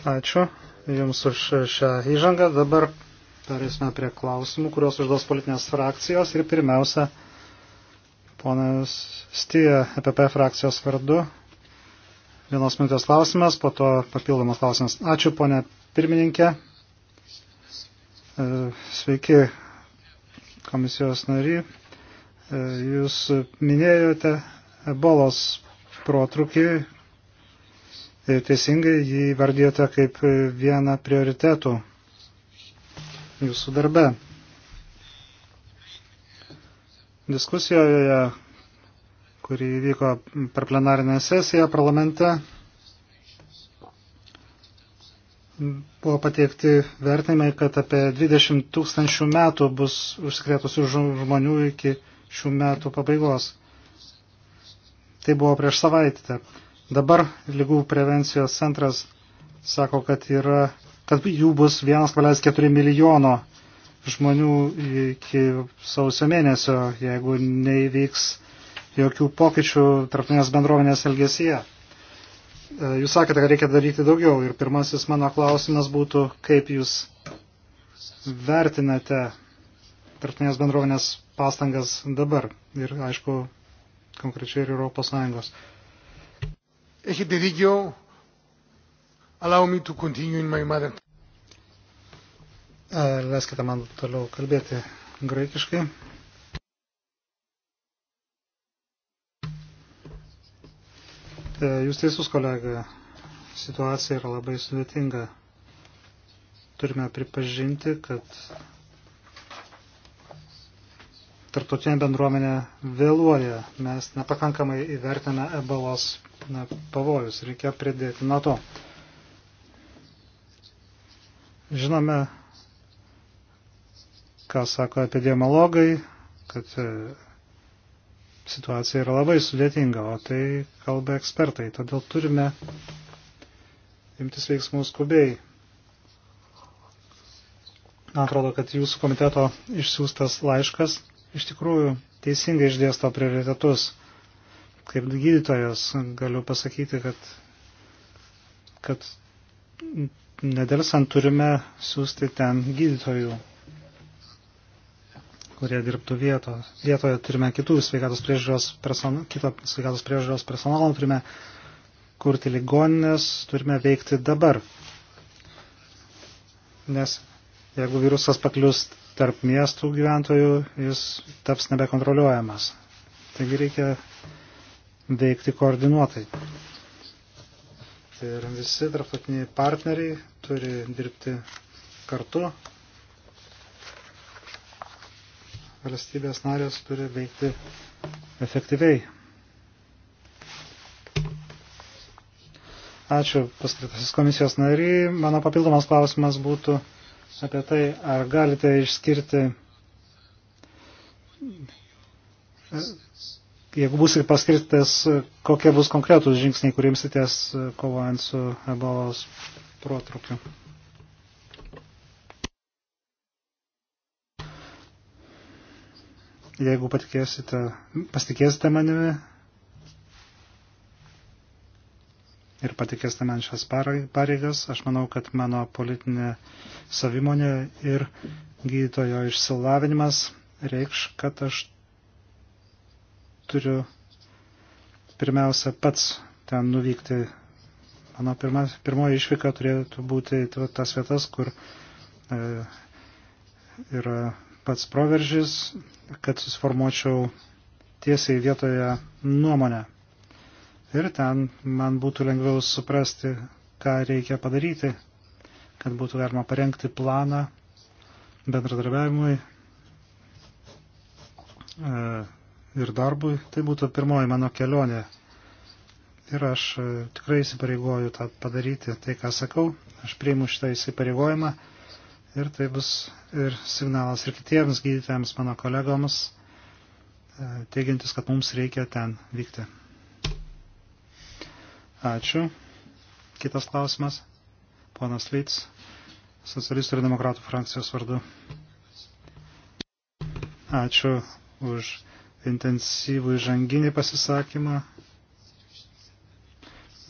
Ačiū Jums už šią įžangą. Dabar perėsime prie klausimų, kuriuos užduos politinės frakcijos. Ir pirmiausia, ponas Stija, EPP frakcijos vardu. Vienos minutės klausimas, po to papildomas klausimas. Ačiū, ponė pirmininkė. E, sveiki, komisijos nariai. E, jūs minėjote ebolos protrukį, ir teisingai jį vardėte kaip e, vieną prioritetų jūsų darbe. Diskusijoje, kuri vyko per plenarinę sesiją parlamente, buvo pateikti vertinimai, kad apie 20 tūkstančių metų bus užsikrėtusių žmonių iki šių metų pabaigos. Tai buvo prieš savaitę. Dabar lygų prevencijos centras sako, kad, yra, kad jų bus 1,4 milijono žmonių iki sausio mėnesio, jeigu neįvyks jokių pokyčių tarptautinės bendruomenės elgesyje. E, jūs sakėte, kad reikia daryti daugiau ir pirmasis mano klausimas būtų, kaip jūs vertinate tarptautinės bendruomenės pastangas dabar ir, aišku, konkrečiai ir Europos Sąjungos. Έχετε δίκιο. Allow me to continue in my mother tongue. Leiskite man toliau kalbėti graikiškai. Jūs teisus, kolega, situacija yra labai sudėtinga. Turime pripažinti, kad tarptautinė bendruomenė vėluoja. Mes nepakankamai įvertiname ebolos na, pavojus, reikia pridėti nuo to. Žinome, ką sako epidemiologai, kad e, situacija yra labai sudėtinga, o tai kalba ekspertai. Todėl turime imtis veiksmų skubiai. Man atrodo, kad jūsų komiteto išsiųstas laiškas iš tikrųjų teisingai išdėsto prioritetus Kaip gydytojas galiu pasakyti, kad, kad nedelsant turime siūsti ten gydytojų, kurie dirbtų vieto. vietoje. Turime kitų sveikatos priežiūros, person, kito sveikatos priežiūros personalo, turime kurti ligoninės, turime veikti dabar. Nes jeigu virusas paklius tarp miestų gyventojų, jis taps nebekontroliuojamas. Taigi reikia veikti koordinuotai. Tai ir visi tarptautiniai partneriai turi dirbti kartu. Valstybės narės turi veikti efektyviai. Ačiū paskirtasis komisijos nariai. Mano papildomas klausimas būtų apie tai, ar galite išskirti jeigu bus ir paskirtas, kokie bus konkretūs žingsniai, kuriems sitės e, kovojant su ebolos protrukiu. Jeigu patikėsite, pasitikėsite manimi ir patikėsite man šias pareigas, aš manau, kad mano politinė savimonė ir gydytojo išsilavinimas reikš, kad aš turiu pirmiausia pats ten nuvykti. Mano pirma, pirmoji išvyka turėtų būti tas vietas, kur e, yra pats proveržys, kad susformuočiau tiesiai vietoje nuomonę. Ir ten man būtų lengviau suprasti, ką reikia padaryti, kad būtų galima parengti planą bendradarbiavimui, e, ir darbui. Tai būtų pirmoji mano kelionė. Ir aš e, tikrai įsipareigoju tą padaryti, tai ką sakau. Aš priimu šitą įsipareigojimą ir tai bus ir signalas ir kitiems gydytojams, mano kolegoms, e, teigiantis, kad mums reikia ten vykti. Ačiū. Kitas klausimas. Ponas Lyts, socialistų ir demokratų frakcijos vardu. Ačiū už intensyvų įžanginį pasisakymą.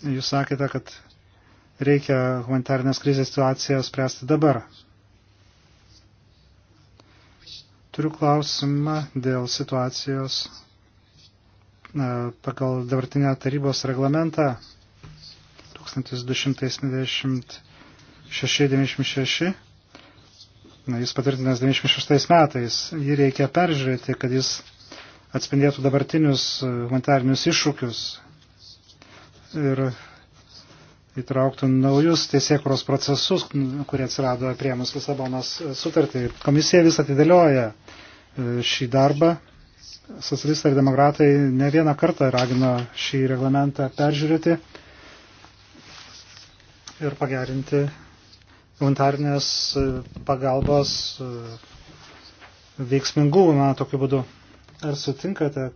Jūs sakėte, kad reikia humanitarnės krizės situaciją spręsti dabar. Turiu klausimą dėl situacijos e, pagal dabartinę tarybos reglamentą 1296-96. Jis patvirtinęs 96 metais. Jį reikia peržiūrėti, kad jis atspindėtų dabartinius e, humanitarinius iššūkius ir įtrauktų naujus teisėkuros procesus, kurie atsirado priemus Lisabonos sutartį. Komisija vis atidėlioja e, šį darbą. Socialistai ir demokratai ne vieną kartą ragino šį reglamentą peržiūrėti ir pagerinti humanitarnės e, pagalbos veiksmingumą tokiu būdu. Ar sutinkate,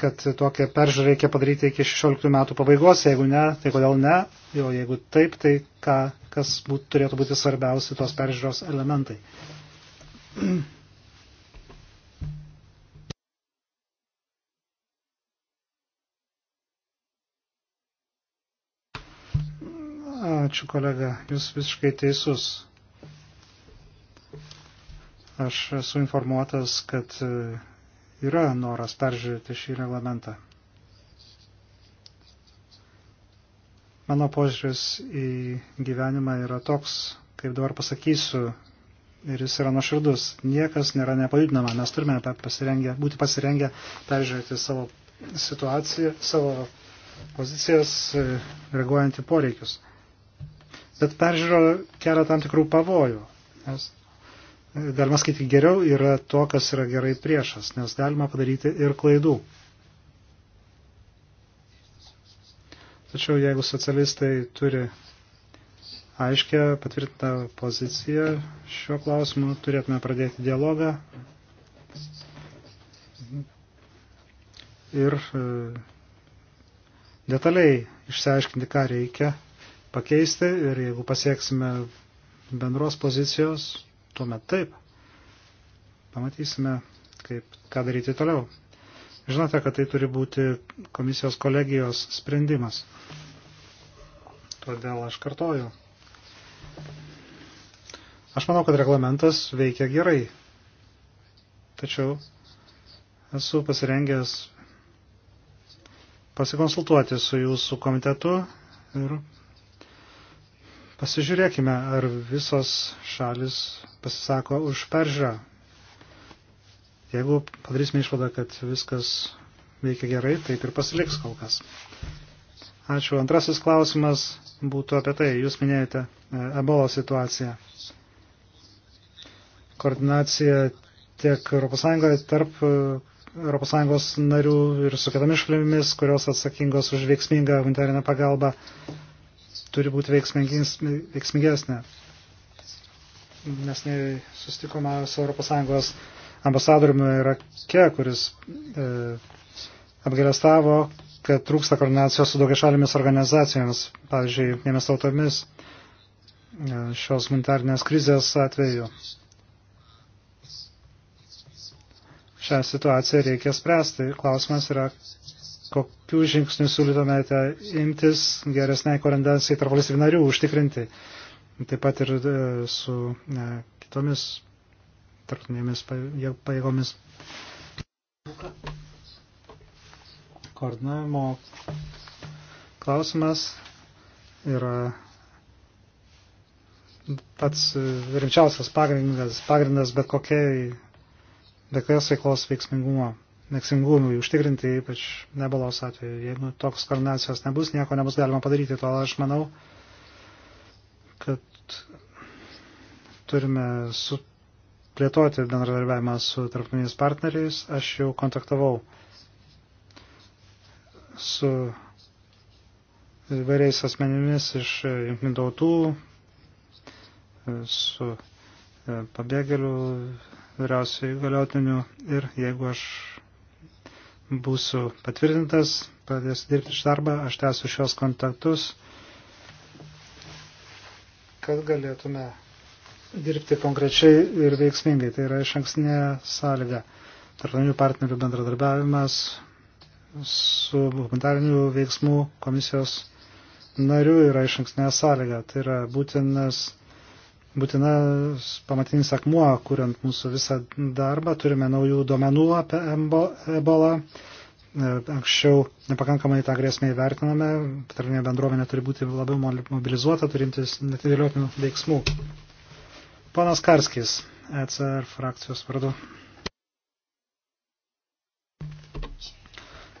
kad tokią peržiūrą reikia padaryti iki 16 metų pabaigos, jeigu ne, tai kodėl ne, jo jeigu taip, tai ką, kas būt, turėtų būti svarbiausi tos peržiūros elementai. Ačiū kolega, jūs visiškai teisus. Aš esu informuotas, kad e, yra noras peržiūrėti šį reglamentą. Mano požiūris į gyvenimą yra toks, kaip dabar pasakysiu, ir jis yra nuoširdus. Niekas nėra nepajudinama. Mes turime pasirengę, būti pasirengę peržiūrėti savo situaciją, savo pozicijas, e, reaguojant į poreikius. Bet peržiūro kelia tam tikrų pavojų. Nes galima skaityti geriau, yra to, kas yra gerai priešas, nes galima padaryti ir klaidų. Tačiau jeigu socialistai turi aiškę patvirtintą poziciją šiuo klausimu, turėtume pradėti dialogą ir e, detaliai išsiaiškinti, ką reikia pakeisti ir jeigu pasieksime bendros pozicijos, tuomet taip. Pamatysime, kaip, ką daryti toliau. Žinote, kad tai turi būti komisijos kolegijos sprendimas. Todėl aš kartoju. Aš manau, kad reglamentas veikia gerai. Tačiau esu pasirengęs pasikonsultuoti su jūsų komitetu ir Pasižiūrėkime, ar visos šalis pasisako už peržiūrą. Jeigu padarysime išvadą, kad viskas veikia gerai, taip ir pasiliks kol kas. Ačiū. Antrasis klausimas būtų apie tai. Jūs minėjote e, ebolos situaciją. Koordinacija tiek ES tarp ES narių ir su kitomis šalimis, kurios atsakingos už veiksmingą humanitarinę pagalbą turi būti veiksmingesnė. Mes susitikome su ES ambasadoriumi Irake, kuris e, apgalėstavo, kad trūksta koordinacijos su daugiašalėmis organizacijomis, pavyzdžiui, jėmis tautomis e, šios humanitarnės krizės atveju. Šią situaciją reikia spręsti. Klausimas yra, kokių žingsnių siūlytumėte imtis geresniai korendencijai tarp valstybių narių užtikrinti, taip pat ir e, su ne, kitomis tarptautinėmis pajėgomis. Koordinavimo klausimas yra pats rimčiausias pagrindas, pagrindas bet kokiai, bet kokios veiklos veiksmingumo neksingumui užtikrinti, ypač nebalos atveju. Jeigu toks koordinacijos nebus, nieko nebus galima padaryti, to aš manau, kad turime suplėtoti bendradarbiavimą su tarptautiniais partneriais. Aš jau kontaktavau su įvairiais asmenimis iš jungtinių tautų, su e, pabėgėlių vyriausiai galiotiniu ir jeigu aš būsiu patvirtintas, pradėsiu dirbti iš darbą, aš tęsiu šios kontaktus, kad galėtume dirbti konkrečiai ir veiksmingai. Tai yra iš ankstinė sąlyga. Tarptautinių partnerių bendradarbiavimas su humanitarinių veiksmų komisijos nariu yra iš ankstinė sąlyga. Tai yra būtinas būtinas pamatinis akmuo, kuriant mūsų visą darbą. Turime naujų duomenų apie ebolą. E, anksčiau nepakankamai tą grėsmę įvertiname. Tarnė bendruomenė turi būti labiau mobilizuota, turintis netidėliotinių veiksmų. Panas Karskis, ECR frakcijos vardu.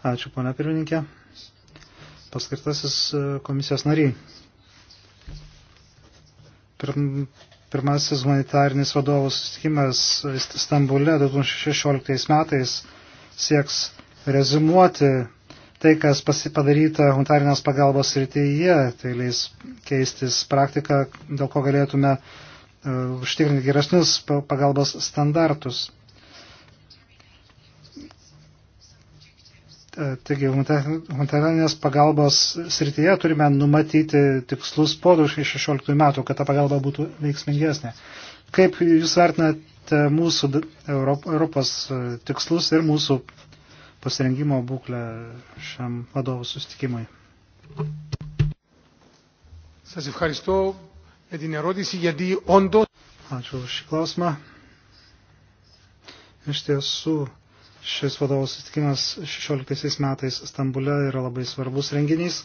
Ačiū, ponia pirmininkė. Paskirtasis e, komisijos nariai pirmasis humanitarinis vadovų susitikimas Stambule 2016 metais sieks rezumuoti tai, kas padaryta humanitarinės pagalbos rytyje, tai leis keistis praktiką, dėl ko galėtume e, užtikrinti geresnius pagalbos standartus. E, taigi, humanitarinės pagalbos srityje turime numatyti tikslus po 2016 metų, kad ta pagalba būtų veiksmingesnė. Kaip jūs vertinate mūsų Europos e, tikslus ir mūsų pasirengimo būklę šiam vadovų sustikimui? Σας ευχαριστώ για την ερώτηση γιατί όντως... Ačiū už šį klausimą. Iš tiesų, Šis vadovų susitikimas 16 metais Stambule yra labai svarbus renginys.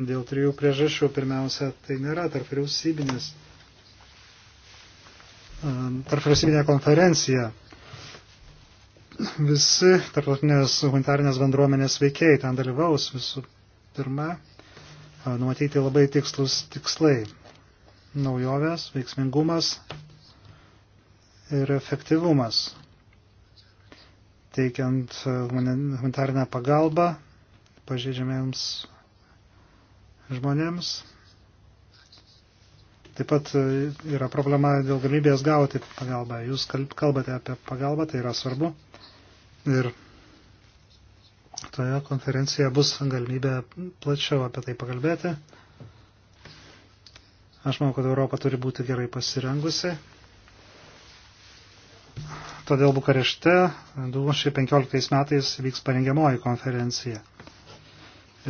Dėl trijų priežasčių. Pirmiausia, tai nėra tarp vyriausybinės tarpvalstybinė konferencija. Visi tarptautinės humanitarinės bendruomenės veikėjai ten dalyvaus visų pirma, numatyti labai tikslus tikslai. Naujovės, veiksmingumas ir efektyvumas teikiant e, humanitarinę pagalbą pažeidžiamiems žmonėms. Taip pat e, yra problema dėl galimybės gauti pagalbą. Jūs kalbate apie pagalbą, tai yra svarbu. Ir toje konferencijoje bus galimybė plačiau apie tai pakalbėti. Aš manau, kad Europa turi būti gerai pasirengusi. Todėl Bukarešte 2015 metais vyks parengiamoji konferencija.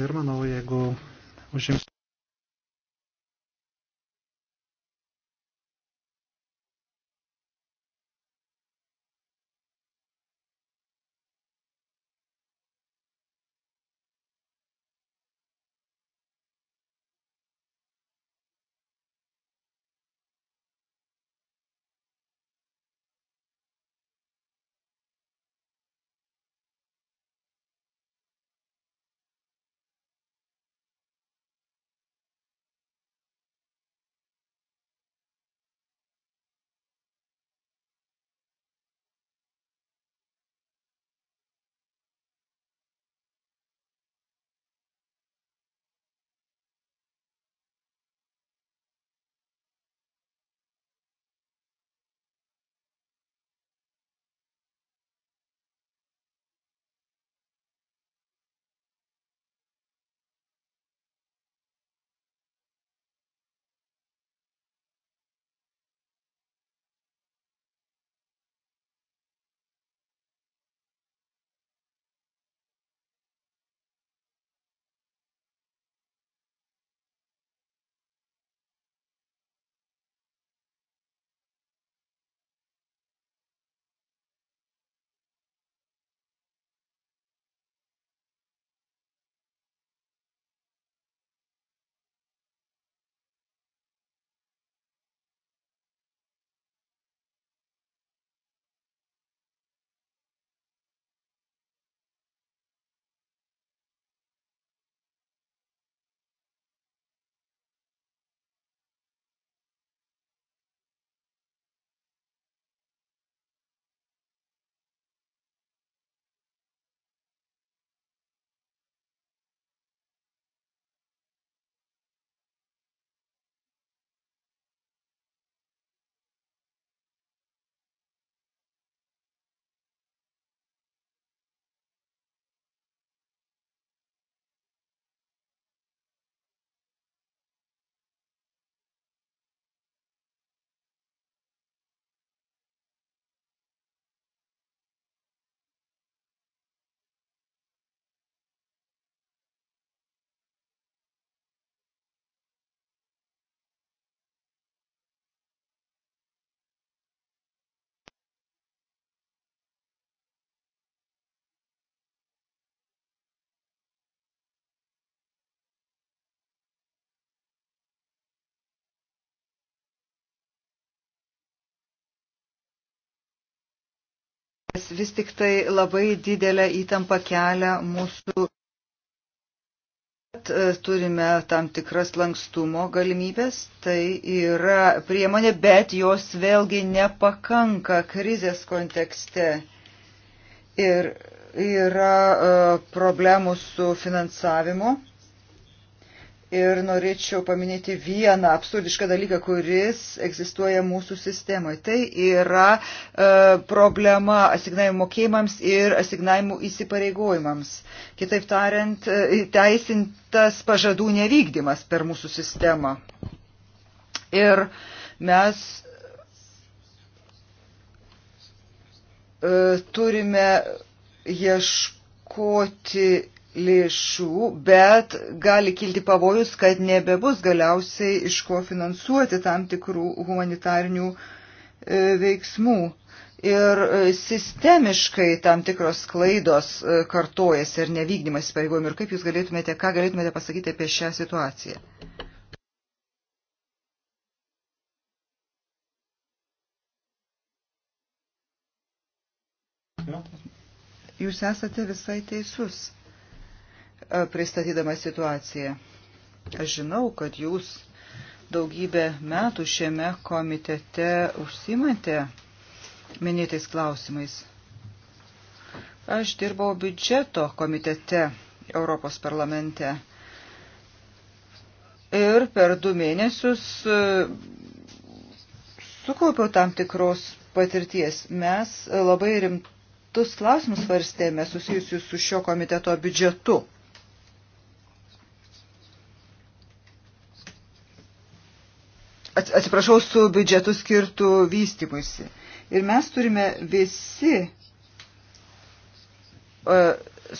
Ir manau, jeigu užims nes vis tik tai labai didelę įtampą kelia mūsų. E, turime tam tikras lankstumo galimybės, tai yra priemonė, bet jos vėlgi nepakanka krizės kontekste. Ir yra e, problemų su finansavimu ir norėčiau paminėti vieną absurdišką dalyką, kuris egzistuoja mūsų sistemoje. Tai yra e, problema asignavimų mokėjimams ir asignavimų įsipareigojimams. Kitaip tariant, e, teisintas pažadų nevykdymas per mūsų sistemą. Ir mes e, turime ieškoti lėšų, bet gali kilti pavojus, kad nebebus galiausiai iš ko finansuoti tam tikrų humanitarinių e, veiksmų. Ir e, sistemiškai tam tikros klaidos e, kartojasi ir nevykdymas įsipareigojimų. Ir kaip jūs galėtumėte, ką galėtumėte pasakyti apie šią situaciją? Jūs esate visai teisus. E, pristatydama situaciją. Aš žinau, kad jūs daugybę metų šiame komitete užsimate minėtais klausimais. Aš dirbau biudžeto komitete Europos parlamente. Ir per du mėnesius e, sukaupiau tam tikros patirties. Mes labai rimtus klausimus varstėme susijusius su šio komiteto biudžetu. atsiprašau, su biudžetu skirtų vystymuisi. Ir mes turime visi e,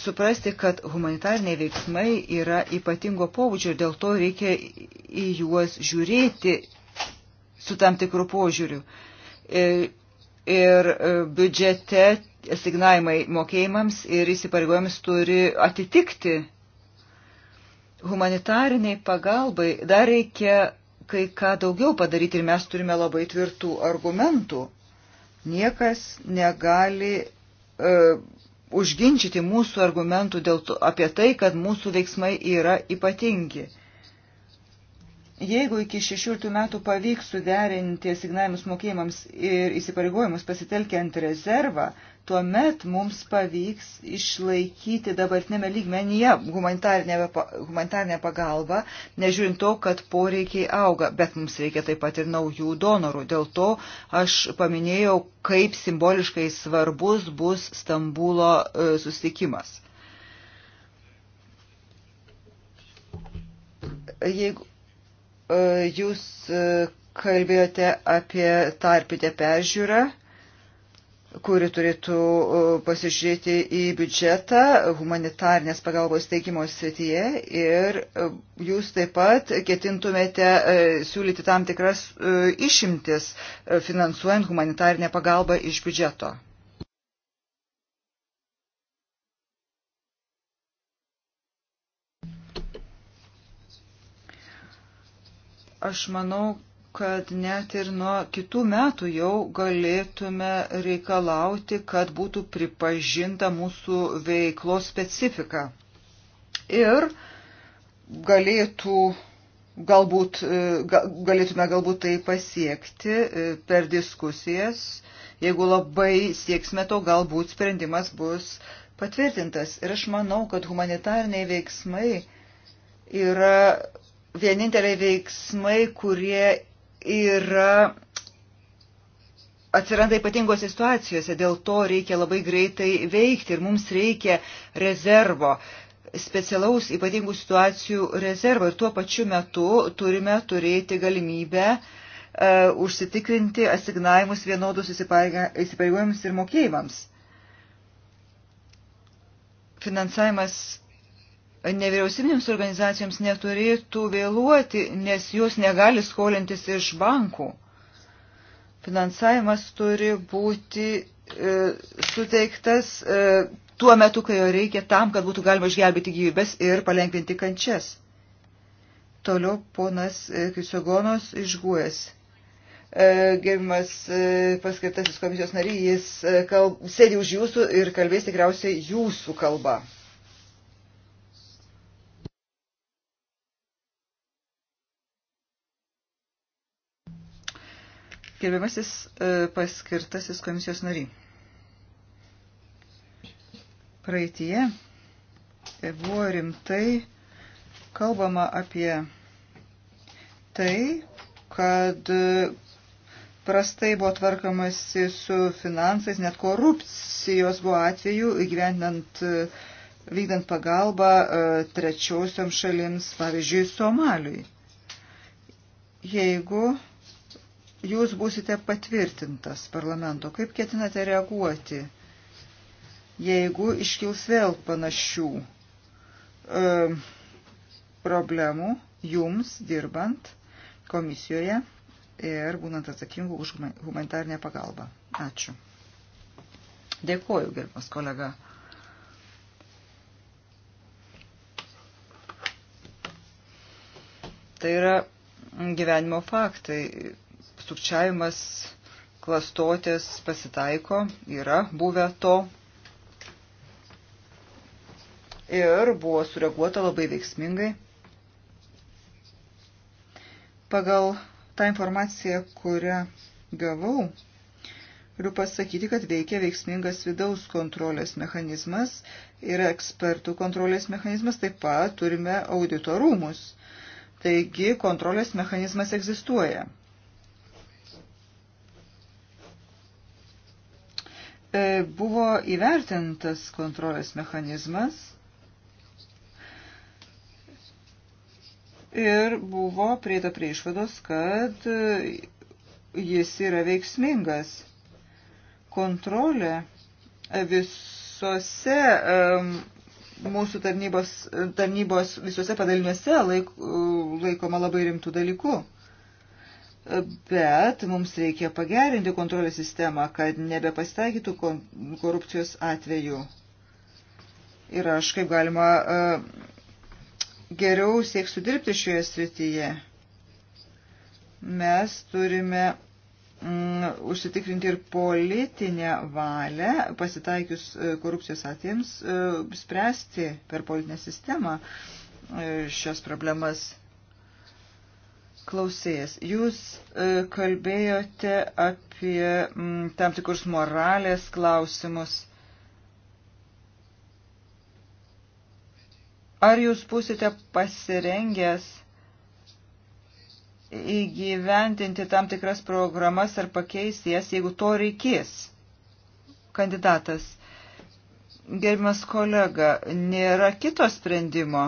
suprasti, kad humanitariniai veiksmai yra ypatingo pobūdžio ir dėl to reikia į juos žiūrėti su tam tikrų požiūrių. E, ir, ir e, biudžete signavimai mokėjimams ir įsipareigojams turi atitikti humanitariniai pagalbai. Dar reikia kai ką daugiau padaryti ir mes turime labai tvirtų argumentų. Niekas negali uh, užginčyti mūsų argumentų dėl to, apie tai, kad mūsų veiksmai yra ypatingi. Jeigu iki 16 metų pavyks suderinti asignavimus mokėjimams ir įsipareigojimus pasitelkiant rezervą, tuomet mums pavyks išlaikyti dabartinėme lygmenyje humanitarinę pagalbą, nežiūrint to, kad poreikiai auga, bet mums reikia taip pat ir naujų donorų. Dėl to aš paminėjau, kaip simboliškai svarbus bus Stambulo e, susitikimas. Jeigu E, jūs e, kalbėjote apie tarpinę peržiūrą, kuri turėtų e, pasižiūrėti į biudžetą humanitarnės pagalbos teikimo srityje ir jūs taip pat ketintumėte siūlyti tam tikras išimtis finansuojant humanitarnę pagalbą iš biudžeto. Aš manau, kad net ir nuo kitų metų jau galėtume reikalauti, kad būtų pripažinta mūsų veiklos specifika. Ir galėtų galbūt, e, galėtume galbūt tai pasiekti e, per diskusijas. Jeigu labai sieksime to, galbūt sprendimas bus patvirtintas. Ir aš manau, kad humanitariniai veiksmai yra vieninteliai veiksmai, kurie yra atsiranda ypatingose situacijose, dėl to reikia labai greitai veikti ir mums reikia rezervo, specialaus ypatingų situacijų rezervo ir tuo pačiu metu turime turėti galimybę e, užsitikrinti asignavimus vienodus įsipareigojimus ir mokėjimams. Finansavimas nevyriausybinėms organizacijoms neturėtų vėluoti, nes jos negali skolintis iš bankų. Finansavimas turi būti e, suteiktas e, tuo metu, kai jo reikia, tam, kad būtų galima išgelbėti gyvybės ir palengvinti kančias. Toliau ponas e, Krisogonos išguojas. E, Gerimas e, paskirtasis komisijos narys, jis e, kalb, sėdi už jūsų ir kalbės tikriausiai jūsų kalba. Gerbiamasis e, paskirtasis komisijos nariai. Praeitie e, buvo rimtai kalbama apie tai, kad e, prastai buvo tvarkamasi su finansais, net korupcijos buvo atveju įgyvendinant, vykdant pagalbą trečiosiam šalims, pavyzdžiui, Somaliui. Jeigu jūs būsite patvirtintas parlamento. Kaip ketinate reaguoti, jeigu iškils vėl panašių e, problemų jums dirbant komisijoje ir būnant atsakingų už humanitarnę pagalbą? Ačiū. Dėkuoju, gerbimas kolega. Tai yra gyvenimo faktai sukčiavimas, klastotės pasitaiko, yra buvę to. Ir buvo sureaguota labai veiksmingai. Pagal tą informaciją, kurią gavau, Galiu pasakyti, kad veikia veiksmingas vidaus kontrolės mechanizmas ir ekspertų kontrolės mechanizmas, taip pat turime auditorumus. Taigi kontrolės mechanizmas egzistuoja. E, buvo įvertintas kontrolės mechanizmas ir buvo prieita prie išvados, kad jis yra veiksmingas. Kontrolė visose um, mūsų tarnybos, tarnybos visose padaliniuose laik, laikoma labai rimtų dalykų bet mums reikia pagerinti kontrolės sistemą, kad nebepastaikytų korupcijos atveju. Ir aš kaip galima e, geriau sieksiu dirbti šioje srityje. Mes turime mm, užsitikrinti ir politinę valią, pasitaikius e, korupcijos atvejams, e, spręsti per politinę sistemą šias problemas klausėjas, jūs e, kalbėjote apie mm, tam tikrus moralės klausimus. Ar jūs būsite pasirengęs įgyventinti tam tikras programas ar pakeisti jas, jeigu to reikės? Kandidatas, gerbimas kolega, nėra kito sprendimo.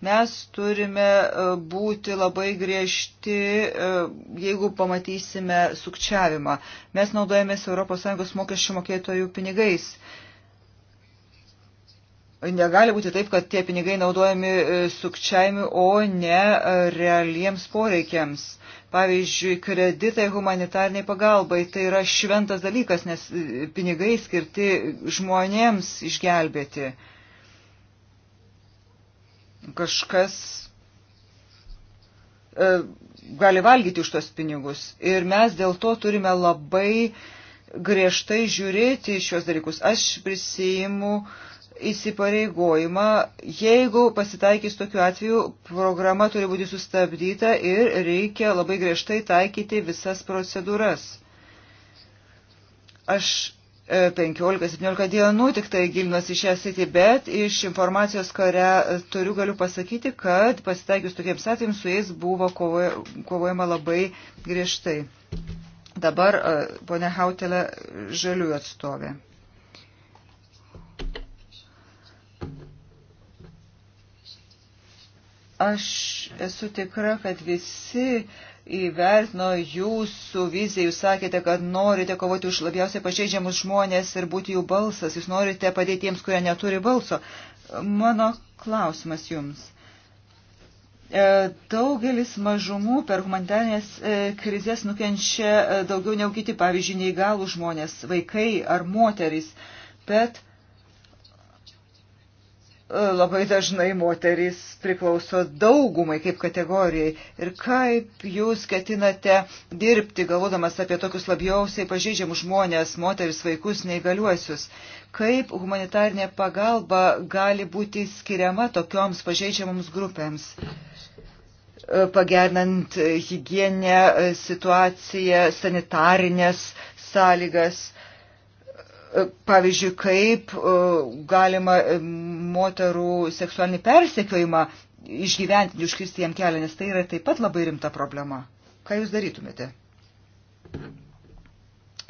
Mes turime e, būti labai griežti, e, jeigu pamatysime sukčiavimą. Mes naudojamės ES mokesčių mokėtojų pinigais. Negali būti taip, kad tie pinigai naudojami e, sukčiavimui, o ne realiems poreikiams. Pavyzdžiui, kreditai humanitarniai pagalbai tai yra šventas dalykas, nes pinigai skirti žmonėms išgelbėti kažkas e, gali valgyti už tos pinigus. Ir mes dėl to turime labai griežtai žiūrėti šios dalykus. Aš prisijimu įsipareigojimą, jeigu pasitaikys tokiu atveju, programa turi būti sustabdyta ir reikia labai griežtai taikyti visas procedūras. Aš 15-17 dienų tik tai gilinuosi šią sitį, bet iš informacijos, kurią turiu, galiu pasakyti, kad pasitaikius tokiems atvejams su jais buvo kovojama labai griežtai. Dabar e, ponia Hautelė žaliųjų atstovė. Aš esu tikra, kad visi uh, įvertino jūsų viziją, jūs sakėte, kad norite kovoti už labiausiai pažeidžiamus žmonės ir būti jų balsas, jūs norite padėti tiems, kurie neturi balso. Mano klausimas jums. E, daugelis mažumų per humanitarnės e, krizės nukenčia e, daugiau negu kiti, pavyzdžiui, neįgalų žmonės, vaikai ar moterys, bet labai dažnai moterys priklauso daugumai kaip kategorijai. Ir kaip jūs ketinate dirbti, galvodamas apie tokius labiausiai pažeidžiamus žmonės, moteris, vaikus, neįgaliuosius? Kaip humanitarnė pagalba gali būti skiriama tokioms pažeidžiamoms grupėms? pagernant hygieninę situaciją, sanitarinės sąlygas pavyzdžiui, kaip e, galima e, moterų seksualinį persekiojimą išgyventi, užkirsti jam kelią, nes tai yra taip pat labai rimta problema. Ką jūs darytumėte?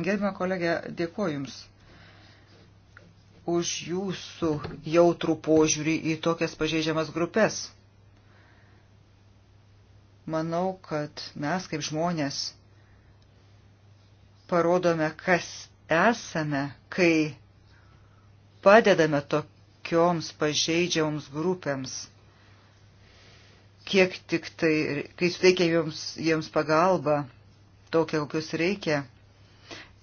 Gerbime kolegė, dėkuoju Jums už Jūsų jautrų požiūrį į tokias pažeidžiamas grupės. Manau, kad mes kaip žmonės parodome, kas esame, kai padedame tokioms pažeidžiamoms grupėms, kiek tik tai, kai suteikia jiems, jiems pagalbą, tokia kokius reikia.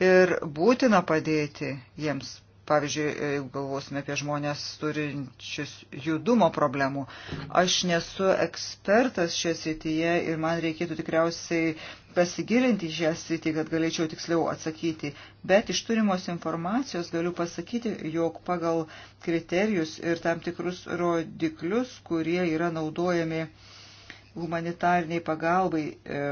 Ir būtina padėti jiems pavyzdžiui, jeigu galvosime apie žmonės turinčius judumo problemų. Aš nesu ekspertas šioje srityje ir man reikėtų tikriausiai pasigilinti šią sritį, kad galėčiau tiksliau atsakyti. Bet iš turimos informacijos galiu pasakyti, jog pagal kriterijus ir tam tikrus rodiklius, kurie yra naudojami humanitarniai pagalbai, e,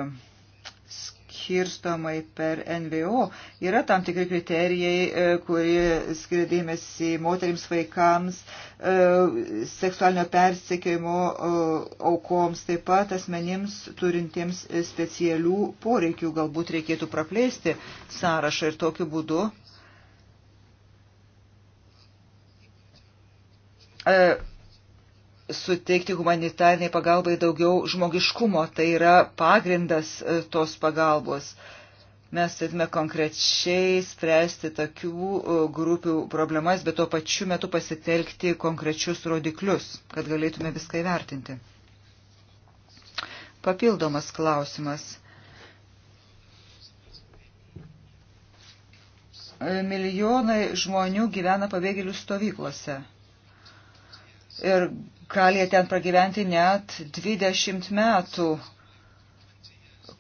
skirstomai per NVO. Yra tam tikri kriterijai, e, kurie skiria dėmesį moterims, vaikams, e, seksualinio persekiojimo e, aukoms, taip pat asmenims turintiems specialių poreikių. Galbūt reikėtų praplėsti sąrašą ir tokiu būdu. Uh, suteikti humanitarniai pagalbai daugiau žmogiškumo. Tai yra pagrindas e, tos pagalbos. Mes turėtume konkrečiai spręsti tokių e, grupių problemas, bet tuo pačiu metu pasitelkti konkrečius rodiklius, kad galėtume viską įvertinti. Papildomas klausimas. Milijonai žmonių gyvena pabėgėlių stovyklose ir gali jie ten pragyventi net 20 metų.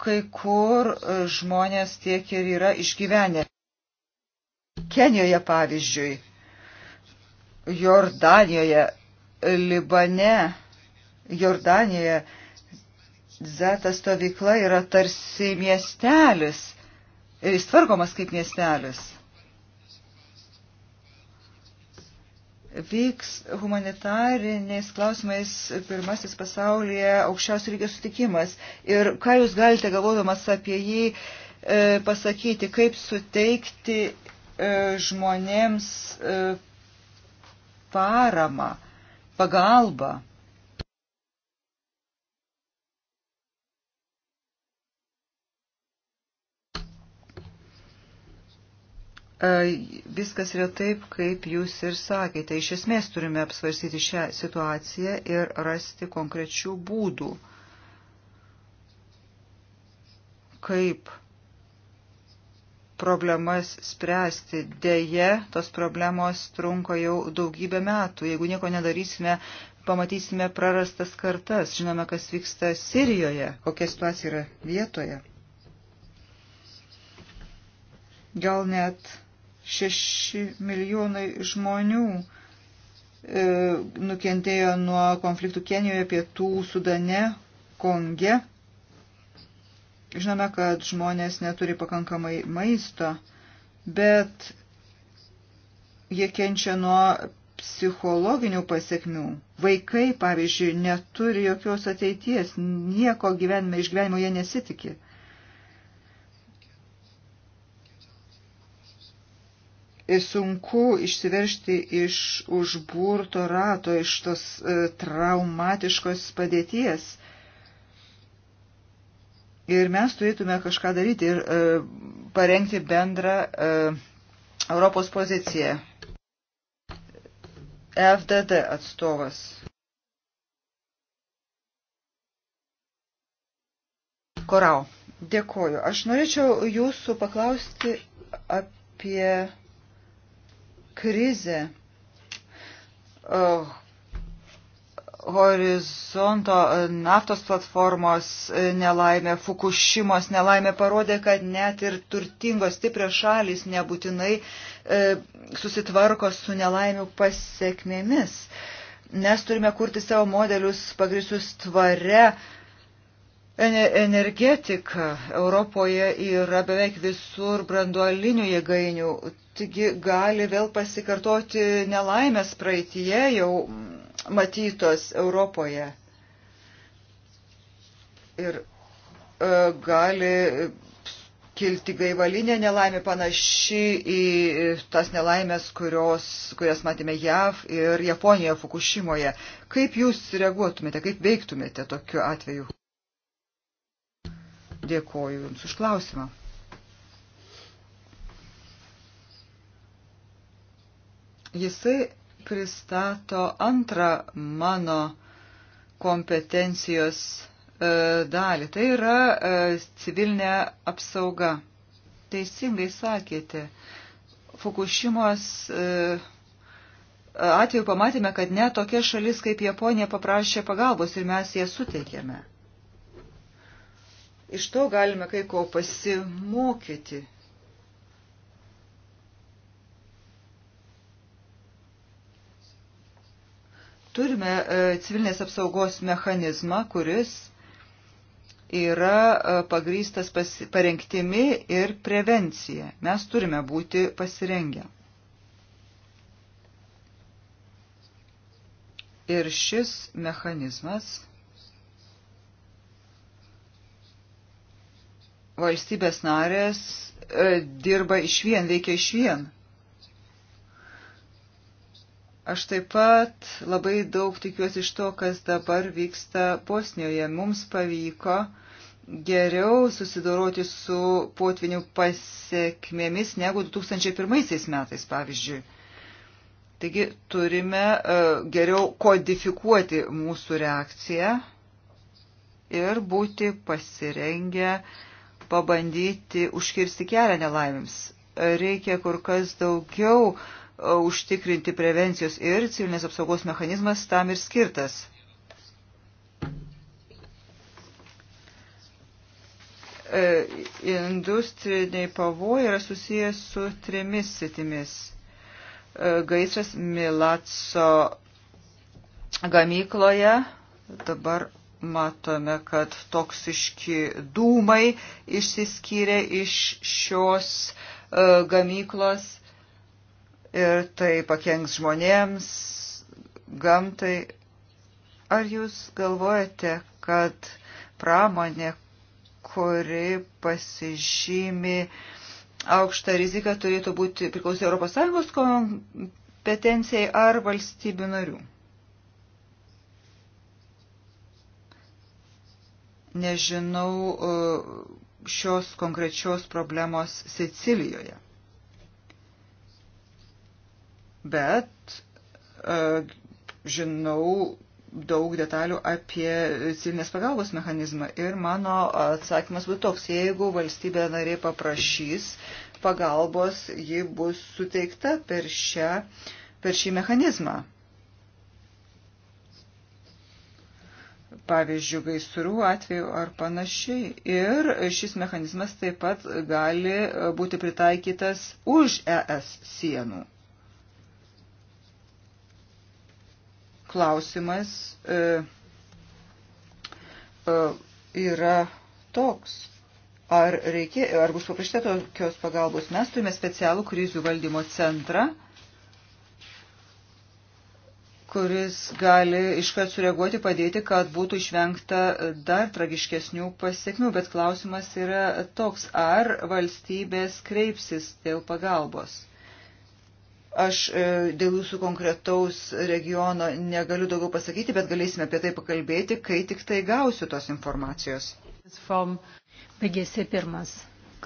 Kai kur e, žmonės tiek ir yra išgyvenę. Kenijoje pavyzdžiui, Jordanijoje, Libane, Jordanijoje Zeta stovykla yra tarsi miestelis ir jis tvarkomas kaip miestelis. vyks humanitariniais klausimais pirmasis pasaulyje aukščiausio lygio sutikimas. Ir ką jūs galite, galvodamas apie jį, e, pasakyti, kaip suteikti e, žmonėms e, paramą, pagalbą? E, viskas yra taip, kaip jūs ir sakėte. Iš esmės turime apsvarstyti šią situaciją ir rasti konkrečių būdų, kaip problemas spręsti. Deja, tos problemos trunka jau daugybę metų. Jeigu nieko nedarysime, pamatysime prarastas kartas. Žinome, kas vyksta Sirijoje, kokia situacija yra vietoje. Gal net 6 milijonai žmonių e, nukentėjo nuo konfliktų Kenijoje, pietų Sudane, Konge. Žinome, kad žmonės neturi pakankamai maisto, bet jie kenčia nuo psichologinių pasiekmių. Vaikai, pavyzdžiui, neturi jokios ateities, nieko gyvenime iš gyvenimo jie nesitikė. sunku išsiveršti iš užburto rato, iš tos e, traumatiškos padėties. Ir mes turėtume kažką daryti ir e, parengti bendrą e, Europos poziciją. FDD atstovas. Korau, dėkoju. Aš norėčiau jūsų paklausti apie krizė. Oh. Horizonto e, naftos platformos e, nelaimė, Fukushimos nelaimė parodė, kad net ir turtingos stiprios šalis nebūtinai e, susitvarko su nelaimių pasiekmėmis. Mes turime kurti savo modelius pagristus tvare energetika. Europoje yra beveik visur branduolinių jėgainių. Taigi gali vėl pasikartoti nelaimės praeitie jau matytos Europoje. Ir e, gali kilti gaivalinė nelaimė panaši į tas nelaimės, kurios, kurias matėme JAV ir Japonijoje, Fukushimoje. Kaip jūs reaguotumėte, kaip veiktumėte tokiu atveju? Dėkoju Jums už klausimą. Jisai pristato antrą mano kompetencijos e, dalį. Tai yra e, civilinė apsauga. Teisingai sakėte, Fukushimos e, atveju pamatėme, kad ne tokia šalis kaip Japonija paprašė pagalbos ir mes ją suteikėme. Iš to galime kai ko pasimokyti. Turime e, civilinės apsaugos mechanizmą, kuris yra e, pagrystas parengtimi ir prevencija. Mes turime būti pasirengę. Ir šis mechanizmas valstybės narės e, dirba iš vien, veikia iš vien. Aš taip pat labai daug tikiuosi iš to, kas dabar vyksta Bosnijoje. Mums pavyko geriau susidoroti su potvinių pasiekmėmis negu 2001 metais, pavyzdžiui. Taigi turime e, geriau kodifikuoti mūsų reakciją ir būti pasirengę pabandyti užkirsti kelią nelaimėms. Reikia kur kas daugiau uh, užtikrinti prevencijos ir civilinės apsaugos mechanizmas tam ir skirtas. E, industriniai pavojai yra susijęs su trimis sitimis. E, gaisras Milatso gamykloje dabar matome, kad toksiški dūmai išsiskyrė iš šios e, gamyklos ir tai pakenks žmonėms, gamtai. Ar jūs galvojate, kad pramonė, kuri pasižymi aukštą riziką, turėtų būti priklausyti ES kompetencijai ar valstybių narių? Nežinau uh, šios konkrečios problemos Sicilijoje bet e, žinau daug detalių apie civilinės pagalbos mechanizmą. Ir mano atsakymas būtų toks, jeigu valstybė nariai paprašys pagalbos, ji bus suteikta per, šią, per šį mechanizmą. pavyzdžiui, gaisrų atveju ar panašiai. Ir šis mechanizmas taip pat gali būti pritaikytas už ES sienų. klausimas e, e, yra toks. Ar, reikė, ar bus paprašyta tokios pagalbos? Mes turime specialų krizių valdymo centrą, kuris gali iškart sureaguoti, padėti, kad būtų išvengta dar tragiškesnių pasiekmių. Bet klausimas yra toks, ar valstybės kreipsis dėl pagalbos? Aš e, dėl jūsų konkretaus regiono negaliu daugiau pasakyti, bet galėsime apie tai pakalbėti, kai tik tai gausiu tos informacijos. From... Baigėsi pirmas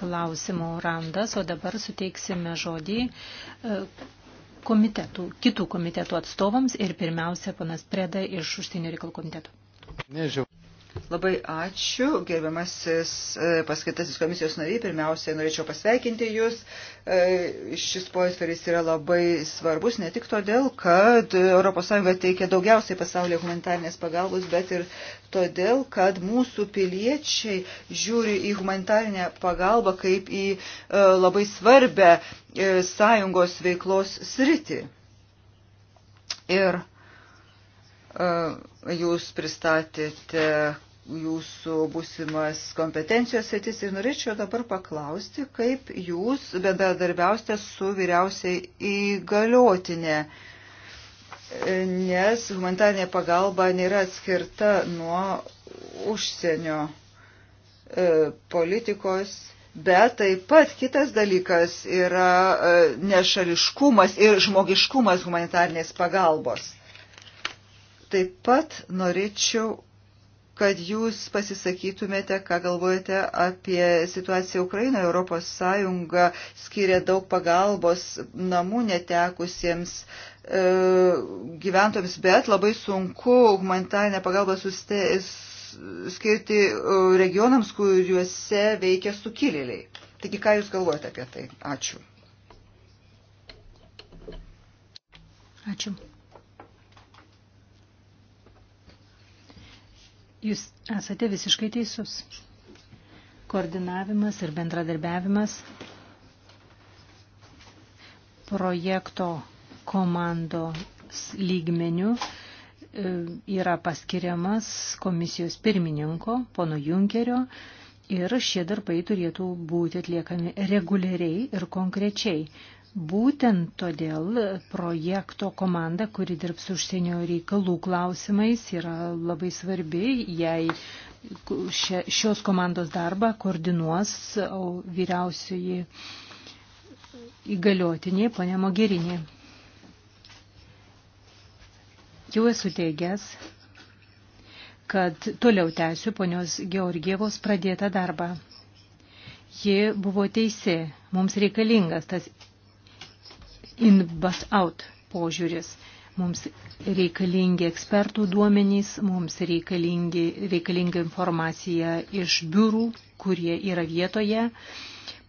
klausimų randas, o dabar suteiksime žodį e, komitetų, kitų komitetų atstovams ir pirmiausia panas Preda iš užsienio reikalų komiteto. Nežiau. Labai ačiū, gerbiamasis e, paskaitasis komisijos nariai. Pirmiausiai norėčiau pasveikinti Jūs. E, šis posferis yra labai svarbus ne tik todėl, kad ES teikia daugiausiai pasaulyje humanitarnės pagalbos, bet ir todėl, kad mūsų piliečiai žiūri į humanitarnę pagalbą kaip į e, labai svarbę sąjungos veiklos sritį. Ir jūs pristatėte jūsų būsimas kompetencijos sėtis ir norėčiau dabar paklausti, kaip jūs bendradarbiausite su vyriausiai įgaliotinė, nes humanitarinė pagalba nėra atskirta nuo užsienio e, politikos Bet taip pat kitas dalykas yra e, nešališkumas ir žmogiškumas humanitarnės pagalbos. Taip pat norėčiau kad jūs pasisakytumėte, ką galvojate apie situaciją Ukrainoje. Europos Sąjunga skiria daug pagalbos namų netekusiems e, gyventojams, bet labai sunku humanitarinę pagalbą suste, skirti e, regionams, kuriuose veikia sukilėliai. Taigi, ką jūs galvojate apie tai? Ačiū. Ačiū. Jūs esate visiškai teisus. Koordinavimas ir bendradarbiavimas projekto komandos lygmenių e, yra paskiriamas komisijos pirmininko, pono Junkerio, ir šie darbai turėtų būti atliekami reguliariai ir konkrečiai. Būtent todėl projekto komanda, kuri dirbs užsienio reikalų klausimais, yra labai svarbi, jei šios komandos darbą koordinuos vyriausioji įgaliotinė ponė Mogerinė. Jau esu teigęs, kad toliau tęsiu ponios Georgievos pradėtą darbą. Ji buvo teisi, mums reikalingas tas in, bus out požiūris. Mums reikalingi ekspertų duomenys, mums reikalingi, reikalinga informacija iš biurų, kurie yra vietoje.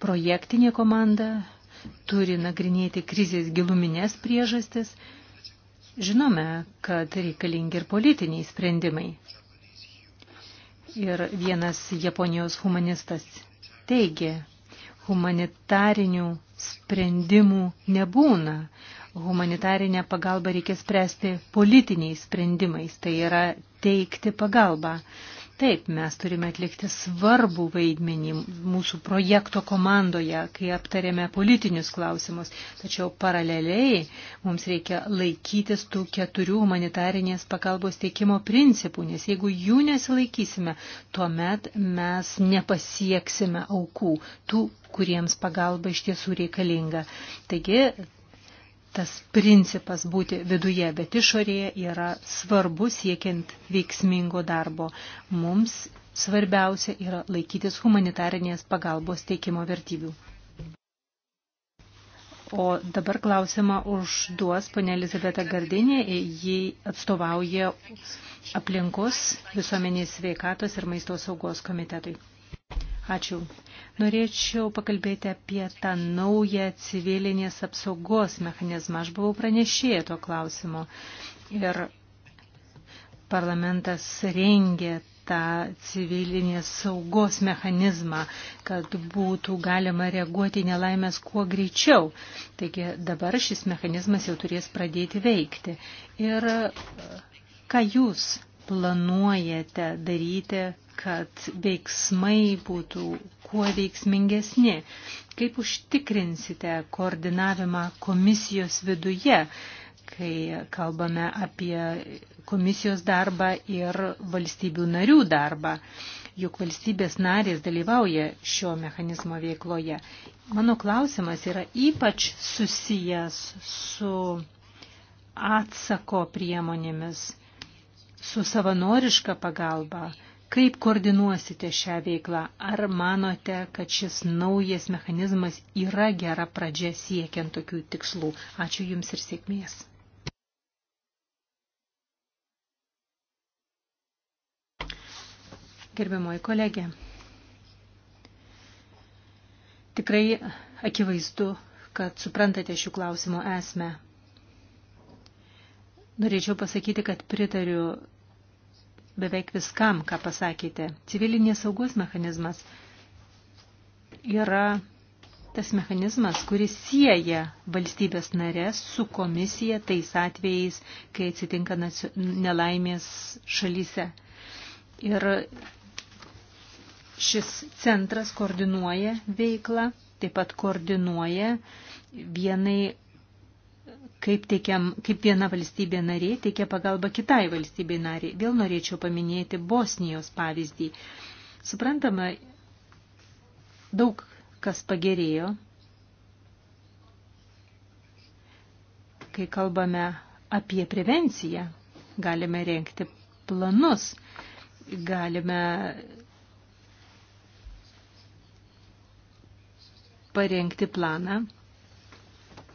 Projektinė komanda turi nagrinėti krizės giluminės priežastis. Žinome, kad reikalingi ir politiniai sprendimai. Ir vienas Japonijos humanistas teigė, humanitarinių sprendimų nebūna. Humanitarinę pagalbą reikia spręsti politiniais sprendimais, tai yra teikti pagalbą. Taip, mes turime atlikti svarbų vaidmenį mūsų projekto komandoje, kai aptarėme politinius klausimus. Tačiau paraleliai mums reikia laikytis tų keturių humanitarinės pagalbos teikimo principų, nes jeigu jų nesilaikysime, tuomet mes nepasieksime aukų, tų, kuriems pagalba iš tiesų reikalinga. Taigi tas principas būti viduje, bet išorėje yra svarbu siekiant veiksmingo darbo. Mums svarbiausia yra laikytis humanitarinės pagalbos teikimo vertybių. O dabar klausimą užduos ponė Elizabeta Gardinė, ji atstovauja aplinkos visuomenės sveikatos ir maisto saugos komitetui. Ačiū. Norėčiau pakalbėti apie tą naują civilinės apsaugos mechanizmą. Aš buvau pranešėję tuo klausimu. Ir parlamentas rengė tą civilinės saugos mechanizmą, kad būtų galima reaguoti į nelaimės kuo greičiau. Taigi dabar šis mechanizmas jau turės pradėti veikti. Ir ką jūs planuojate daryti, kad veiksmai būtų kuo veiksmingesni? Kaip užtikrinsite koordinavimą komisijos viduje, kai kalbame apie komisijos darbą ir valstybių narių darbą? Juk valstybės narės dalyvauja šio mechanizmo veikloje. Mano klausimas yra ypač susijęs su atsako priemonėmis su savanoriška pagalba. Kaip koordinuosite šią veiklą? Ar manote, kad šis naujas mechanizmas yra gera pradžia siekiant tokių tikslų? Ačiū Jums ir sėkmės. Gerbiamoji kolegė, tikrai akivaizdu, kad suprantate šių klausimų esmę. Norėčiau pasakyti, kad pritariu beveik viskam, ką pasakėte. Civilinės saugos mechanizmas yra tas mechanizmas, kuris sieja valstybės narės su komisija tais atvejais, kai atsitinka nelaimės šalyse. Ir šis centras koordinuoja veiklą, taip pat koordinuoja vienai kaip, teikiam, kaip viena valstybė narė teikia pagalbą kitai valstybei nariai. Vėl norėčiau paminėti Bosnijos pavyzdį. Suprantama, daug kas pagerėjo, kai kalbame apie prevenciją. Galime renkti planus, galime parengti planą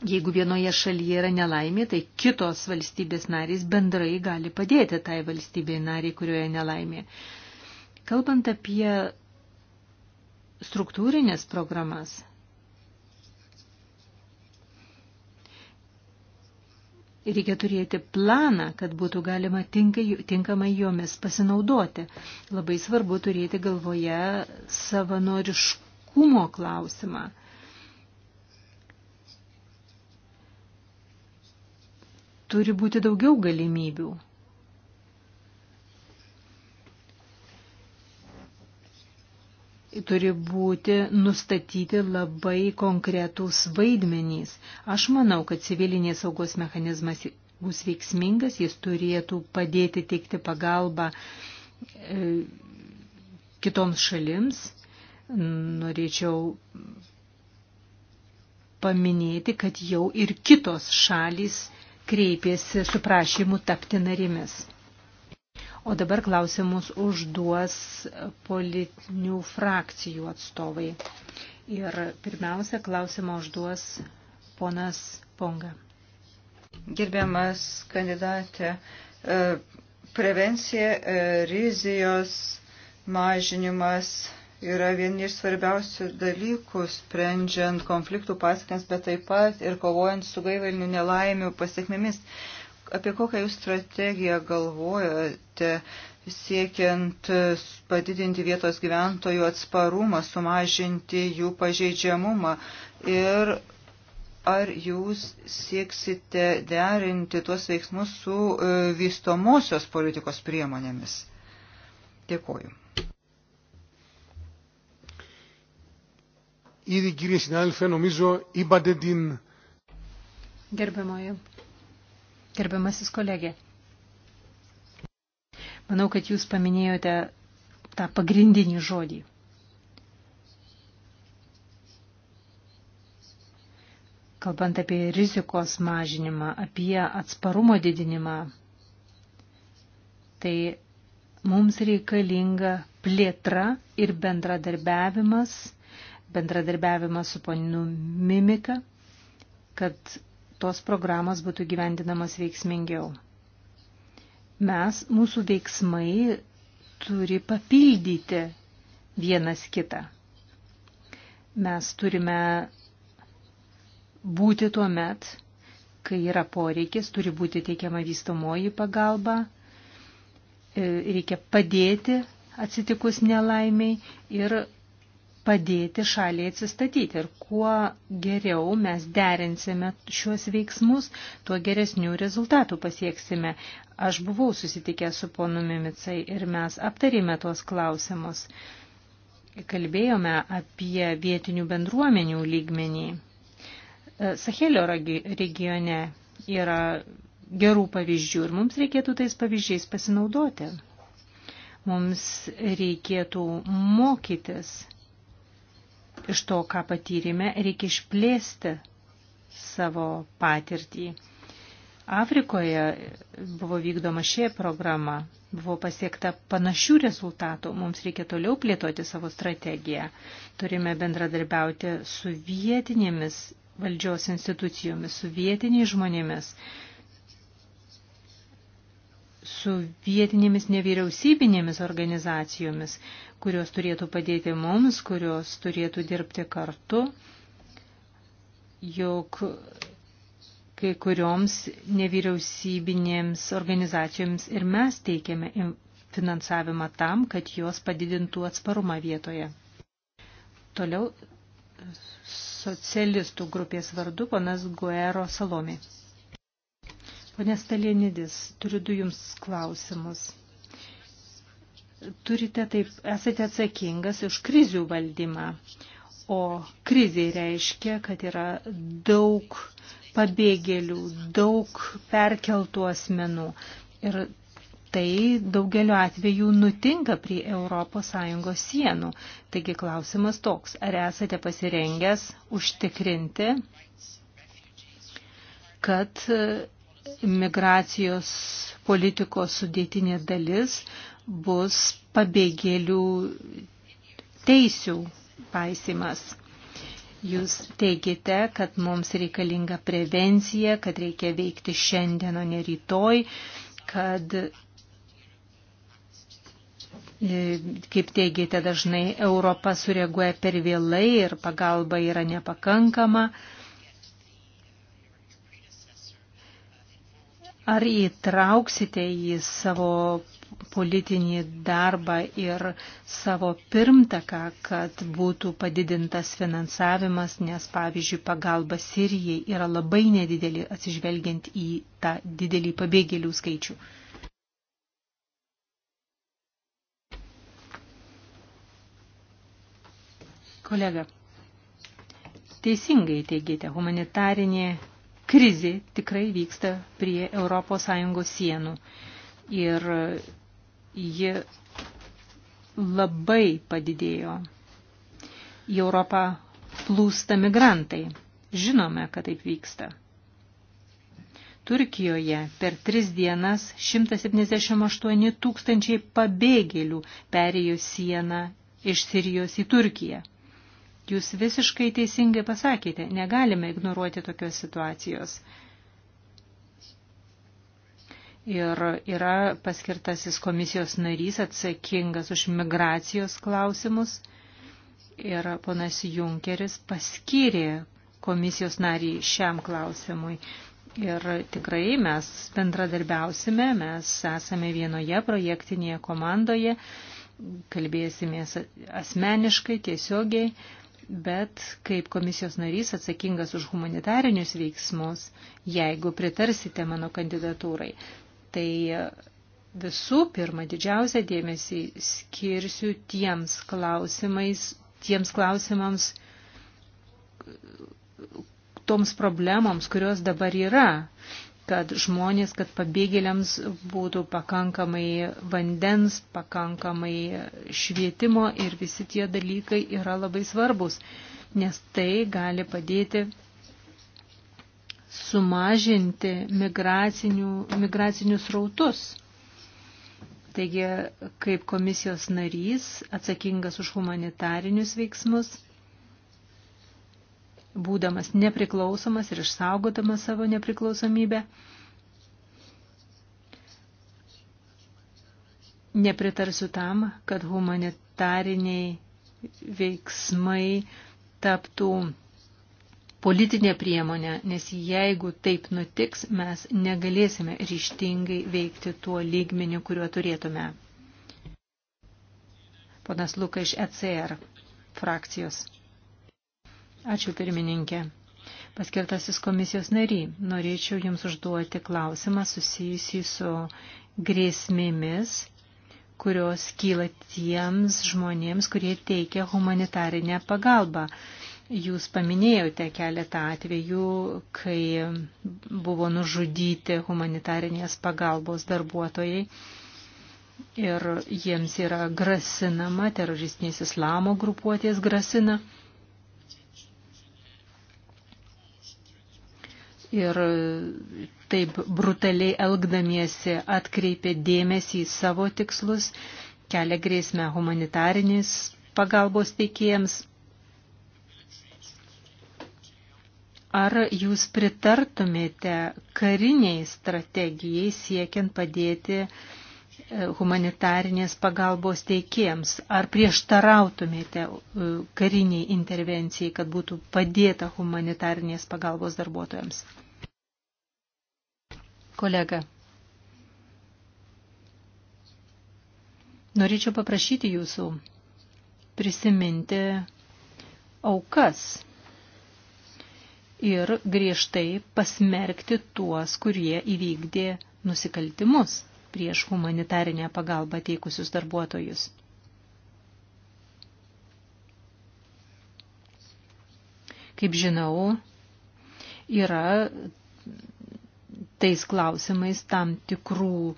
Jeigu vienoje šalyje yra nelaimė, tai kitos valstybės narys bendrai gali padėti tai valstybei nariai, kurioje nelaimė. Kalbant apie struktūrinės programas, Reikia turėti planą, kad būtų galima tinkamai jomis pasinaudoti. Labai svarbu turėti galvoje savanoriškumo klausimą. turi būti daugiau galimybių. Turi būti nustatyti labai konkretūs vaidmenys. Aš manau, kad civilinės saugos mechanizmas bus veiksmingas, jis turėtų padėti teikti pagalbą e, kitoms šalims. Norėčiau paminėti, kad jau ir kitos šalis kreipėsi su prašymu tapti narimis. O dabar klausimus užduos politinių frakcijų atstovai. Ir pirmiausia, klausimą užduos ponas Ponga. Gerbiamas kandidatė, e, prevencija, e, rizijos mažinimas yra vieni iš svarbiausių dalykų sprendžiant konfliktų pasiekmes, bet taip pat ir kovojant su gaivalinių nelaimių pasiekmėmis. Apie kokią jūs strategiją galvojate siekiant padidinti vietos gyventojų atsparumą, sumažinti jų pažeidžiamumą ir ar jūs sieksite derinti tuos veiksmus su e, vystomosios politikos priemonėmis? Dėkuoju. Ήδη κύριε συνάδελφε νομίζω είπατε την. Gerbiamoji, gerbiamasis kolegė, manau, kad jūs paminėjote tą pagrindinį žodį. Kalbant apie rizikos mažinimą, apie atsparumo didinimą, tai mums reikalinga plėtra ir bendradarbiavimas bendradarbiavimą su poninu Mimika, kad tos programos būtų gyvendinamas veiksmingiau. Mes, mūsų veiksmai turi papildyti vienas kitą. Mes turime būti tuo met, kai yra poreikis, turi būti teikiama vystomoji pagalba, e, reikia padėti atsitikus nelaimiai ir padėti šaliai atsistatyti. Ir kuo geriau mes derinsime šiuos veiksmus, tuo geresnių rezultatų pasieksime. Aš buvau susitikęs su ponu Mimicai ir mes aptarėme tuos klausimus. Kalbėjome apie vietinių bendruomenių lygmenį. E, Sahelio regione yra gerų pavyzdžių ir mums reikėtų tais pavyzdžiais pasinaudoti. Mums reikėtų mokytis iš to, ką patyrėme, reikia išplėsti savo patirtį. Afrikoje buvo vykdoma šie programa, buvo pasiekta panašių rezultatų, mums reikia toliau plėtoti savo strategiją. Turime bendradarbiauti su vietinėmis valdžios institucijomis, su vietiniais žmonėmis, su vietinėmis nevyriausybinėmis organizacijomis, kurios turėtų padėti mums, kurios turėtų dirbti kartu, jog kai kurioms nevyriausybinėms organizacijoms ir mes teikiame finansavimą tam, kad jos padidintų atsparumą vietoje. Toliau socialistų grupės vardu ponas Guero Salomė. Pone Stalinidis, turiu du jums klausimus. Turite taip, esate atsakingas už krizių valdymą, o krizė reiškia, kad yra daug pabėgėlių, daug perkeltų asmenų. Ir tai daugeliu atveju nutinka prie ES sienų. Taigi klausimas toks, ar esate pasirengęs užtikrinti, kad migracijos politikos sudėtinė dalis bus pabėgėlių teisių paisimas. Jūs teigite, kad mums reikalinga prevencija, kad reikia veikti šiandien, o ne rytoj, kad, e, kaip teigite, dažnai Europa sureaguoja per vėlai ir pagalba yra nepakankama. Ar įtrauksite į savo politinį darbą ir savo pirmtaką, kad būtų padidintas finansavimas, nes, pavyzdžiui, pagalba Sirijai yra labai nedidelė atsižvelgiant į tą didelį pabėgėlių skaičių. Kolega, teisingai teigite, humanitarinė krizė tikrai vyksta prie ES sienų. Ir ji labai padidėjo. Į Europą plūsta migrantai. Žinome, kad taip vyksta. Turkijoje per tris dienas 178 tūkstančiai pabėgėlių perėjo sieną iš Sirijos į Turkiją. Jūs visiškai teisingai pasakėte, negalime ignoruoti tokios situacijos. Ir yra paskirtasis komisijos narys atsakingas už migracijos klausimus. Ir ponas Junkeris paskyrė komisijos narį šiam klausimui. Ir tikrai mes bendradarbiausime, mes esame vienoje projektinėje komandoje, kalbėsimės asmeniškai, tiesiogiai bet kaip komisijos narys atsakingas už humanitarinius veiksmus, jeigu pritarsite mano kandidatūrai, tai visų pirma didžiausią dėmesį skirsiu tiems klausimais, tiems klausimams, toms problemoms, kurios dabar yra kad žmonės, kad pabėgėliams būtų pakankamai vandens, pakankamai švietimo ir visi tie dalykai yra labai svarbus, nes tai gali padėti sumažinti migracinius rautus. Taigi, kaip komisijos narys atsakingas už humanitarinius veiksmus, būdamas nepriklausomas ir išsaugodamas savo nepriklausomybę, nepritarsiu tam, kad humanitariniai veiksmai taptų politinė priemonė, nes jeigu taip nutiks, mes negalėsime ryštingai veikti tuo lygmeniu, kuriuo turėtume. Ponas Luka iš ECR frakcijos. Ačiū pirmininkė. Paskirtasis komisijos nary, norėčiau Jums užduoti klausimą susijusį su grėsmėmis, kurios kyla tiems žmonėms, kurie teikia humanitarinę pagalbą. Jūs paminėjote keletą atvejų, kai buvo nužudyti humanitarinės pagalbos darbuotojai ir jiems yra grasinama, teroristinės islamo grupuotės grasina. ir e, taip brutaliai elgdamiesi atkreipė dėmesį į savo tikslus, kelia grėsmę humanitarinės pagalbos teikėjams. Ar jūs pritartumėte kariniai strategijai siekiant padėti e, humanitarinės pagalbos teikėjams? Ar prieštarautumėte e, kariniai intervencijai, kad būtų padėta humanitarinės pagalbos darbuotojams? kolega. Norėčiau paprašyti jūsų prisiminti aukas ir griežtai pasmerkti tuos, kurie įvykdė nusikaltimus prieš humanitarinę pagalbą teikusius darbuotojus. Kaip žinau, yra tais klausimais tam tikrų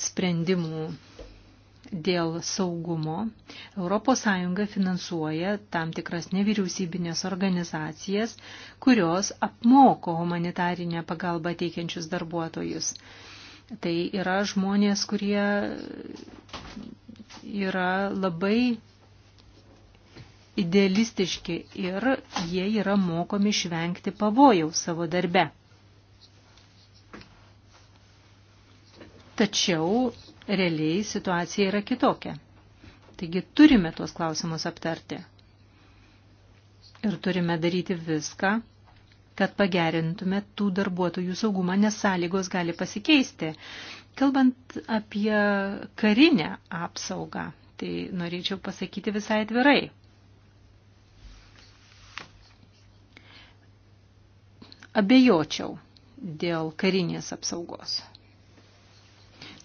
sprendimų dėl saugumo. ES finansuoja tam tikras nevyriausybinės organizacijas, kurios apmoko humanitarinę pagalbą teikiančius darbuotojus. Tai yra žmonės, kurie yra labai idealistiški ir jie yra mokomi išvengti pavojaus savo darbe. tačiau realiai situacija yra kitokia. Taigi turime tuos klausimus aptarti. Ir turime daryti viską, kad pagerintume tų darbuotojų saugumą, nes sąlygos gali pasikeisti. Kalbant apie karinę apsaugą, tai norėčiau pasakyti visai atvirai. Abejočiau dėl karinės apsaugos.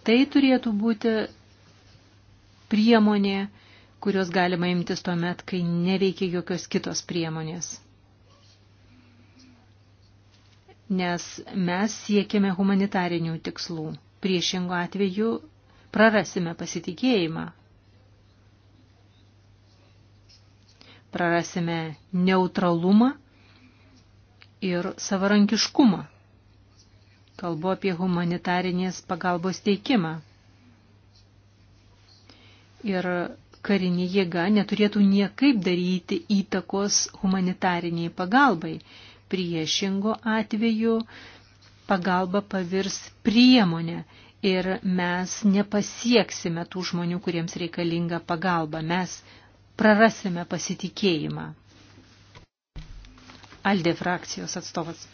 Tai turėtų būti priemonė, kurios galima imtis tuomet, kai neveikia jokios kitos priemonės. Nes mes siekiame humanitarinių tikslų. Priešingo atveju prarasime pasitikėjimą. Prarasime neutralumą ir savarankiškumą. Kalbu apie humanitarinės pagalbos teikimą. Ir karinė jėga neturėtų niekaip daryti įtakos humanitariniai pagalbai. Priešingo atveju pagalba pavirs priemonę ir mes nepasieksime tų žmonių, kuriems reikalinga pagalba. Mes prarasime pasitikėjimą. Alde frakcijos atstovas.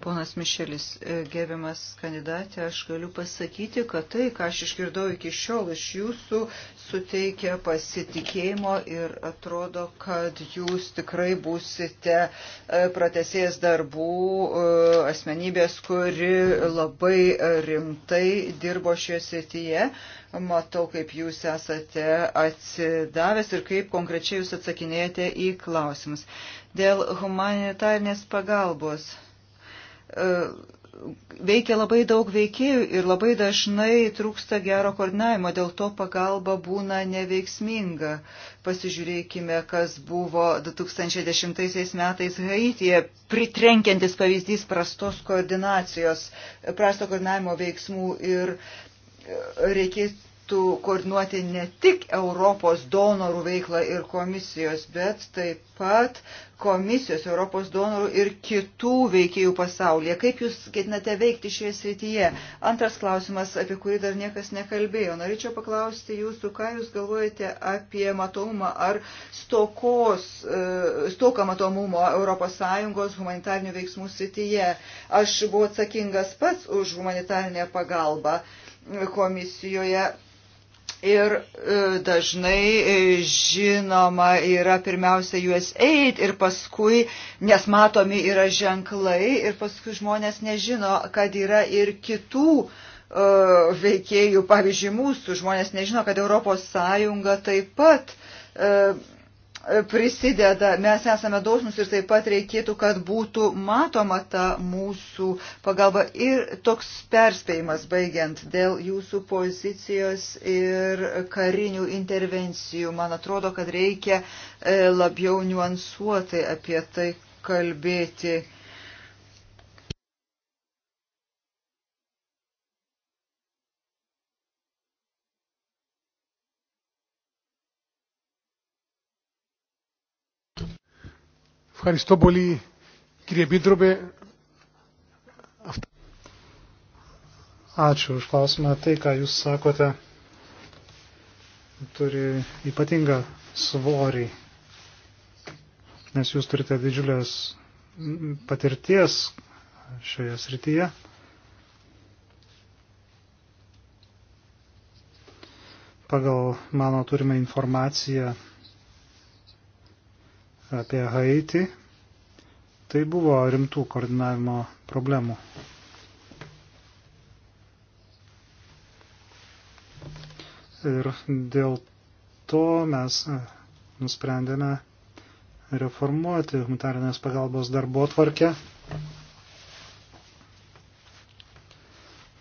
Ponas Mišelis, e, gerbiamas kandidatė, aš galiu pasakyti, kad tai, ką aš išgirdau iki šiol iš jūsų, suteikia pasitikėjimo ir atrodo, kad jūs tikrai būsite e, pratesės darbų e, asmenybės, kuri labai rimtai dirbo šioje srityje matau, kaip jūs esate atsidavęs ir kaip konkrečiai jūs atsakinėjate į klausimus. Dėl humanitarnės pagalbos E, veikia labai daug veikėjų ir labai dažnai trūksta gero koordinavimo, dėl to pagalba būna neveiksminga. Pasižiūrėkime, kas buvo 2010 metais Haityje, pritrenkiantis pavyzdys prastos koordinacijos, prasto koordinavimo veiksmų ir e, reikės reiktų koordinuoti ne tik Europos donorų veiklą ir komisijos, bet taip pat komisijos, Europos donorų ir kitų veikėjų pasaulyje. Kaip jūs ketinate veikti šioje srityje? Antras klausimas, apie kurį dar niekas nekalbėjo. Norėčiau paklausti jūsų, ką jūs galvojate apie matomumą ar stokos, e, stoką matomumo ES humanitarnių veiksmų srityje. Aš buvau atsakingas pats už humanitarinę pagalbą komisijoje Ir e, dažnai e, žinoma yra pirmiausia USAID ir paskui, nes matomi yra ženklai ir paskui žmonės nežino, kad yra ir kitų e, veikėjų, pavyzdžiui, mūsų žmonės nežino, kad Europos Sąjunga taip pat prisideda, mes esame dosnus ir taip pat reikėtų, kad būtų matoma ta mūsų pagalba. Ir toks perspėjimas baigiant dėl jūsų pozicijos ir karinių intervencijų. Man atrodo, kad reikia e, labiau niuansuotai apie tai kalbėti Ευχαριστώ πολύ, κύριε Επίτροπε. Ačiū už klausimą. Tai, ką Jūs sakote, turi ypatingą svorį, nes Jūs turite didžiulės patirties šioje srityje. Pagal mano turime informaciją apie Haiti, tai buvo rimtų koordinavimo problemų. Ir dėl to mes e, nusprendėme reformuoti humanitarinės pagalbos darbo tvarkę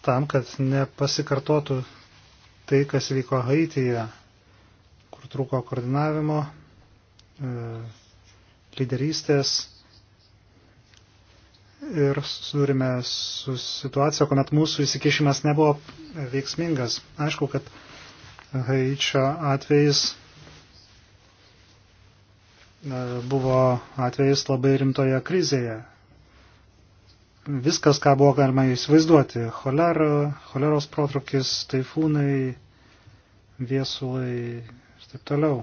tam, kad nepasikartotų tai, kas vyko Haityje, kur trūko koordinavimo, e, lyderystės ir susidūrime su situacija, kuomet mūsų įsikišimas nebuvo veiksmingas. Aišku, kad Haičio atvejis e, buvo atvejis labai rimtoje krizėje. Viskas, ką buvo galima įsivaizduoti - cholera, choleros protrukis, taifūnai, viesulai ir taip toliau.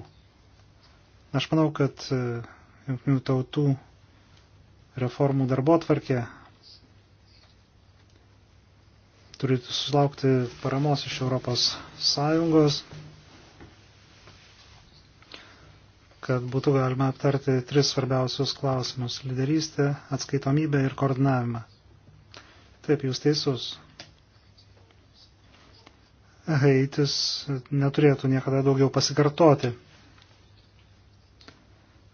Aš manau, kad e, jungtinių tautų reformų darbo tvarkė turi susilaukti paramos iš Europos Sąjungos, kad būtų galima aptarti tris svarbiausius klausimus – lyderystę, atskaitomybę ir koordinavimą. Taip, jūs teisus. Haitis neturėtų niekada daugiau pasikartoti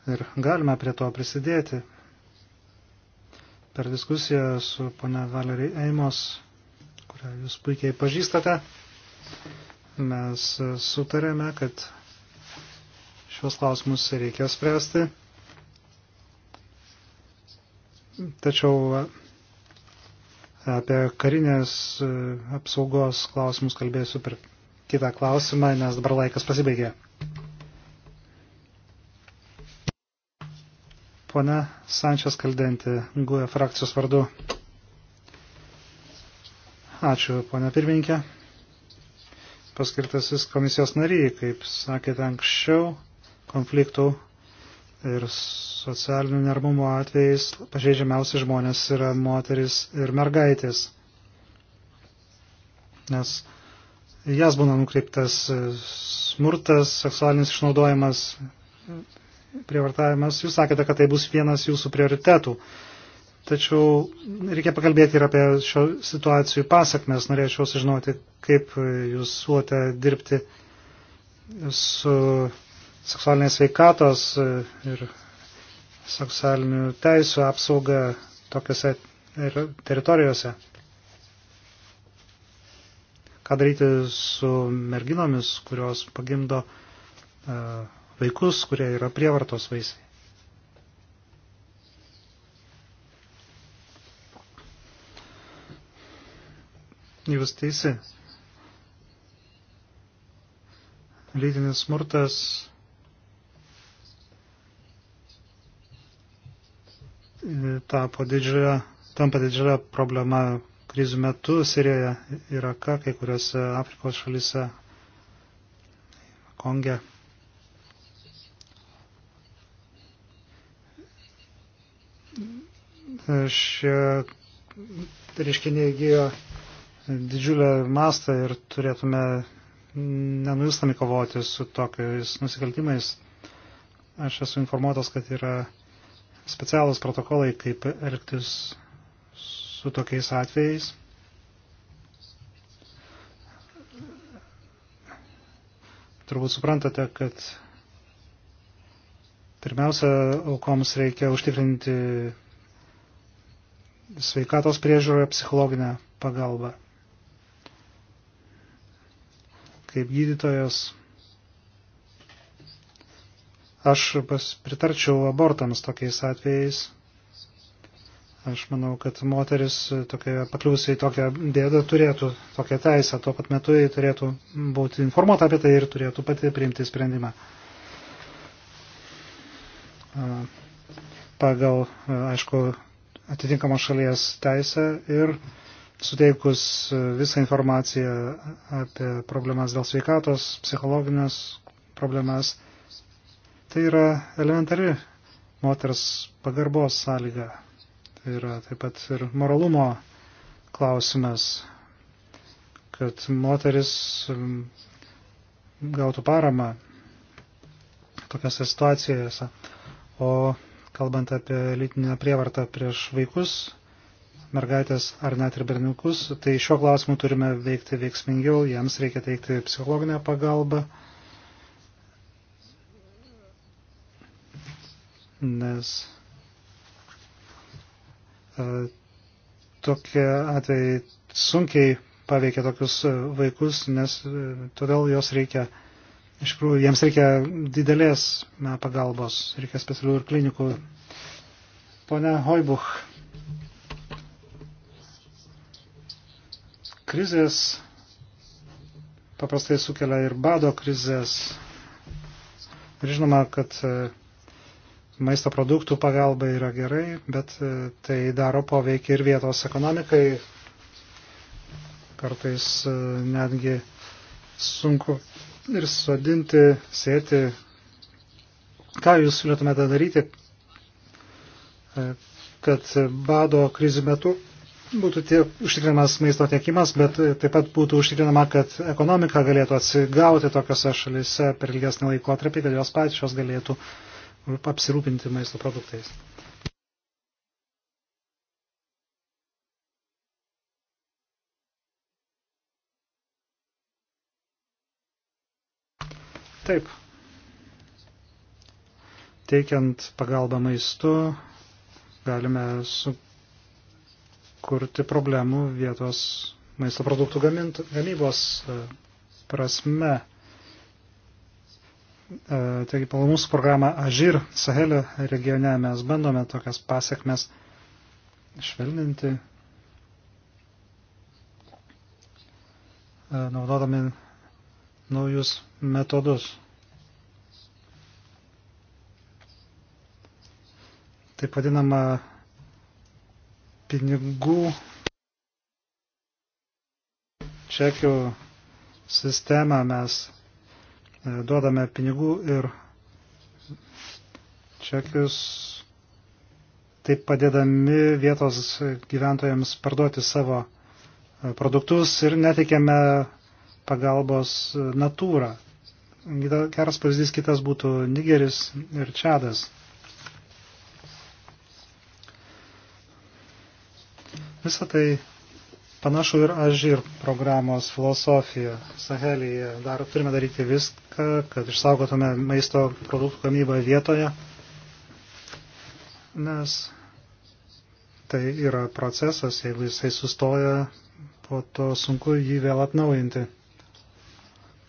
ir galime prie to prisidėti. Per diskusiją su pone Valerijai Eimos, kurią jūs puikiai pažįstate, mes sutarėme, kad šios klausimus reikia spręsti. Tačiau apie karinės apsaugos klausimus kalbėsiu per kitą klausimą, nes dabar laikas pasibaigė. Pone Sančias Kaldenti, GUE frakcijos vardu. Ačiū, ponia pirmininkė. Paskirtasis komisijos nariai, kaip sakėte anksčiau, konfliktų ir socialinių nermumo atvejais pažeidžiamiausi žmonės yra moteris ir mergaitės. Nes jas būna nukreiptas smurtas, seksualinis išnaudojimas prievartavimas. Jūs sakėte, kad tai bus vienas jūsų prioritetų. Tačiau reikia pakalbėti ir apie šio situacijų pasakmes. Norėčiau sužinoti, kaip jūs suote dirbti su seksualinės veikatos ir seksualinių teisų apsauga tokiuose teritorijose. Ką daryti su merginomis, kurios pagimdo uh, vaikus, kurie yra prievartos vaisiai. Jūs teisi. Lytinis smurtas tapo didžiulę, tampa didžiulę problemą krizių metu Sirijoje, Irake, kai kuriuose Afrikos šalyse, Konge. šie reiškiniai įgyjo didžiulę mastą ir turėtume nenujustami kovoti su tokiais nusikaltimais. Aš esu informuotas, kad yra specialus protokolai, kaip elgtis su tokiais atvejais. Turbūt suprantate, kad pirmiausia, aukoms reikia užtikrinti sveikatos priežiūrą ir psichologinę pagalbą. Kaip gydytojas aš pritarčiau abortams tokiais atvejais. Aš manau, kad moteris tokia, pakliusiai tokią bėdą turėtų tokią teisę, tuo pat metu jį turėtų būti informuota apie tai ir turėtų pati priimti sprendimą. Pagal, aišku, atitinkamos šalies teisę ir suteikus e, visą informaciją apie problemas dėl sveikatos, psichologinės problemas. Tai yra elementari moters pagarbos sąlyga. Tai yra taip pat ir moralumo klausimas, kad moteris gautų paramą tokiose situacijose. O kalbant apie lytinę prievartą prieš vaikus, mergaitės ar net ir berniukus, tai šiuo klausimu turime veikti veiksmingiau, jiems reikia teikti psichologinę pagalbą, nes e, tokie atvejai sunkiai paveikia tokius vaikus, nes e, todėl jos reikia Iš tikrųjų, jiems reikia didelės na, pagalbos, reikia specialių ir klinikų. Pone Hoibuch, krizės paprastai sukelia ir bado krizės. Ir žinoma, kad e, maisto produktų pagalba yra gerai, bet e, tai daro poveikį ir vietos ekonomikai. Kartais e, netgi sunku ir sodinti, sėti. Ką jūs siūlytumėte daryti, e, kad bado krizių metu būtų tie, užtikrinamas maisto tiekimas, bet taip pat būtų užtikrinama, kad ekonomika galėtų atsigauti tokiose šalise per ilgesnį laikotarpį, kad jos pačios galėtų apsirūpinti maisto produktais. Taip. Teikiant pagalbą maistu, galime sukurti problemų vietos maisto produktų gamint, gamybos e, prasme. E, taigi, pagal mūsų programą Ažir Sahelio regione mes bandome tokias pasiekmes švelninti, e, naudodami naujus metodus. Taip vadinama pinigų čekių sistemą mes e, duodame pinigų ir čekius taip padėdami vietos gyventojams parduoti savo e, produktus ir netikėme pagalbos natūrą. Geras pavyzdys kitas būtų Nigeris ir Čadas. Visą tai panašu ir Ažir programos filosofija. Sahelyje dar turime daryti viską, kad išsaugotume maisto produktų gamybą vietoje, nes tai yra procesas, jeigu jisai sustoja, po to sunku jį vėl atnaujinti.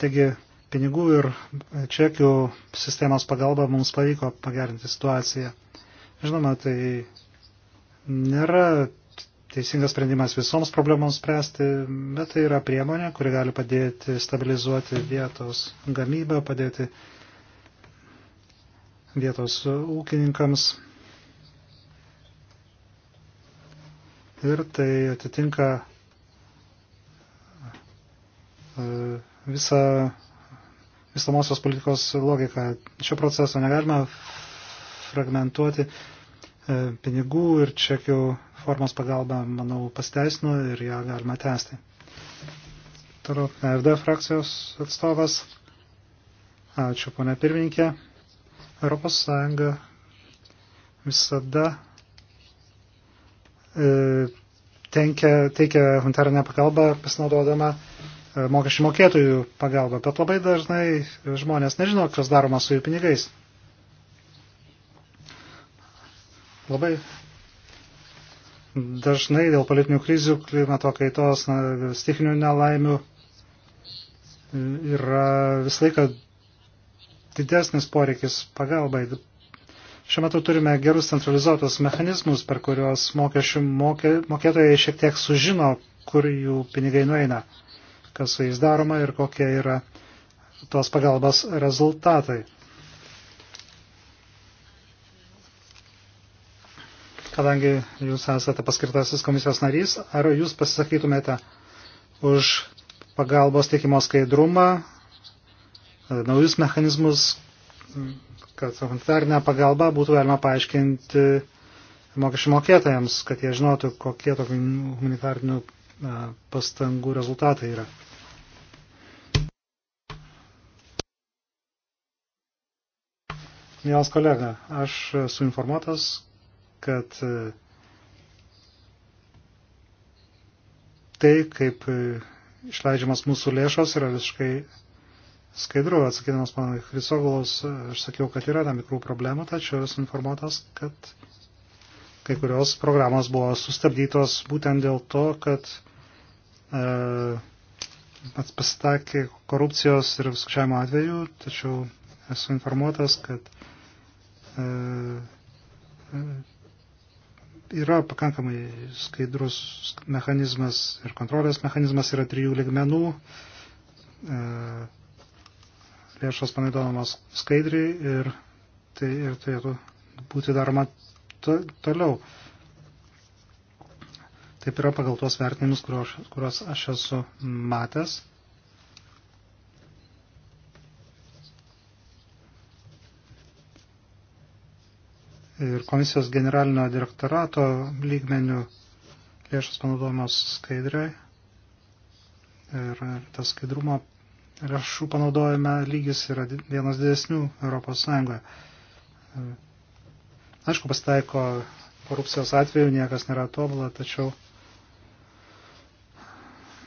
Taigi pinigų ir čekių sistemos pagalba mums pavyko pagerinti situaciją. Žinoma, tai nėra teisingas sprendimas visoms problemams spręsti, bet tai yra priemonė, kuri gali padėti stabilizuoti vietos gamybą, padėti vietos ūkininkams. Ir tai atitinka uh, visą vystamosios politikos logiką. Šio proceso negalima fragmentuoti e, pinigų ir čekių formos pagalba, manau, pasteisino ir ją galima tęsti. Toliau FD frakcijos atstovas. Ačiū, ponė pirmininkė. Europos Sąjunga visada e, tenkia, teikia humanitarinę pagalbą pasinaudodama e, E, mokesčių mokėtojų pagalba, bet labai dažnai žmonės nežino, kas daroma su jų pinigais. Labai dažnai dėl politinių krizių, klimato kaitos, stichinių nelaimių yra visą laiką didesnis poreikis pagalbai. Šiuo metu turime gerus centralizuotus mechanizmus, per kuriuos mokesčių mokė, mokėtojai šiek tiek sužino, kur jų pinigai nueina kas su jais daroma ir kokie yra tos pagalbos rezultatai. Kadangi jūs esate paskirtasis komisijos narys, ar jūs pasisakytumėte už pagalbos teikimo skaidrumą, naujus mechanizmus, kad humanitarinę pagalbą būtų galima paaiškinti mokesčių mokėtojams, kad jie žinotų, kokie tokių humanitarinių pastangų rezultatai yra. Mielas kolega, aš esu informuotas, kad tai, kaip išleidžiamas mūsų lėšos, yra visiškai skaidru. Atsakydamas man Hrisogulos, aš sakiau, kad yra tam tikrų problemų, tačiau esu informuotas, kad kai kurios programos buvo sustabdytos būtent dėl to, kad E, pasitaikė korupcijos ir skučiavimo atveju, tačiau esu informuotas, kad e, e, yra pakankamai skaidrus mechanizmas ir kontrolės mechanizmas yra trijų ligmenų. Lėšos panaidonamas skaidriai ir tai ir turėtų būti daroma to, toliau. Taip yra pagal tuos vertinimus, kuriuos aš esu matęs. Ir komisijos generalinio direktorato lygmenių lėšas panaudojamos skaidriai. Ir tas skaidrumo lėšų panaudojame lygis yra vienas didesnių Europos Sąjungoje. Aišku, pasitaiko korupcijos atveju, niekas nėra tobulą, tačiau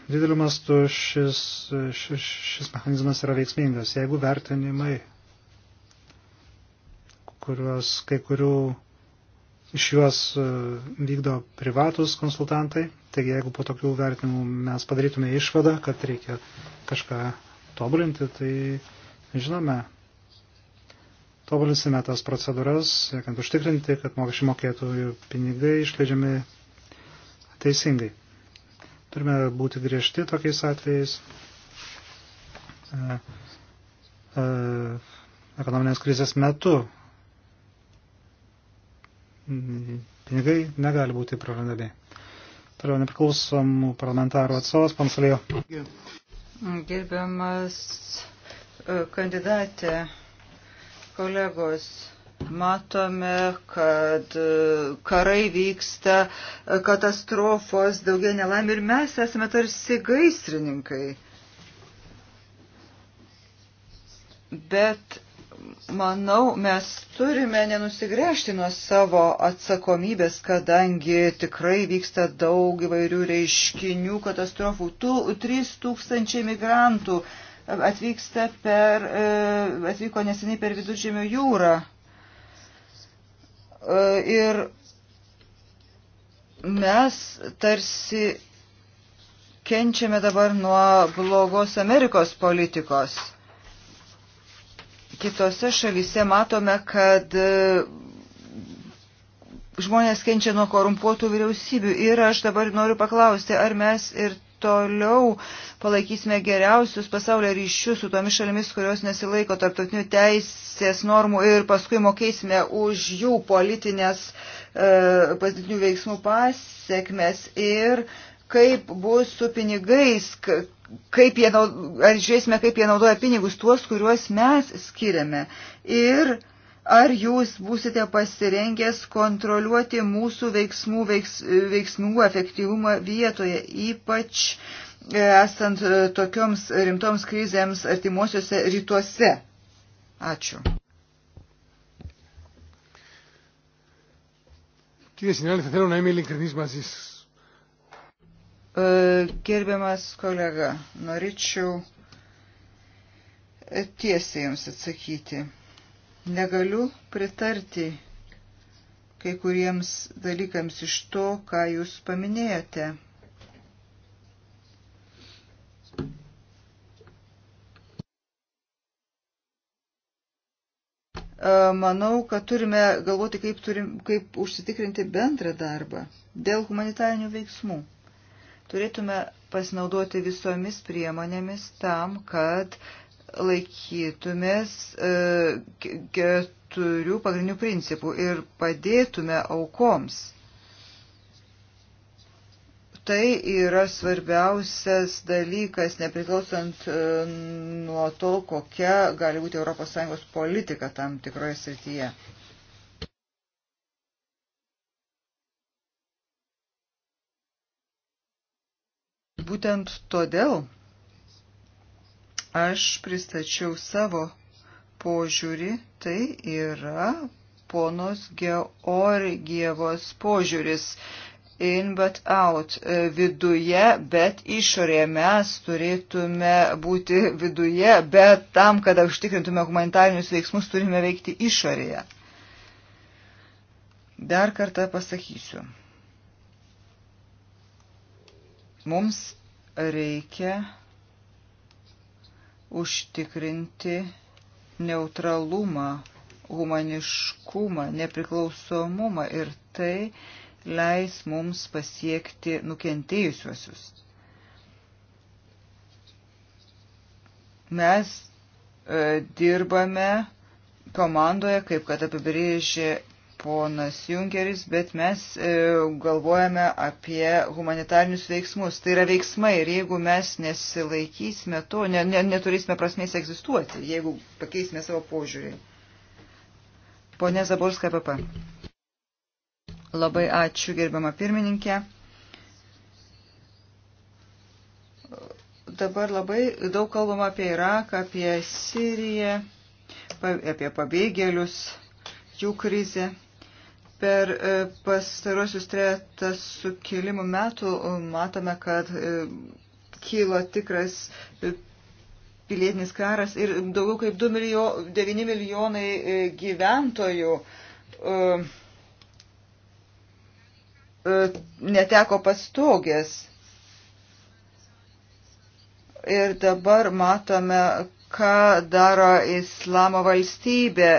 dideliu mastu šis, šis, šis mechanizmas yra veiksmingas. Jeigu vertinimai, kuriuos kai kurių iš juos e, vykdo privatus konsultantai, taigi jeigu po tokių vertinimų mes padarytume išvadą, kad reikia kažką tobulinti, tai žinome, tobulinsime tas procedūras, siekiant užtikrinti, kad mokesčių mokėtojų pinigai išleidžiami teisingai. Turime būti griežti tokiais atvejais. E, e, ekonominės krizės metu pinigai negali būti prarandami. Toliau nepriklausomų parlamentarų atsovas Pansalėjo. Gerbiamas e, kandidatė, kolegos, Matome, kad e, karai vyksta, e, katastrofos, daugiau nelaimė ir mes esame tarsi gaisrininkai. Bet manau, mes turime nenusigręžti nuo savo atsakomybės, kadangi tikrai vyksta daug įvairių reiškinių, katastrofų. Tų 3000 migrantų atvyksta per, e, atvyko neseniai per viduržėmio jūrą. E, ir mes tarsi kenčiame dabar nuo blogos Amerikos politikos. Kitose šalyse matome, kad e, žmonės kenčia nuo korumpuotų vyriausybių. Ir aš dabar noriu paklausti, ar mes ir toliau palaikysime geriausius pasaulio ryšius su tomis šalimis, kurios nesilaiko tarptautinių teisės normų ir paskui mokėsime už jų politinės e, politinių veiksmų pasiekmes ir kaip bus su pinigais, kaip jie, ar žiūrėsime, kaip jie naudoja pinigus, tuos, kuriuos mes skiriame. Ir ar jūs būsite pasirengęs kontroliuoti mūsų veiksmų, veiks, veiksmų efektyvumą vietoje, ypač e, esant e, tokioms rimtoms krizėms artimuosiuose rytuose. Ačiū. Gerbiamas kolega, norėčiau tiesiai Jums atsakyti. Negaliu pritarti kai kuriems dalykams iš to, ką jūs paminėjote. E, manau, kad turime galvoti, kaip, turim, kaip užsitikrinti bendrą darbą dėl humanitarinių veiksmų. Turėtume pasinaudoti visomis priemonėmis tam, kad uh, laikytumės e, keturių pagrindinių principų ir padėtume aukoms. Tai yra svarbiausias dalykas, nepriklausant e, nuo to, kokia gali būti ES politika tam tikroje srityje. Būtent todėl Aš pristačiau savo požiūrį, tai yra ponos Georgievos požiūris in but out e, viduje, bet išorėje mes turėtume būti viduje, bet tam, kad užtikrintume humanitarinius veiksmus, turime veikti išorėje. Dar kartą pasakysiu. Mums reikia užtikrinti neutralumą, humaniškumą, nepriklausomumą ir tai leis mums pasiekti nukentėjusiuosius. Mes e, dirbame komandoje, kaip kad apibrėžė ponas Junkeris, bet mes e, galvojame apie humanitarinius veiksmus. Tai yra veiksmai ir jeigu mes nesilaikysime to, ne, ne, neturėsime prasmės egzistuoti, jeigu pakeisime savo požiūrį. Pone Zaborska, PP. Labai ačiū, gerbiama pirmininkė. Dabar labai daug kalbama apie Iraką, apie Siriją, apie pabėgėlius jų krizę. Per e, pastarosius trejatas sukilimų metų e, matome, kad e, kilo tikras pilietinis karas ir daugiau kaip 2 milijo, 9 milijonai gyventojų neteko pastogės. Ir dabar matome, ką daro islamo valstybė,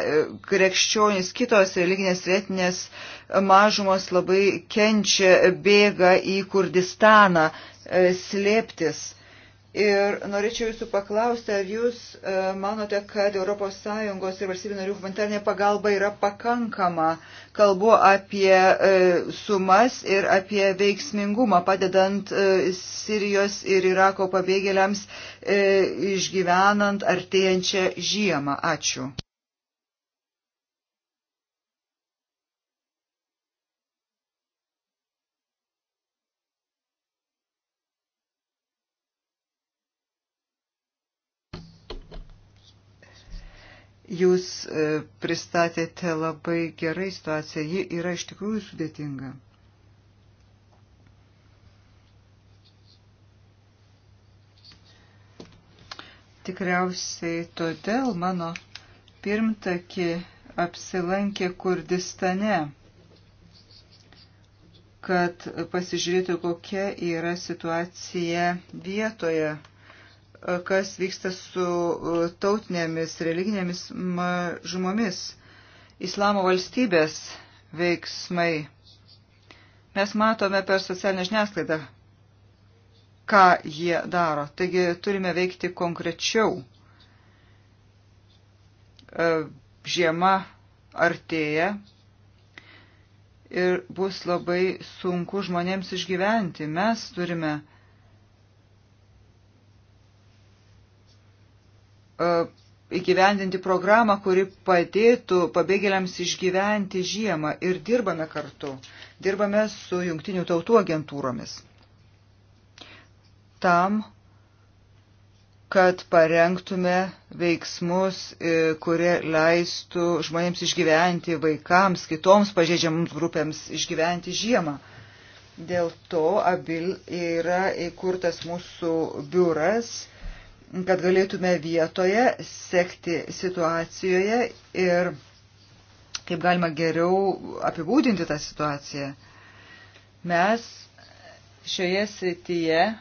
krikščionys, kitos religinės vietinės mažumos labai kenčia, bėga į Kurdistaną e, slėptis. Ir norėčiau jūsų paklausti, ar jūs e, manote, kad ES ir valstybių narių humanitarinė pagalba yra pakankama? Kalbu apie e, sumas ir apie veiksmingumą, padedant e, Sirijos ir Irako pabėgėliams išgyvenant artėjančią žiemą. Ačiū. Jūs e, pristatėte labai gerai situaciją, ji yra iš tikrųjų sudėtinga. Tikriausiai todėl mano pirmtaki apsilankė Kurdistane, kad pasižiūrėtų, kokia yra situacija vietoje kas vyksta su e, tautinėmis religinėmis mažumomis, islamo valstybės veiksmai. Mes matome per socialinę žiniasklaidą, ką jie daro. Taigi turime veikti konkrečiau. E, žiema artėja, ir bus labai sunku žmonėms išgyventi. Mes turime E, įgyvendinti programą, kuri padėtų pabėgėliams išgyventi žiemą ir dirbame kartu. Dirbame su jungtinių tautų agentūromis. Tam, kad parengtume veiksmus, e, kurie leistų žmonėms išgyventi, vaikams, kitoms pažeidžiamams grupėms išgyventi žiemą. Dėl to abil yra įkurtas mūsų biuras kad galėtume vietoje sekti situacijoje ir kaip galima geriau apibūdinti tą situaciją. Mes šioje srityje e,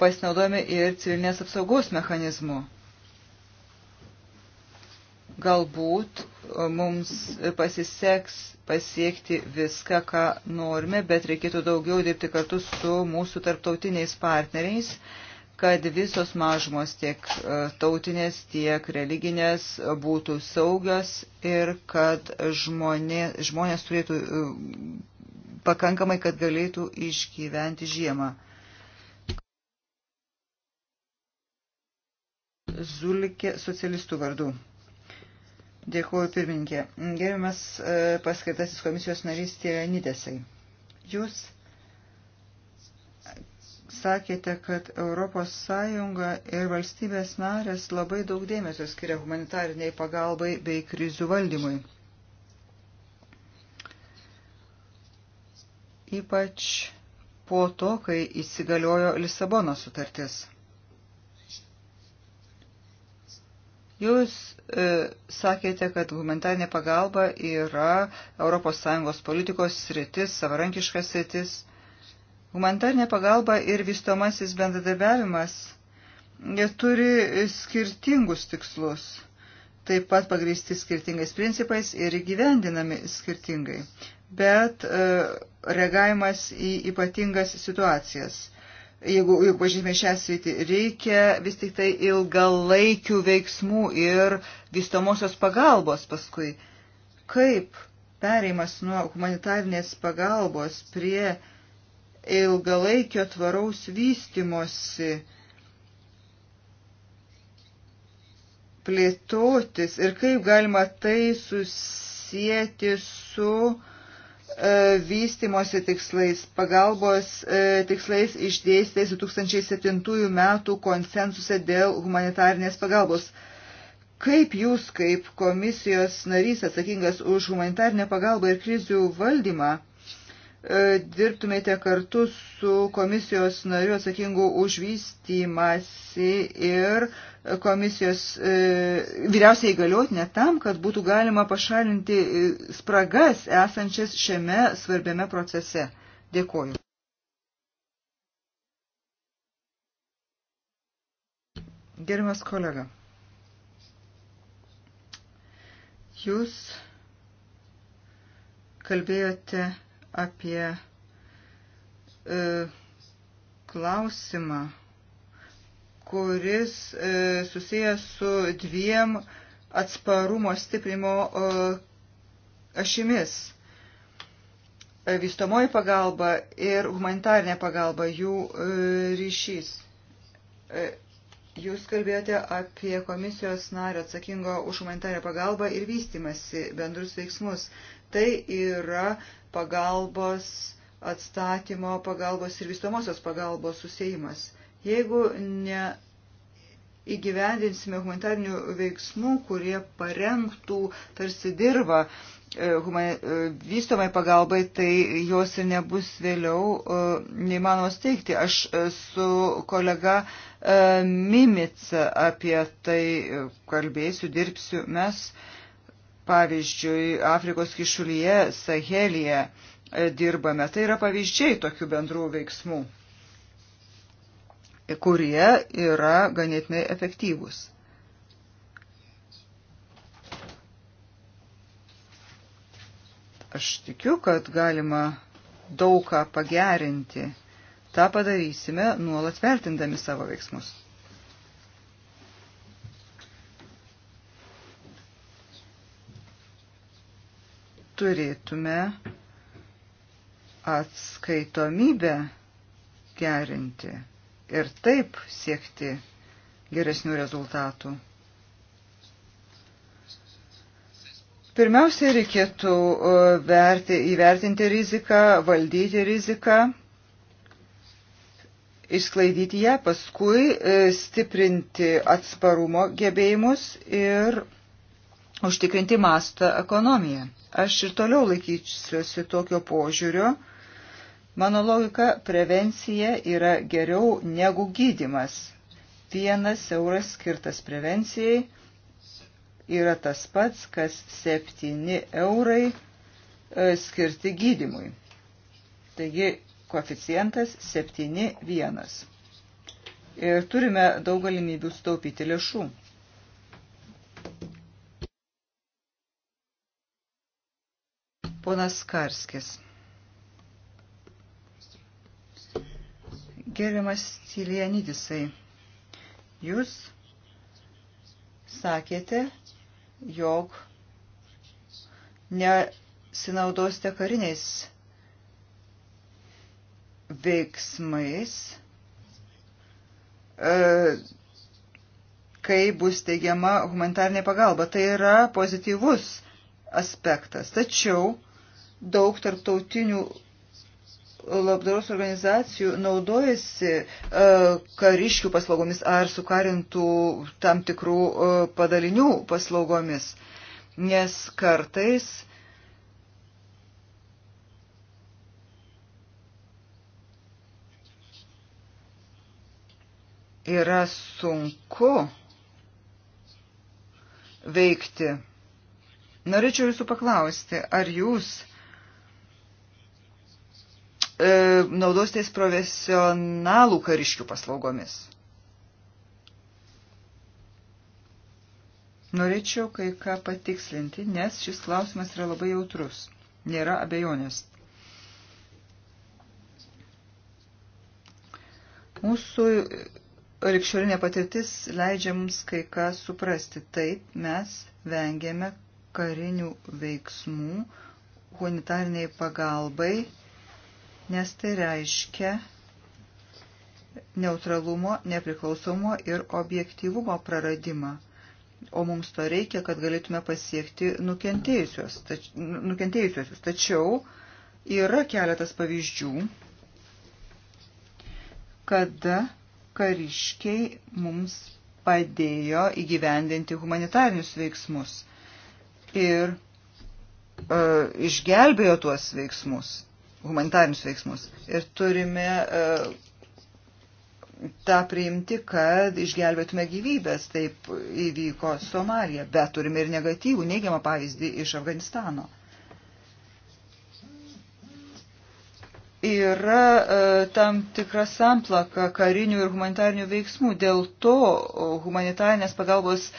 pasinaudojame ir civilinės apsaugos mechanizmu. Galbūt e, mums pasiseks pasiekti viską, ką norime, bet reikėtų daugiau dirbti kartu su mūsų tarptautiniais partneriais, uh, kad visos mažumos tiek e, tautinės, tiek religinės būtų saugios ir kad žmonė, žmonės turėtų e, pakankamai, kad galėtų išgyventi žiemą. Zulikė socialistų vardu. Dėkuoju pirmininkė. Gerimas e, paskirtasis komisijos narys Tyrionidėsai. Jūs sakėte, kad ES ir valstybės narės labai daug dėmesio skiria humanitariniai pagalbai bei krizių valdymui. Ypač po to, kai įsigaliojo Lisabono sutartis. Jūs e, sakėte, kad humanitarinė pagalba yra ES politikos sritis, savarankiškas sritis. Humanitarinė pagalba ir vystomasis bendradarbiavimas turi skirtingus tikslus, taip pat pagrįsti skirtingais principais ir įgyvendinami skirtingai, bet e, reagavimas į ypatingas situacijas jeigu, jeigu pažymė šią sritį, reikia vis tik tai ilgalaikių veiksmų ir vystomosios pagalbos paskui. Kaip pereimas nuo humanitarnės pagalbos prie ilgalaikio tvaraus vystimosi plėtotis ir kaip galima tai susijęti su e, vystimosi tikslais, pagalbos e, tikslais išdėstės 2007 metų konsensuse dėl humanitarnės pagalbos. Kaip jūs, kaip komisijos narys atsakingas už humanitarnę pagalbą ir krizių valdymą, E, dirbtumėte kartu su komisijos nariu atsakingu už vystymasi ir komisijos e, vyriausiai įgaliotinę tam, kad būtų galima pašalinti e, spragas esančias šiame svarbiame procese. Dėkoju. Gerimas kolega, jūs kalbėjote apie e, klausimą, kuris e, susijęs su dviem atsparumo stiprimo e, ašimis e, vystomoji pagalba ir humanitarinė pagalba, jų e, ryšys. E, Jūs kalbėjote apie komisijos nario atsakingo už humanitarią pagalbą ir vystimasi bendrus veiksmus. Tai yra pagalbos atstatymo, pagalbos ir vystomosios pagalbos susijimas. Jeigu ne įgyvendinsime humanitarnių veiksmų, kurie parengtų tarsi dirba uh, E, e, vystomai pagalbai, tai jos ir nebus vėliau e, neįmanoma steigti. Aš su kolega Mimica apie tai kalbėsiu, dirbsiu. Mes, pavyzdžiui, Afrikos kišulyje, Sahelėje dirbame. Tai yra pavyzdžiai tokių bendrų veiksmų, kurie yra ganėtinai efektyvūs. Aš tikiu, kad galima daugą pagerinti. Ta padarysime nuolat vertindami savo veiksmus. Turėtume atskaitomybę gerinti ir taip siekti geresnių rezultatų. Pirmiausia, reikėtų e, verti, įvertinti riziką, valdyti riziką, išsklaidyti ją, paskui e, stiprinti atsparumo gebėjimus ir užtikrinti mastą ekonomiją. Aš ir toliau laikysiuosi tokio požiūrio. Mano logika - prevencija yra geriau negu gydimas. Vienas euras skirtas prevencijai yra tas pats, kas 7 eurai e, skirti gydimui. Taigi koeficientas 7,1. Ir turime daug galimybių staupyti lėšų. Ponas Karskis. Gerimas Tilianidisai, jūs sakėte, jog nesinaudosite kariniais veiksmais, e, kai bus teigiama humanitarnė pagalba. Tai yra pozityvus aspektas. Tačiau daug tarptautinių labdaros organizacijų naudojasi e, kariškių paslaugomis ar sukarintų tam tikrų e, padalinių paslaugomis, nes kartais yra sunku veikti. Norėčiau jūsų paklausti, ar jūs E, naudositės profesionalų kariškių paslaugomis? Norėčiau kai ką patikslinti, nes šis klausimas yra labai jautrus. Nėra abejonės. Mūsų likščiolinė patirtis leidžia mums kai ką suprasti. Taip mes vengėme karinių veiksmų humanitariniai pagalbai nes tai reiškia neutralumo, nepriklausomo ir objektyvumo praradimą. O mums to reikia, kad galėtume pasiekti nukentėjusios, tač, nu, nukentėjusiosius. Tačiau yra keletas pavyzdžių, kada kariškiai mums padėjo įgyvendinti humanitarinius veiksmus ir e, išgelbėjo tuos veiksmus humanitarinius veiksmus. Ir turime e, tą priimti, kad išgelbėtume gyvybės. Taip įvyko Somalija, bet turime ir negatyvų, neigiamą pavyzdį iš Afganistano. yra e, tam tikra samplaka karinių ir humanitarinių veiksmų. Dėl to humanitarinės pagalbos e,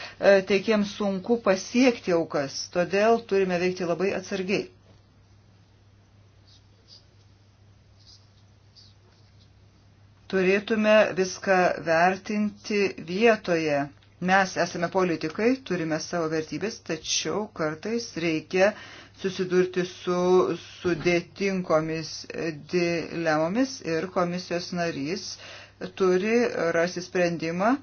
teikiems sunku pasiekti aukas. Todėl turime veikti labai atsargiai. turėtume viską vertinti vietoje. Mes esame politikai, turime savo vertybės, tačiau kartais reikia susidurti su sudėtingomis dilemomis ir komisijos narys turi rasti sprendimą.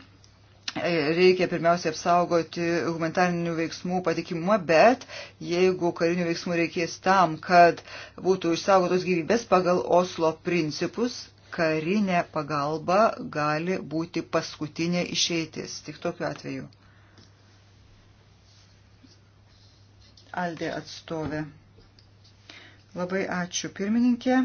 Reikia pirmiausia apsaugoti humanitarinių veiksmų patikimumą, bet jeigu karinių veiksmų reikės tam, kad būtų išsaugotos gyvybės pagal Oslo principus, karinė pagalba gali būti paskutinė išeitis. Tik tokiu atveju. Aldė atstovė. Labai ačiū pirmininkė.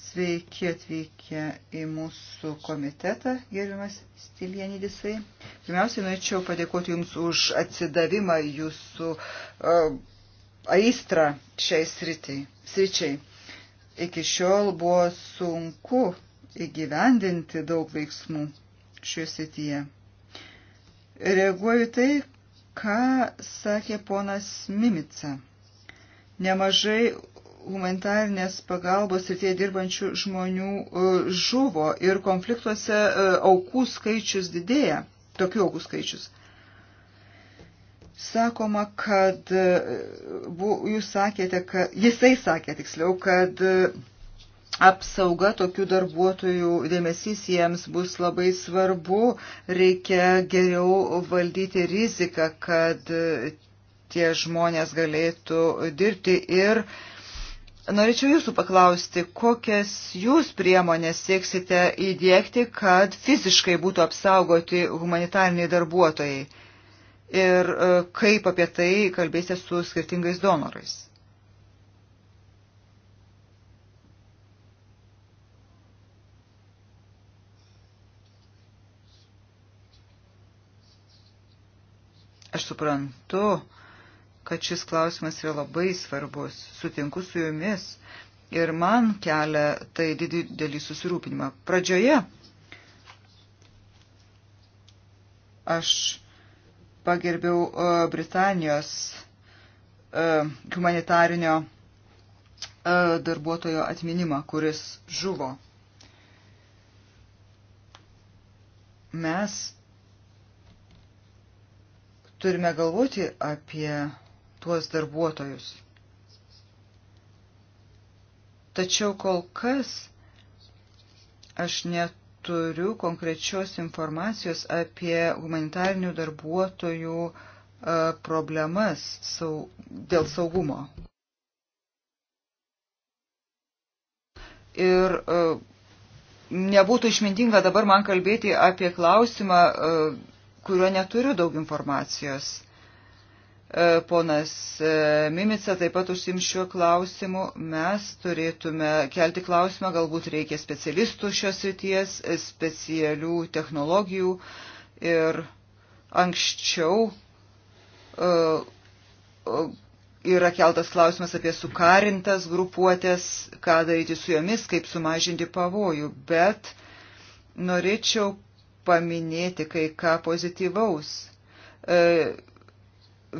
Sveiki atvykę į mūsų komitetą, gerbiamas Stilienidisai. Pirmiausiai norėčiau padėkoti Jums už atsidavimą Jūsų uh, aistrą šiai sritai, sričiai iki šiol buvo sunku įgyvendinti daug veiksmų šioje srityje. Reaguoju tai, ką sakė ponas Mimica. Nemažai humanitarnės pagalbos ir tie dirbančių žmonių e, žuvo ir konfliktuose e, aukų skaičius didėja, tokių aukų skaičius sakoma, kad e, bu, jūs sakėte, kad jisai sakė tiksliau, kad e, apsauga tokių darbuotojų dėmesys jiems bus labai svarbu, reikia geriau valdyti riziką, kad e, tie žmonės galėtų dirbti ir Norėčiau jūsų paklausti, kokias jūs priemonės sieksite įdėkti, kad fiziškai būtų apsaugoti humanitariniai darbuotojai? ir e, kaip apie tai kalbėsite su skirtingais donorais. Aš suprantu, kad šis klausimas yra labai svarbus. Sutinku su jumis ir man kelia tai didelį susirūpinimą. Pradžioje aš pagerbiau e, Britanijos e, humanitarinio e, darbuotojo atminimą, kuris žuvo. Mes turime galvoti apie tuos darbuotojus. Tačiau kol kas aš net turiu konkrečios informacijos apie humanitarinių darbuotojų e, problemas sau, dėl saugumo. Ir e, nebūtų išmintinga dabar man kalbėti apie klausimą, e, kurio neturiu daug informacijos. E, ponas e, Mimica taip pat užsim šiuo klausimu. Mes turėtume kelti klausimą, galbūt reikia specialistų šios ryties, specialių technologijų ir anksčiau e, yra keltas klausimas apie sukarintas grupuotės, ką daryti su jomis, kaip sumažinti pavojų, bet norėčiau paminėti kai ką pozityvaus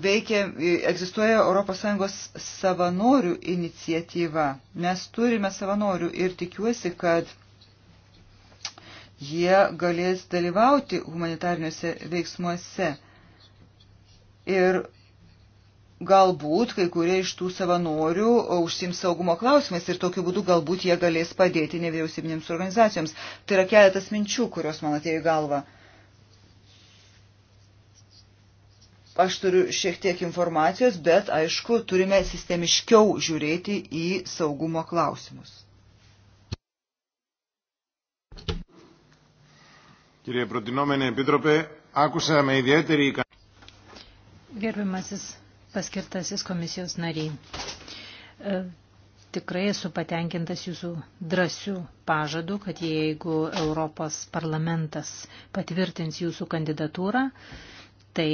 veikia, egzistuoja ES savanorių iniciatyva. Mes turime savanorių ir tikiuosi, kad jie galės dalyvauti humanitarniuose veiksmuose. Ir galbūt kai kurie iš tų savanorių užsims saugumo klausimais ir tokiu būdu galbūt jie galės padėti nevyriausybinėms organizacijoms. Tai yra keletas minčių, kurios man atėjo į galvą. Aš turiu šiek tiek informacijos, bet aišku, turime sistemiškiau žiūrėti į saugumo klausimus. Κύριε Προτινόμενε Επίτροπε, άκουσα με ιδιαίτερη Gerbiamasis paskirtasis komisijos nariai, e, tikrai esu patenkintas jūsų drąsių pažadų, kad jeigu Europos parlamentas patvirtins jūsų kandidatūrą, tai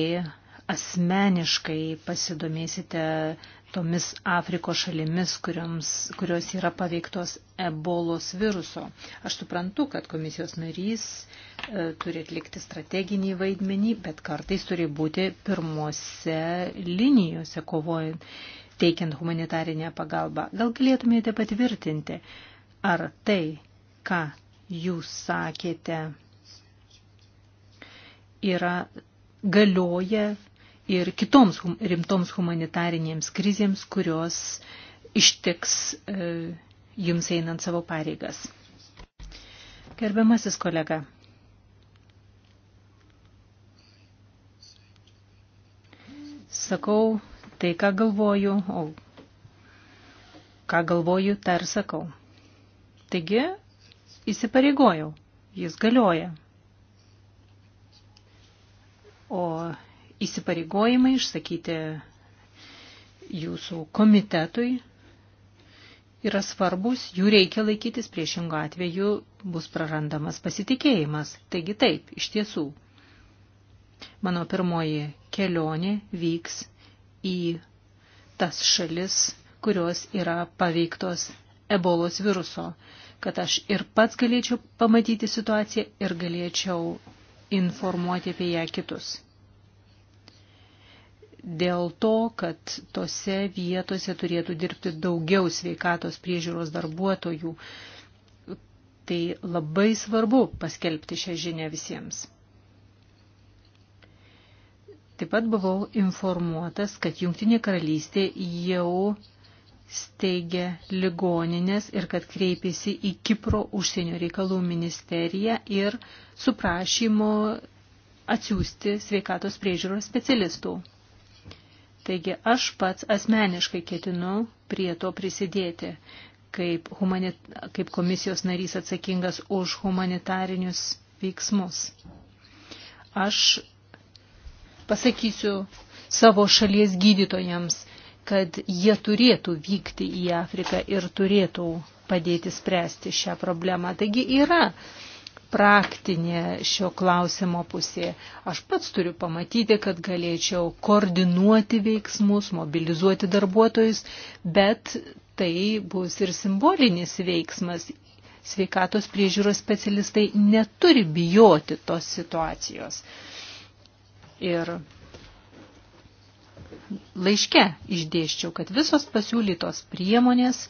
asmeniškai pasidomėsite tomis Afrikos šalimis, kurioms, kurios yra paveiktos ebolos viruso. Aš suprantu, kad komisijos narys e, turi atlikti strateginį vaidmenį, bet kartais turi būti pirmose linijose kovojant, teikiant humanitarinę pagalbą. Gal galėtumėte patvirtinti, ar tai, ką jūs sakėte, yra galioja ir kitoms rimtoms humanitarinėms krizėms, kurios ištiks e, jums einant savo pareigas. Gerbiamasis kolega. Sakau tai, ką galvoju, o ką galvoju, tą ir sakau. Taigi, įsipareigojau, jis galioja. O įsipareigojimai išsakyti jūsų komitetui yra svarbus, jų reikia laikytis, priešingų atveju bus prarandamas pasitikėjimas. Taigi taip, iš tiesų, mano pirmoji kelionė vyks į tas šalis, kurios yra paveiktos ebolos viruso, kad aš ir pats galėčiau pamatyti situaciją ir galėčiau informuoti apie ją kitus dėl to, kad tose vietose turėtų dirbti daugiau sveikatos priežiūros darbuotojų. Tai labai svarbu paskelbti šią žinę visiems. Taip pat buvau informuotas, kad Junktinė karalystė jau steigia ligoninės ir kad kreipėsi į Kipro užsienio reikalų ministeriją ir su prašymu atsiųsti sveikatos priežiūros specialistų. Taigi aš pats asmeniškai ketinu prie to prisidėti, kaip, humanit, kaip komisijos narys atsakingas už humanitarinius veiksmus. Aš pasakysiu savo šalies gydytojams, kad jie turėtų vykti į Afriką ir turėtų padėti spręsti šią problemą. Taigi yra uh, praktinė šio klausimo pusė. Aš pats turiu pamatyti, kad galėčiau koordinuoti veiksmus, mobilizuoti darbuotojus, bet tai bus ir simbolinis veiksmas. Sveikatos priežiūros specialistai neturi bijoti tos situacijos. Ir laiške išdėščiau, kad visos pasiūlytos priemonės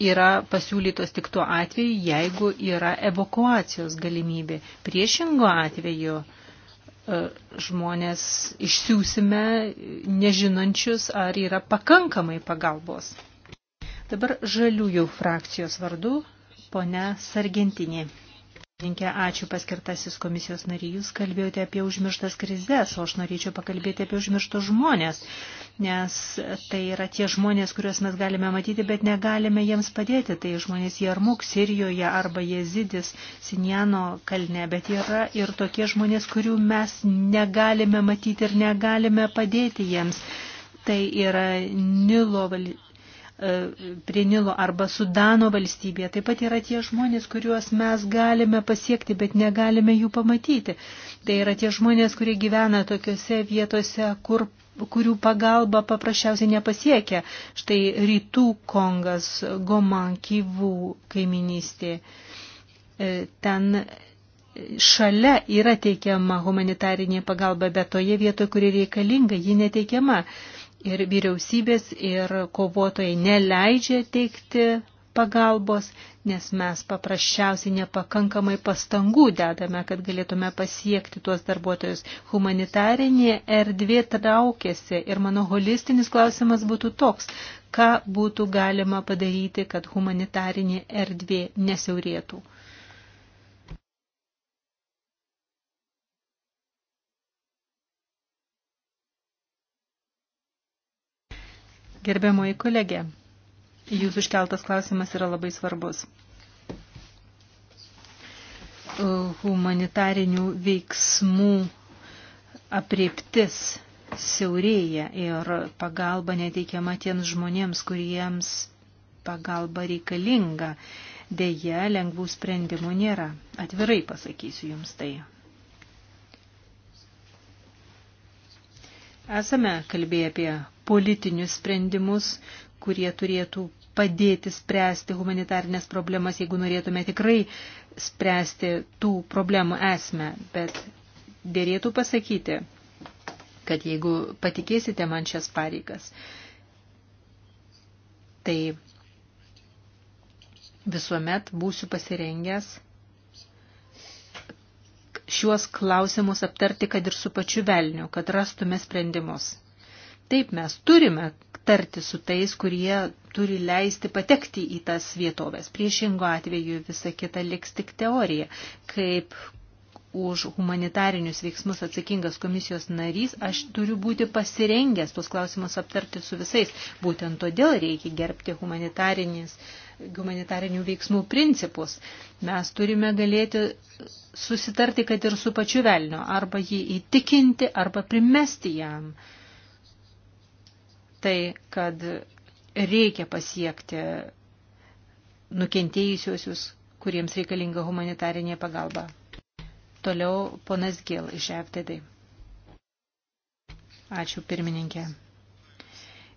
yra pasiūlytos tik tuo atveju, jeigu yra evakuacijos galimybė. Priešingo atveju e, žmonės išsiūsime nežinančius, ar yra pakankamai pagalbos. Dabar žaliųjų frakcijos vardu ponia Sargentinė. Pirmininkė, ačiū paskirtasis komisijos nariai. Jūs kalbėjote apie užmirštas krizės, o aš norėčiau pakalbėti apie užmirštus žmonės, nes tai yra tie žmonės, kuriuos mes galime matyti, bet negalime jiems padėti. Tai žmonės Jarmuk, Sirijoje arba Jezidis, Sinjano kalne, bet yra ir tokie žmonės, kurių mes negalime matyti ir negalime padėti jiems. Tai yra Nilo E, prie Nilo arba Sudano valstybėje. Taip pat yra tie žmonės, kuriuos mes galime pasiekti, bet negalime jų pamatyti. Tai yra tie žmonės, kurie gyvena tokiuose vietose, kur kurių pagalba paprasčiausiai nepasiekia. Štai rytų Kongas, Goman, Kyvų kaiminystė. E, ten šalia yra teikiama humanitarinė pagalba, bet toje vietoje, kuri reikalinga, ji neteikiama ir vyriausybės ir kovotojai neleidžia teikti pagalbos, nes mes paprasčiausiai nepakankamai pastangų dedame, kad galėtume pasiekti tuos darbuotojus. Humanitarinė erdvė traukėsi ir mano holistinis klausimas būtų toks, ką būtų galima padaryti, kad humanitarinė erdvė nesiaurėtų. Gerbiamoji kolegė, jūsų iškeltas klausimas yra labai svarbus. Humanitarinių veiksmų apriptis siaurėja ir pagalba neteikiama tiems žmonėms, kuriems pagalba reikalinga. Deja, lengvų sprendimų nėra. Atvirai pasakysiu jums tai. Esame kalbėję apie politinius sprendimus, kurie turėtų padėti spręsti humanitarnės problemas, jeigu norėtume tikrai spręsti tų problemų esmę. Bet dėrėtų pasakyti, kad jeigu patikėsite man šias pareigas, tai visuomet būsiu pasirengęs šiuos klausimus aptarti, kad ir su pačiu velniu, kad rastume sprendimus. Taip mes turime tarti su tais, kurie turi leisti patekti į tas vietovės. Priešingo atveju visa kita liks tik teorija, kaip už humanitarinius veiksmus atsakingas komisijos narys, aš turiu būti pasirengęs tuos klausimus aptarti su visais. Būtent todėl reikia gerbti humanitarinis uh, humanitarinių veiksmų principus. Mes turime galėti susitarti, kad ir su pačiu velnio, arba jį įtikinti, arba primesti jam tai, kad reikia pasiekti nukentėjusiosius, kuriems reikalinga humanitarinė pagalba. Toliau ponas Gil iš FTD. Ačiū pirmininkė.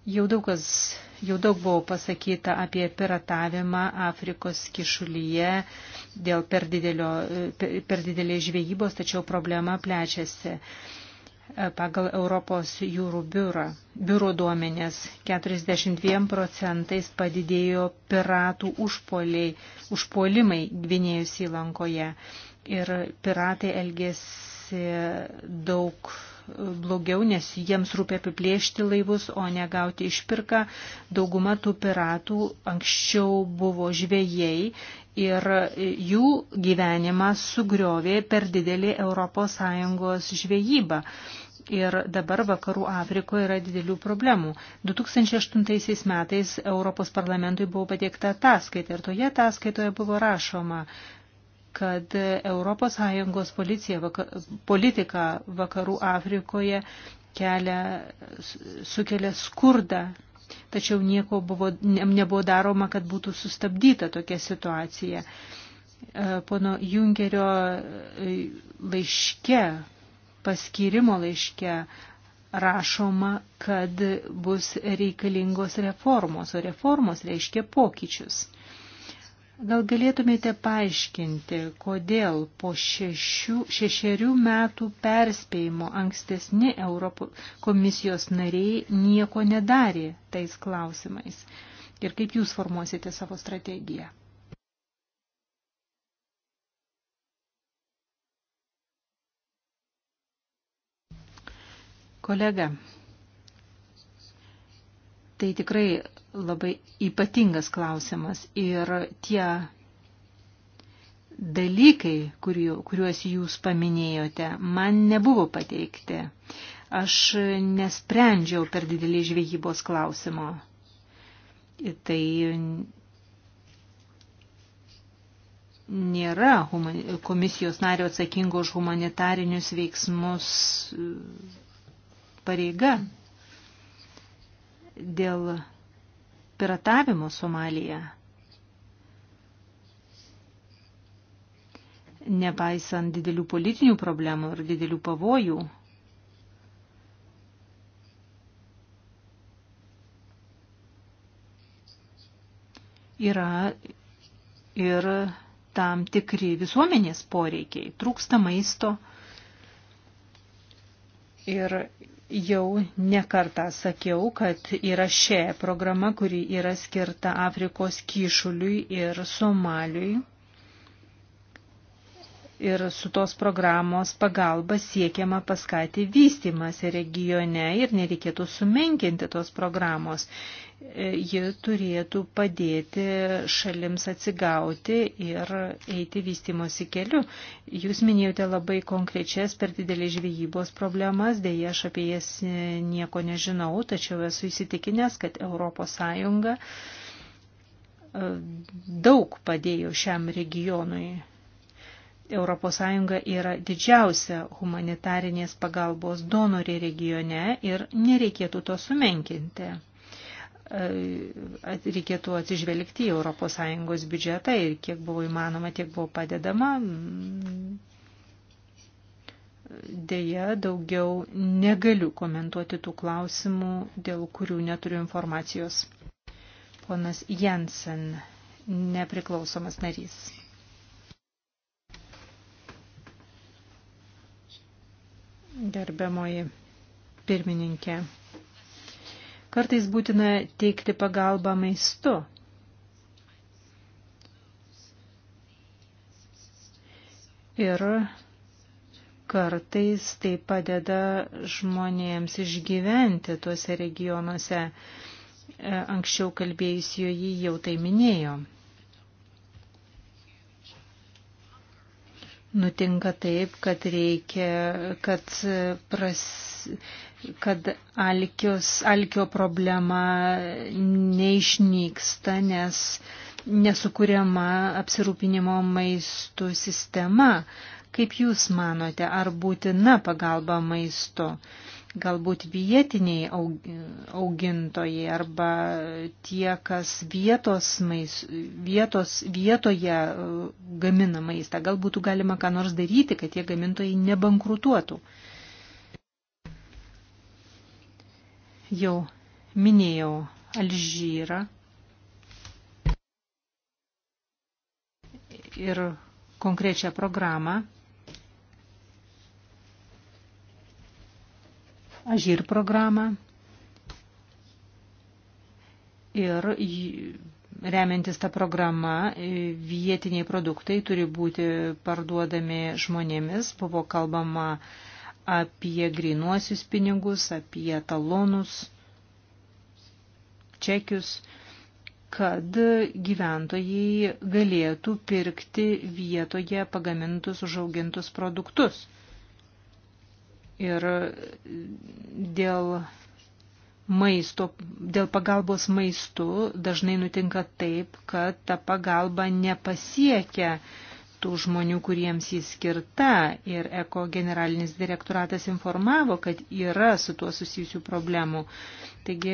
Jau daug kas Jau daug buvo pasakyta apie piratavimą Afrikos kišulyje dėl per, didelio, per didelės žvejybos, tačiau problema plečiasi. Pagal Europos jūrų biurą, biuro duomenės 42 procentais padidėjo piratų užpoliai, užpolimai Gvinėjus įlankoje ir piratai elgėsi daug blogiau, nes jiems rūpia apiplėšti laivus, o ne gauti išpirką. Dauguma tų piratų anksčiau buvo žvėjai ir jų gyvenimą sugriovė per didelį ES žvėjybą ir dabar vakarų Afrikoje yra didelių problemų. 2008 metais Europos parlamentui buvo patiekta ataskaita ir toje ataskaitoje buvo rašoma, kad ES policija, vaka, politika vakarų Afrikoje kelia, sukelia skurdą, tačiau nieko buvo, ne, nebuvo daroma, kad būtų sustabdyta tokia situacija. E, pono Jungerio e, laiške, paskyrimo laiške rašoma, kad bus reikalingos reformos, o reformos reiškia pokyčius. Gal galėtumėte paaiškinti, kodėl po šešių, šešerių metų perspėjimo ankstesni Europos komisijos nariai nieko nedarė tais klausimais ir kaip jūs formuosite savo strategiją? Kolega, Tai tikrai labai ypatingas klausimas ir tie dalykai, kuriu, kuriuos jūs paminėjote, man nebuvo pateikti. Aš nesprendžiau per didelį žvejybos klausimo. Tai nėra komisijos nario atsakingo už humanitarinius veiksmus pareiga. Mm dėl piratavimo Somalija. Nepaisant didelių politinių problemų ir didelių pavojų, yra ir tam tikri visuomenės poreikiai. Trūksta maisto ir Jau nekartą sakiau, kad yra šia programa, kuri yra skirta Afrikos kyšuliui ir Somaliui ir su tos programos pagalba siekiama paskati vystimąsi regione ir nereikėtų sumenkinti tos programos. E, ji turėtų padėti šalims atsigauti ir eiti vystimosi keliu. Jūs minėjote labai konkrečias per didelį žvejybos problemas, dėja aš apie jas nieko nežinau, tačiau esu įsitikinęs, kad ES e, daug padėjo šiam regionui ES yra didžiausia humanitarinės pagalbos donorė regione ir nereikėtų to sumenkinti. E, reikėtų atsižvelgti į ES biudžetą ir kiek buvo įmanoma, tiek buvo padedama. Deja, daugiau negaliu komentuoti tų klausimų, dėl kurių neturiu informacijos. Ponas Jensen, nepriklausomas narys. Gerbiamoji pirmininkė. Kartais būtina teikti pagalbą maistu. Ir kartais tai padeda žmonėms išgyventi tuose regionuose. E, anksčiau kalbėjusioji jau tai minėjo. nutinka taip, kad reikia, kad, pras, kad alkios, alkio problema neišnyksta, nes nesukūriama apsirūpinimo maistų sistema. Kaip Jūs manote, ar būtina pagalba maisto? galbūt vietiniai augintojai arba tie, kas vietos, mais, vietos vietoje e, gamina maistą. Gal būtų galima ką nors daryti, kad tie gamintojai nebankrutuotų. Jau minėjau Alžyrą ir konkrečią programą Ažir programą ir remiantis tą programą vietiniai produktai turi būti parduodami žmonėmis. Buvo kalbama apie grinuosius pinigus, apie talonus, čekius kad gyventojai galėtų pirkti vietoje pagamintus užaugintus produktus ir dėl maisto, dėl pagalbos maistu dažnai nutinka taip, kad ta pagalba nepasiekia uh, tų žmonių, kuriems jis skirta. Ir Eko generalinis direktoratas informavo, kad yra su tuo susijusių problemų. Taigi,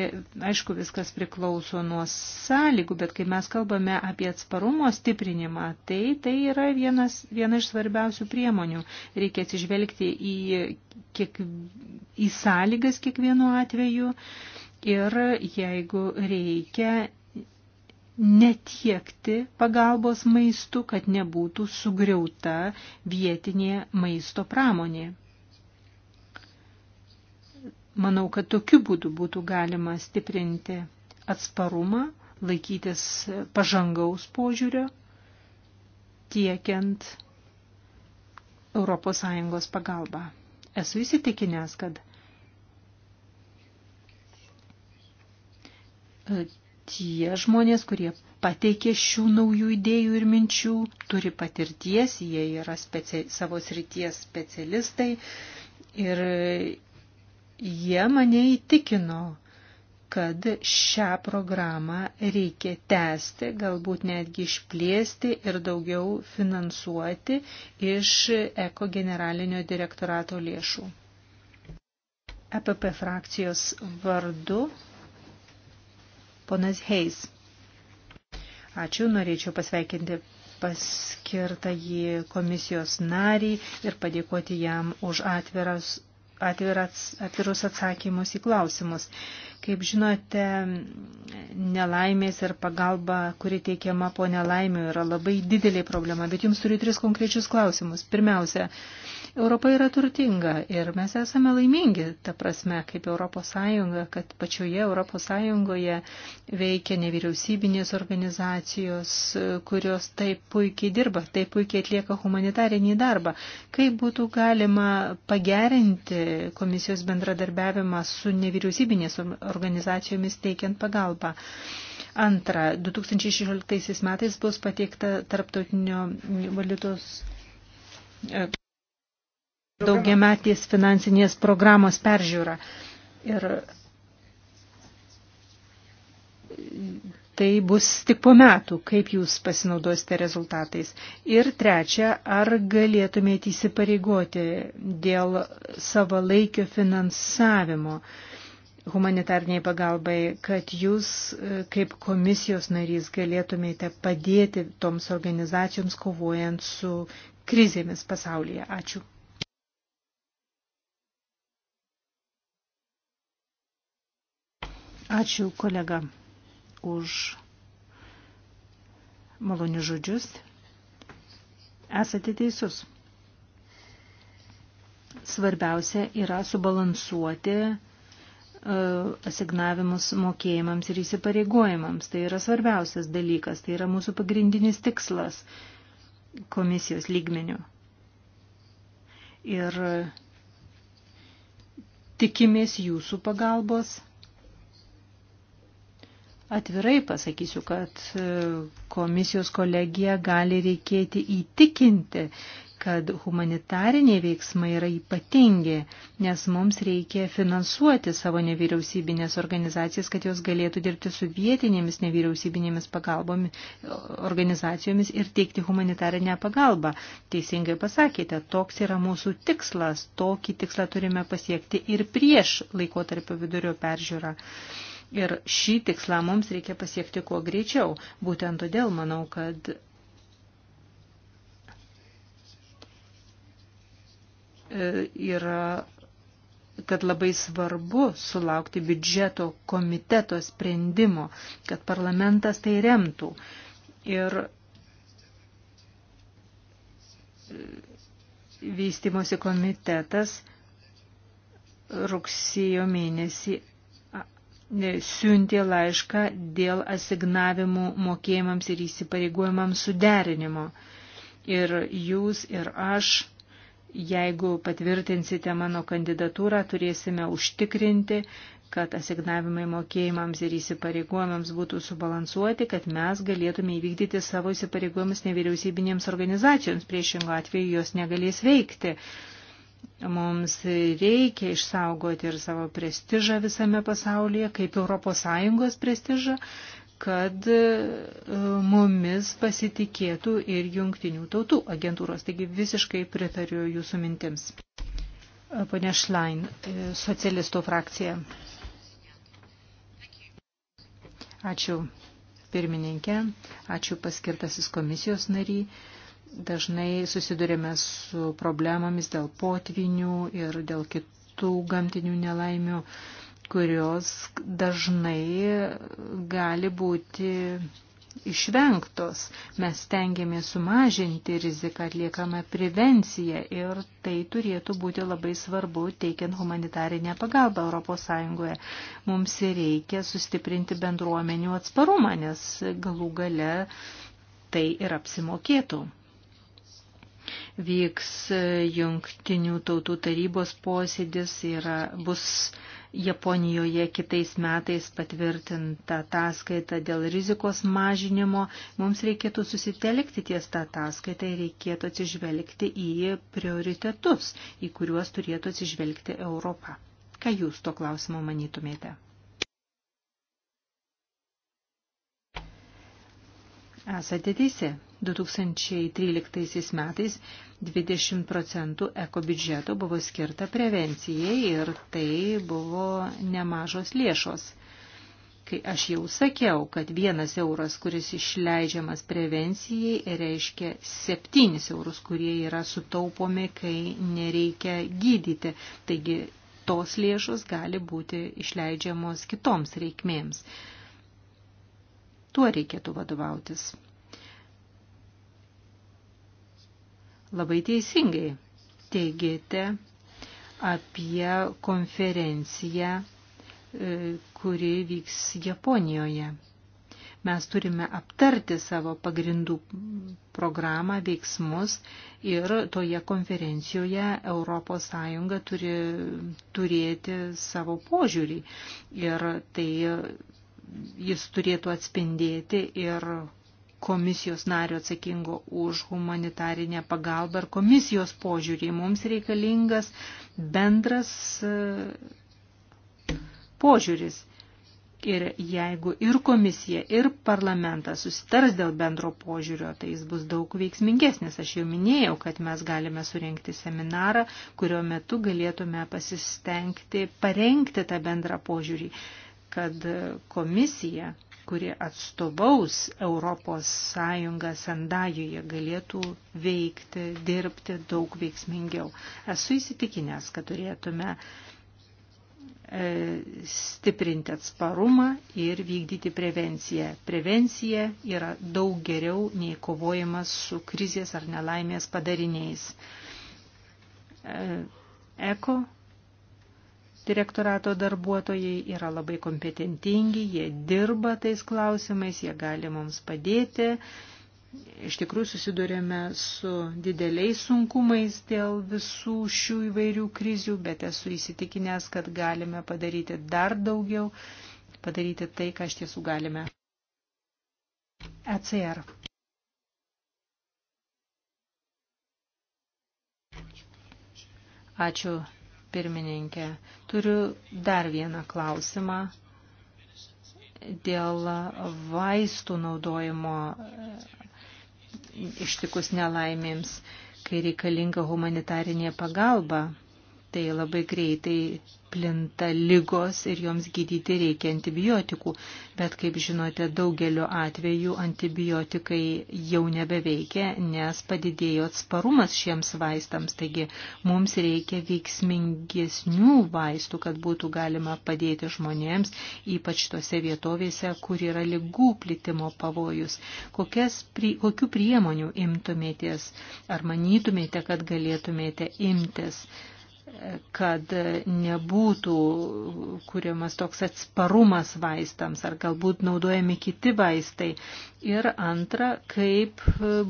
aišku, viskas priklauso nuo sąlygų, bet kai mes kalbame apie atsparumo stiprinimą, tai tai yra vienas, viena iš svarbiausių priemonių. Reikia atsižvelgti į, kiek, į sąlygas kiekvienu atveju ir jeigu reikia netiekti pagalbos maistu, kad nebūtų sugriauta vietinė maisto pramonė. Manau, kad tokiu būdu būtų galima stiprinti atsparumą, laikytis pažangaus požiūrio, tiekiant ES pagalbą. Esu įsitikinęs, kad tie žmonės, kurie pateikė šių naujų idėjų ir minčių, turi patirties, jie yra speci... savo srities specialistai ir jie mane įtikino, kad šią programą reikia tęsti, galbūt netgi išplėsti ir daugiau finansuoti iš Eko generalinio direktorato lėšų. EPP frakcijos vardu ponas Heis. Ačiū, norėčiau pasveikinti paskirtą jį komisijos narį ir padėkoti jam už atviras, atviras, atvirus atsakymus į klausimus. Kaip žinote, nelaimės ir pagalba, kuri teikiama po nelaimė, yra labai didelė problema, bet jums turiu tris konkrečius klausimus. Pirmiausia, Europa yra turtinga ir mes esame laimingi, ta prasme, kaip Europos Sąjunga, kad pačioje Europos Sąjungoje veikia nevyriausybinės organizacijos, kurios taip puikiai dirba, taip puikiai atlieka humanitarinį darbą. Kaip būtų galima pagerinti komisijos bendradarbiavimą su nevyriausybinės organizacijomis teikiant pagalbą? Antra, 2016 metais bus pateikta tarptautinio valiutos daugiametės finansinės programos peržiūrą. Ir tai bus tik po metų, kaip jūs pasinaudosite rezultatais. Ir trečia, ar galėtumėte įsipareigoti dėl savalaikio finansavimo humanitarniai pagalbai, kad jūs kaip komisijos narys galėtumėte padėti toms organizacijoms kovojant su krizėmis pasaulyje. Ačiū. Ačiū kolega už malonius žodžius. Esate teisus. Svarbiausia yra subalansuoti e, asignavimus mokėjimams ir įsipareigojimams. Tai yra svarbiausias dalykas, tai yra mūsų pagrindinis tikslas komisijos lygmenių. Ir tikimės jūsų pagalbos Atvirai pasakysiu, kad e, komisijos kolegija gali reikėti įtikinti, kad humanitariniai veiksmai yra ypatingi, nes mums reikia finansuoti savo nevyriausybinės organizacijas, kad jos galėtų dirbti su vietinėmis nevyriausybinėmis pagalbomis organizacijomis ir teikti humanitarinę pagalbą. Teisingai pasakėte, toks yra mūsų tikslas, tokį tikslą turime pasiekti ir prieš laikotarpio vidurio peržiūrą. Ir šį tikslą mums reikia pasiekti kuo greičiau. Būtent todėl manau, kad e, yra kad labai svarbu sulaukti biudžeto komiteto sprendimo, kad parlamentas tai remtų. Ir e, vystimosi komitetas rugsėjo mėnesį E, siuntė laišką dėl asignavimų mokėjimams ir įsipareigojimams suderinimo. Ir jūs ir aš, jeigu patvirtinsite mano kandidatūrą, turėsime užtikrinti, kad asignavimai mokėjimams ir įsipareigojimams būtų subalansuoti, kad mes galėtume įvykdyti savo įsipareigojimus nevyriausybinėms organizacijoms, priešingo atveju jos negalės veikti. Mums reikia išsaugoti ir savo prestižą visame pasaulyje, kaip ES prestižą, kad e, mumis pasitikėtų ir jungtinių tautų agentūros. Taigi visiškai pritariu jūsų mintims. Pane Šlain, e, socialistų frakcija. Ačiū pirmininkė, ačiū paskirtasis komisijos nariai dažnai susidurėme su problemomis dėl potvinių ir dėl kitų gamtinių nelaimių, kurios dažnai gali būti išvengtos. Mes tengiamės sumažinti riziką atliekamą prevenciją ir tai turėtų būti labai svarbu teikiant humanitarinę pagalbą ES. Mums reikia sustiprinti bendruomenių atsparumą, nes galų gale tai ir apsimokėtų vyks jungtinių tautų tarybos posėdis, yra, bus Japonijoje kitais metais patvirtinta ataskaita dėl rizikos mažinimo. Mums reikėtų susitelkti ties tą ataskaitą ir reikėtų atsižvelgti į prioritetus, į kuriuos turėtų atsižvelgti Europą. Ką jūs to klausimo manytumėte? Esate teisi. 2013 metais 20 procentų eko biudžeto buvo skirta prevencijai ir tai buvo nemažos lėšos. Kai aš jau sakiau, kad vienas euras, kuris išleidžiamas prevencijai, reiškia septynis eurus, kurie yra sutaupomi, kai nereikia gydyti. Taigi tos lėšos gali būti išleidžiamos kitoms reikmėms. Tuo reikėtų vadovautis. labai teisingai teigėte apie konferenciją, e, kuri vyks Japonijoje. Mes turime aptarti savo pagrindų programą, veiksmus ir toje konferencijoje ES turi turėti savo požiūrį. Ir tai jis turėtų atspindėti ir komisijos nario atsakingo už humanitarinę pagalbą ir komisijos požiūrį. Mums reikalingas bendras e, požiūris. Ir jeigu ir komisija, ir parlamentas susitars dėl bendro požiūrio, tai jis bus daug veiksmingesnis. Aš jau minėjau, kad mes galime surenkti seminarą, kurio metu galėtume pasistengti parengti tą bendrą požiūrį, kad e, komisija kuri atstovaus Europos Sąjungą Sandajuje, galėtų veikti, dirbti daug veiksmingiau. Esu įsitikinęs, kad turėtume e, stiprinti atsparumą ir vykdyti prevenciją. Prevencija yra daug geriau nei kovojimas su krizės ar nelaimės padariniais. E, Eko direktorato darbuotojai yra labai kompetentingi, jie dirba tais klausimais, jie gali mums padėti. Iš tikrųjų susidurėme su dideliais sunkumais dėl visų šių įvairių krizių, bet esu įsitikinęs, kad galime padaryti dar daugiau, padaryti tai, ką iš tiesų galime. ECR. Ačiū pirmininkė. Turiu dar vieną klausimą dėl vaistų naudojimo e, ištikus nelaimėms, kai reikalinga humanitarinė pagalba tai labai greitai plinta lygos ir joms gydyti reikia antibiotikų, bet kaip žinote, daugeliu atveju antibiotikai jau nebeveikia, nes padidėjo atsparumas šiems vaistams, taigi mums reikia veiksmingesnių vaistų, kad būtų galima padėti žmonėms, ypač tose vietovėse, kur yra lygų plitimo pavojus. Kokias, kokių priemonių imtumėtės ar manytumėte, kad galėtumėte imtis? kad nebūtų kuriamas toks atsparumas vaistams ar galbūt naudojami kiti vaistai. Ir antra, kaip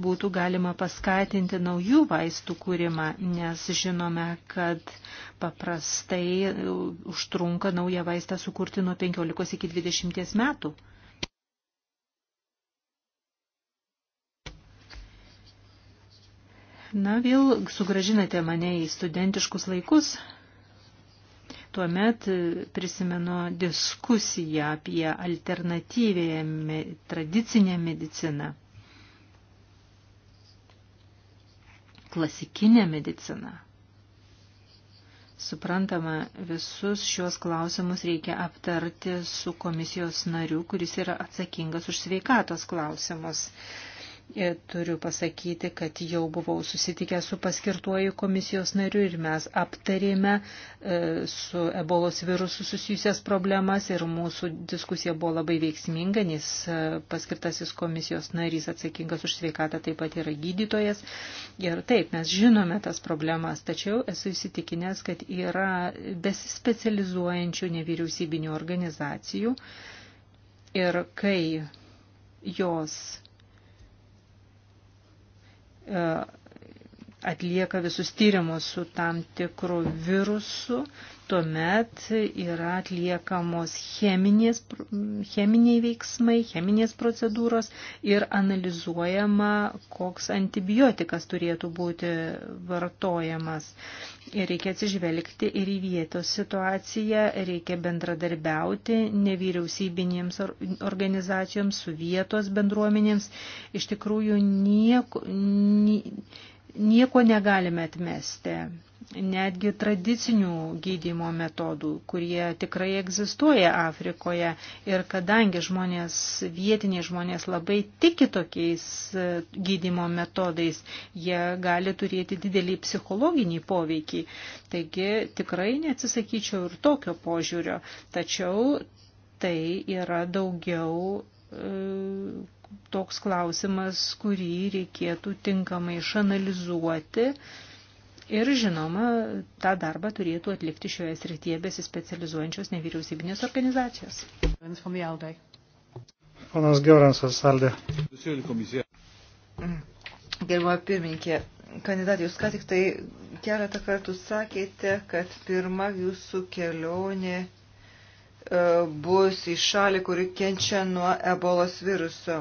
būtų galima paskatinti naujų vaistų kūrimą, nes žinome, kad paprastai užtrunka naują vaistą sukurti nuo 15 iki 20 metų. Na, vėl sugražinate mane į studentiškus laikus. Tuomet e, prisimenu diskusiją apie alternatyvėje tradicinę mediciną, klasikinę mediciną. Suprantama, visus šios klausimus reikia aptarti su komisijos nariu, kuris yra atsakingas už sveikatos klausimus. Turiu pasakyti, kad jau buvau susitikę su paskirtuoju komisijos nariu ir mes aptarėme e, su ebolos virusu susijusias problemas ir mūsų diskusija buvo labai veiksminga, nes e, paskirtasis komisijos narys atsakingas už sveikatą taip pat yra gydytojas. Ir taip, mes žinome tas problemas, tačiau esu įsitikinęs, kad yra besispecializuojančių nevyriausybinių organizacijų ir kai jos E, atlieka visus tyrimus su tam tikru virusu tuomet yra atliekamos cheminės, cheminiai veiksmai, cheminės procedūros ir analizuojama, koks antibiotikas turėtų būti vartojamas. Ir reikia atsižvelgti ir į vietos situaciją, reikia bendradarbiauti nevyriausybinėms organizacijoms su vietos bendruomenėms. Iš tikrųjų, nieko. Nie, nieko negalime atmesti. Netgi tradicinių gydymo metodų, kurie tikrai egzistuoja Afrikoje ir kadangi žmonės, vietiniai žmonės labai tiki tokiais e, gydymo metodais, jie gali turėti didelį psichologinį poveikį. Taigi tikrai neatsisakyčiau ir tokio požiūrio, tačiau tai yra daugiau e, toks klausimas, kurį reikėtų tinkamai išanalizuoti. Ir žinoma, tą darbą turėtų atlikti šioje srityje besispecializuojančios nevyriausybinės organizacijos. Ponas Giorensas Saldė. Gerbama pirmininkė, kandidatė, jūs ką tik tai keletą kartų sakėte, kad pirma jūsų kelionė E, bus į šalį, kuri kenčia nuo ebolos viruso.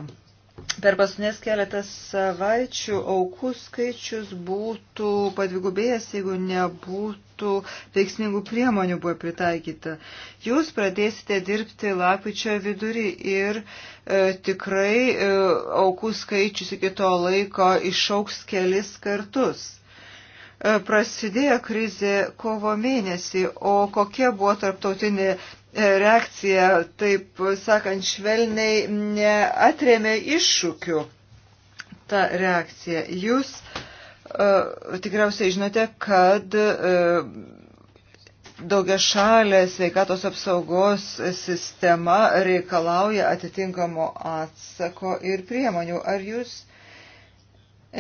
Per pasunės keletą savaičių aukų skaičius būtų padvigubėjęs, jeigu nebūtų veiksmingų priemonių buvo pritaikyta. Jūs pradėsite dirbti lapkričio vidurį ir e, tikrai e, aukų skaičius iki to laiko išauks kelis kartus e, prasidėjo krizė kovo mėnesį, o kokia buvo tarptautinė reakcija, taip sakant, švelniai neatrėmė iššūkių ta reakcija. Jūs uh, tikriausiai žinote, kad uh, daugia šalė sveikatos apsaugos sistema reikalauja atitinkamo atsako ir priemonių. Ar jūs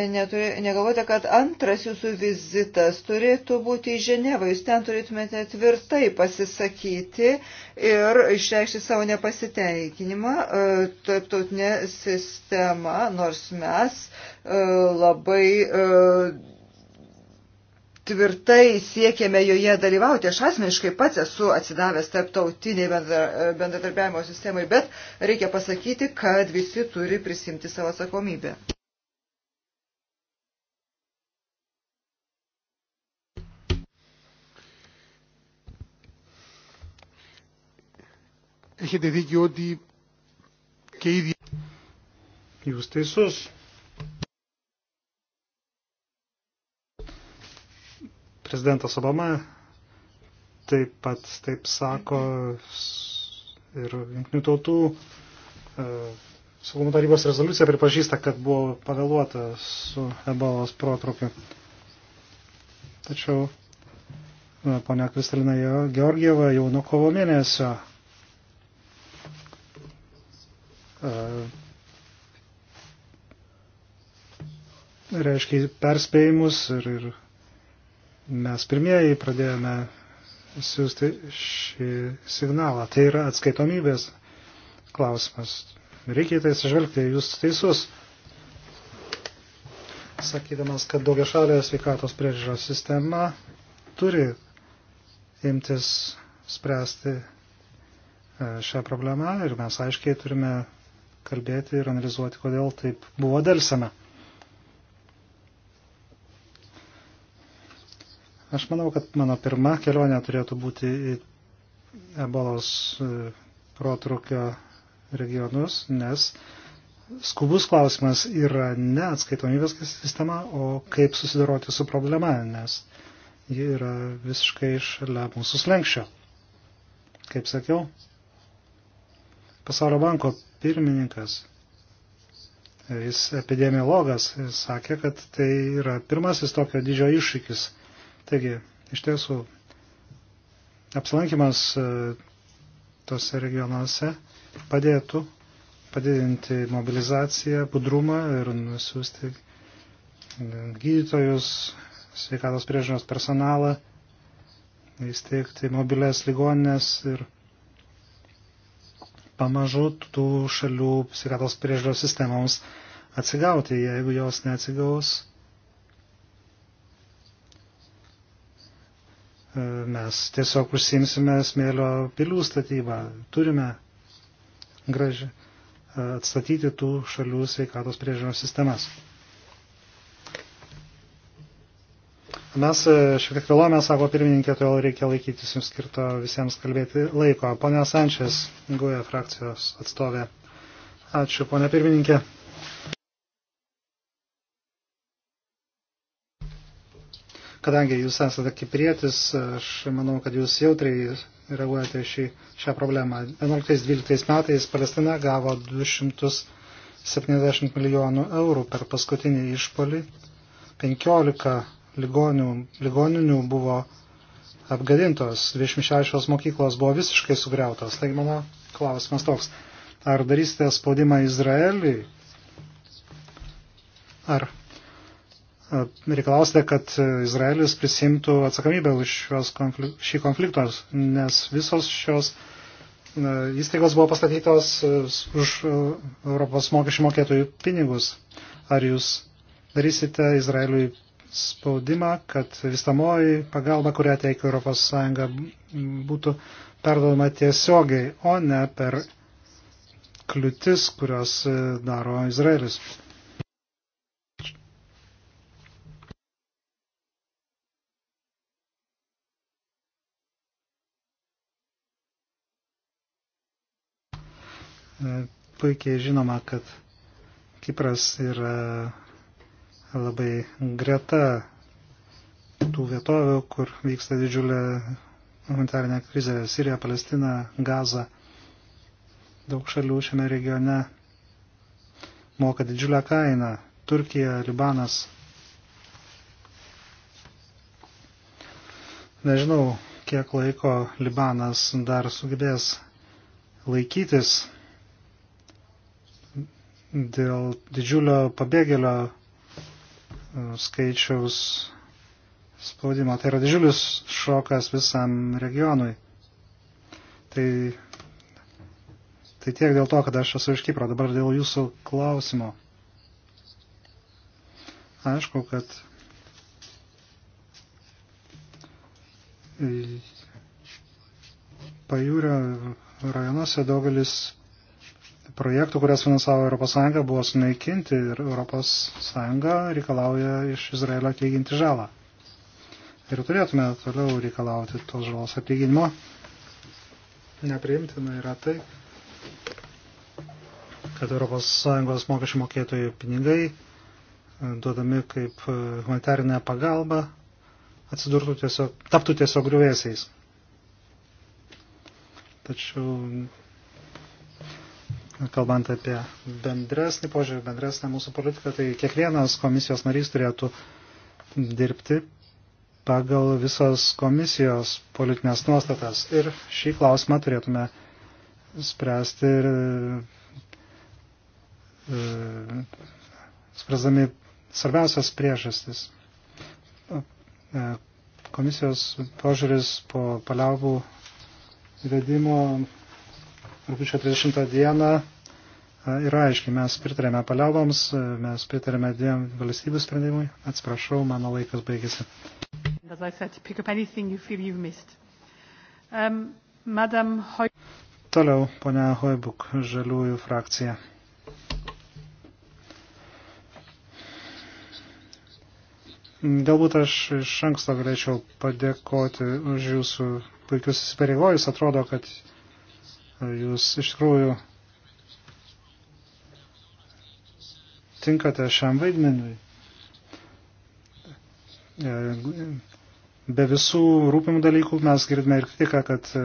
neturi, negalvojate, kad antras jūsų vizitas turėtų būti į Ženevą. Jūs ten turėtumėte tvirtai pasisakyti ir išreikšti savo nepasiteikinimą. E, tarptautinė sistema, nors mes e, labai e, tvirtai siekėme joje dalyvauti. Aš asmeniškai pats esu atsidavęs tarptautiniai bendradarbiavimo sistemai, bet reikia pasakyti, kad visi turi prisimti savo atsakomybę. Έχετε δίκιο ότι και ήδη... Jūs teisus. Prezidentas Obama taip pat taip sako ir jungtinių tautų e, saugumo tarybos rezoliucija pripažįsta, kad buvo pavėluota su ebolos protrukiu. Tačiau e, ponia Kristalina Georgieva jau nuo kovo mėnesio reiškia perspėjimus ir, ir mes pirmieji pradėjome siūsti šį signalą. Tai yra atskaitomybės klausimas. Reikia tai sižvelgti, jūs teisus, sakydamas, kad daugia šalė sveikatos priežiūros sistema turi imtis spręsti e, šią problemą ir mes aiškiai turime kalbėti ir analizuoti, kodėl taip buvo dėlsame. Aš manau, kad mano pirma kelionė turėtų būti į ebolos e, protrukio regionus, nes skubus klausimas yra ne atskaitomybės sistema, o kaip susidoroti su problema, nes ji yra visiškai šalia mūsų slengščio. Kaip sakiau, Pasaulio banko pirmininkas, jis epidemiologas, jis sakė, kad tai yra pirmasis tokio didžio iššūkis. Taigi, iš tiesų, apsilankimas e, tose regionuose padėtų padidinti mobilizaciją, budrumą ir nusiųsti gydytojus, sveikatos priežiūros personalą, įsteigti mobilės ligoninės ir pamažu tų šalių sveikatos priežiūros sistemoms atsigauti. Jeigu jos neatsigaus, e, mes tiesiog užsimsime smėlio pilių statybą. Turime graži, e, atstatyti tų šalių sveikatos priežiūros sistemas. Mes e, šiek tiek vėluojame, sako pirmininkė, todėl reikia laikytis jums skirto visiems kalbėti laiko. Pone Sančias, Guja frakcijos atstovė. Ačiū, pone pirmininkė. Kadangi jūs esate kiprietis, aš manau, kad jūs jautriai reaguojate šį, šią problemą. 11-12 metais Palestina gavo 270 milijonų eurų per paskutinį išpolį, 15 ligoninių buvo apgadintos, 26 mokyklos buvo visiškai sugriautos. Taigi mano klausimas toks, ar darysite spaudimą Izraeliui, ar reikalausite, kad Izraelis prisimtų atsakomybę už konflik šį konfliktą, nes visos šios įstaigos buvo pastatytos už Europos mokesčių mokėtojų pinigus. Ar jūs darysite Izraeliui spaudimą, kad vystamoji pagalba, kurią teikia ES, būtų perdodama tiesiogiai, o ne per kliūtis, kurios e, daro Izraelis. E, puikiai žinoma, kad Kipras yra labai greta tų vietovių, kur vyksta didžiulė humanitarinė krizė - Sirija, Palestina, Gaza. Daug šalių šiame regione moka didžiulę kainą - Turkija, Libanas. Nežinau, kiek laiko Libanas dar sugebės laikytis dėl didžiulio pabėgėlio skaičiaus spaudimo. Tai yra didžiulis šokas visam regionui. Tai, tai tiek dėl to, kad aš esu iš Kipro. Dabar dėl jūsų klausimo. Aišku, kad pajūrio rajonuose daugelis projektų, kurias finansavo ES, buvo sunaikinti ir ES reikalauja iš Izraelio atlyginti žalą. Ir turėtume toliau reikalauti tos žalos atlyginimo. Nepriimtina yra tai, kad ES mokesčių mokėtojų pinigai e, duodami kaip e, humanitarinė pagalba atsidurtų tiesiog, taptų tiesiog griuvėsiais. Tačiau kalbant apie bendresnį požiūrį, bendresnę mūsų politiką, tai kiekvienas komisijos narys turėtų dirbti pagal visos komisijos politinės nuostatas. Ir šį klausimą turėtume spręsti ir e, spręsdami svarbiausias priežastis. E, komisijos požiūris po paliaubų vedimo rūpiučio 30 dieną e, yra aiškiai, mes pritarėme paliauboms, e, mes pritarėme dviem valstybių sprendimui. Atsiprašau, mano laikas baigėsi. Um, Hoy... Toliau, ponia Hoibuk, žaliųjų frakcija. Galbūt aš iš anksto galėčiau padėkoti už jūsų puikius įsipareigojus. Atrodo, kad uh, Jūs iš tikrųjų tinkate šiam vaidmeniui. Be visų rūpimų dalykų mes girdime ir kritiką, kad e,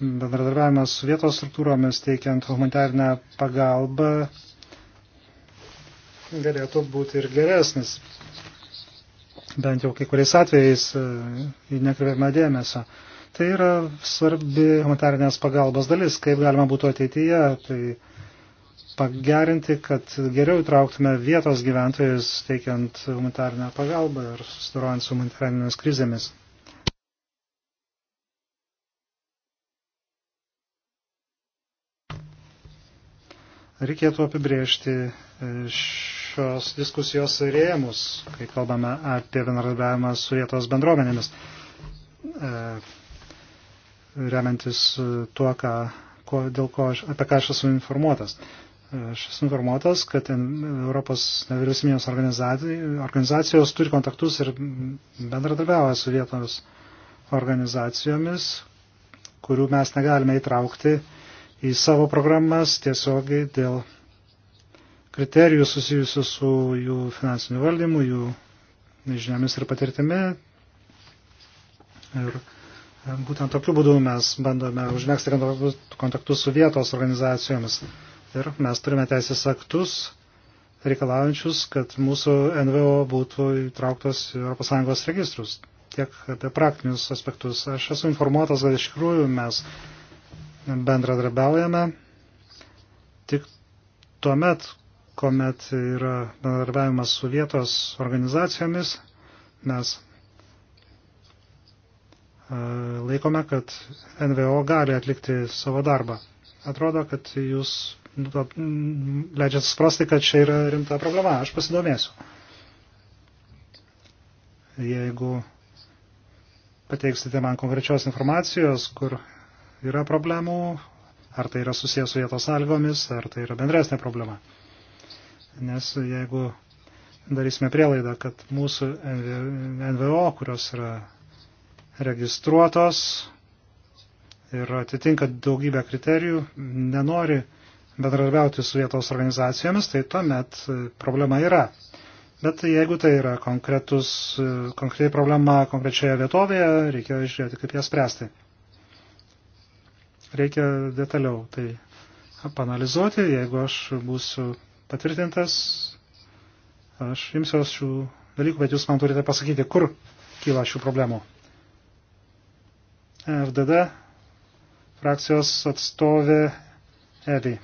bendradarbiavimas su vietos struktūromis teikiant humanitarinę pagalbą galėtų būti ir geresnis. Bent jau kai kuriais atvejais e, į nekreipiamą dėmesio. Tai yra svarbi humanitarinės pagalbos dalis, kaip galima būtų ateityje tai pagerinti, kad geriau įtrauktume vietos gyventojus teikiant humanitarinę pagalbą ir susidorojant su humanitarinėmis krizėmis. Reikėtų apibriežti e, šios diskusijos rėmus, kai kalbame apie bendradarbiavimą su vietos bendruomenėmis. E, remiantis e, tuo, ką, ko, dėl ko aš, apie ką aš esu informuotas. E, aš esu informuotas, kad Europos nevyriausybinės organizacijos turi kontaktus ir bendradarbiavo su vietos organizacijomis, kurių mes negalime įtraukti į savo programas tiesiogiai dėl kriterijų susijusių su jų finansiniu valdymu, jų žiniomis ir patirtimi. Ir Būtent tokiu būdu mes bandome užmėgsti kontaktus su vietos organizacijomis. Ir mes turime teisės aktus reikalaujančius, kad mūsų NVO būtų įtrauktos ES registrus. Tiek apie praktinius aspektus. Aš esu informuotas, kad iš tikrųjų mes bendradarbiaujame tik tuo met, kuomet yra bendradarbiavimas su vietos organizacijomis. Mes E, laikome, kad NVO gali atlikti savo darbą. Atrodo, kad jūs nu, mm, leidžiat suprasti, kad čia yra rimta problema. Aš pasidomėsiu. Jeigu pateiksite man konkrečios informacijos, kur yra problemų, ar tai yra susijęs su vietos sąlygomis, ar tai yra bendresnė problema. Nes jeigu darysime prielaidą, kad mūsų NVO, kurios yra registruotos ir atitinka daugybę kriterijų, nenori bendradarbiauti su vietos organizacijomis, tai tuomet e, problema yra. Bet jeigu tai yra konkretus, e, konkretiai problema konkrečioje vietovėje, reikia žiūrėti, kaip ją spręsti. Reikia detaliau tai panalizuoti, jeigu aš būsiu patvirtintas, aš imsiuos šių dalykų, bet jūs man turite pasakyti, kur kyla šių problemų. FDD frakcijos atstovė Evi.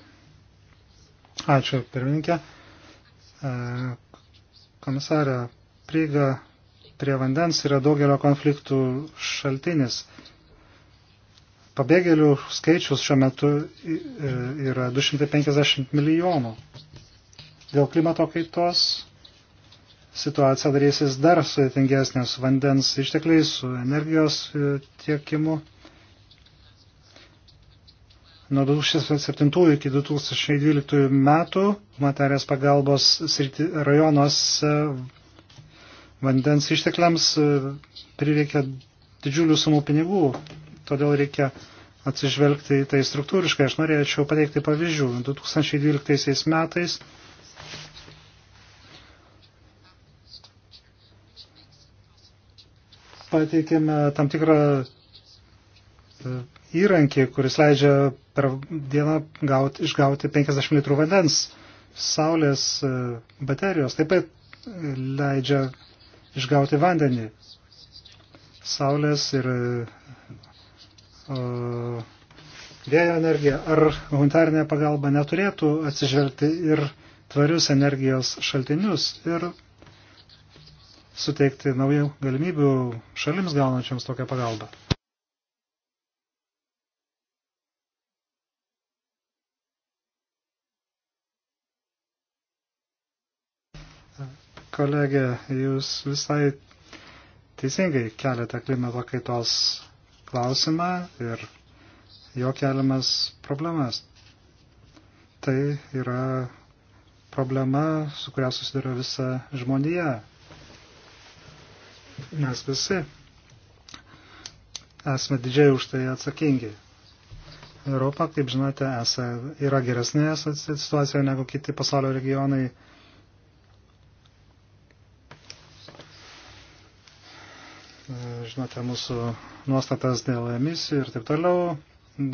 Ačiū, pirmininkė. E, komisarė, prieiga prie vandens yra daugelio konfliktų šaltinis. Pabėgėlių skaičius šiuo metu e, yra 250 milijonų. Dėl klimato kaitos situacija darysis dar sudėtingesnė su vandens ištekliais, su energijos e, tiekimu. Nuo 2007 iki 2012 metų materijos pagalbos rajonos vandens ištekliams e, prireikia didžiulių sumų pinigų, todėl reikia atsižvelgti į tai struktūriškai. Aš norėčiau pateikti pavyzdžių. 2012 metais pateikėme tam tikrą e, įrankį, kuris leidžia per dieną gauti, išgauti 50 litrų vandens. Saulės e, baterijos taip pat leidžia išgauti vandenį. Saulės ir uh, vėjo energija ar humanitarinė pagalba neturėtų atsižvelgti ir tvarius energijos šaltinius ir suteikti naujų galimybių šalims gaunančiams tokią pagalbą. Kolegė, jūs visai teisingai keliate klimato kaitos klausimą ir jo keliamas problemas. Tai yra problema, su kuria susiduria visa žmonija mes visi esame didžiai už tai atsakingi. Europa, kaip žinote, esą, yra geresnėje situacijoje negu kiti pasaulio regionai. Žinote, mūsų nuostatas dėl emisijų ir taip toliau.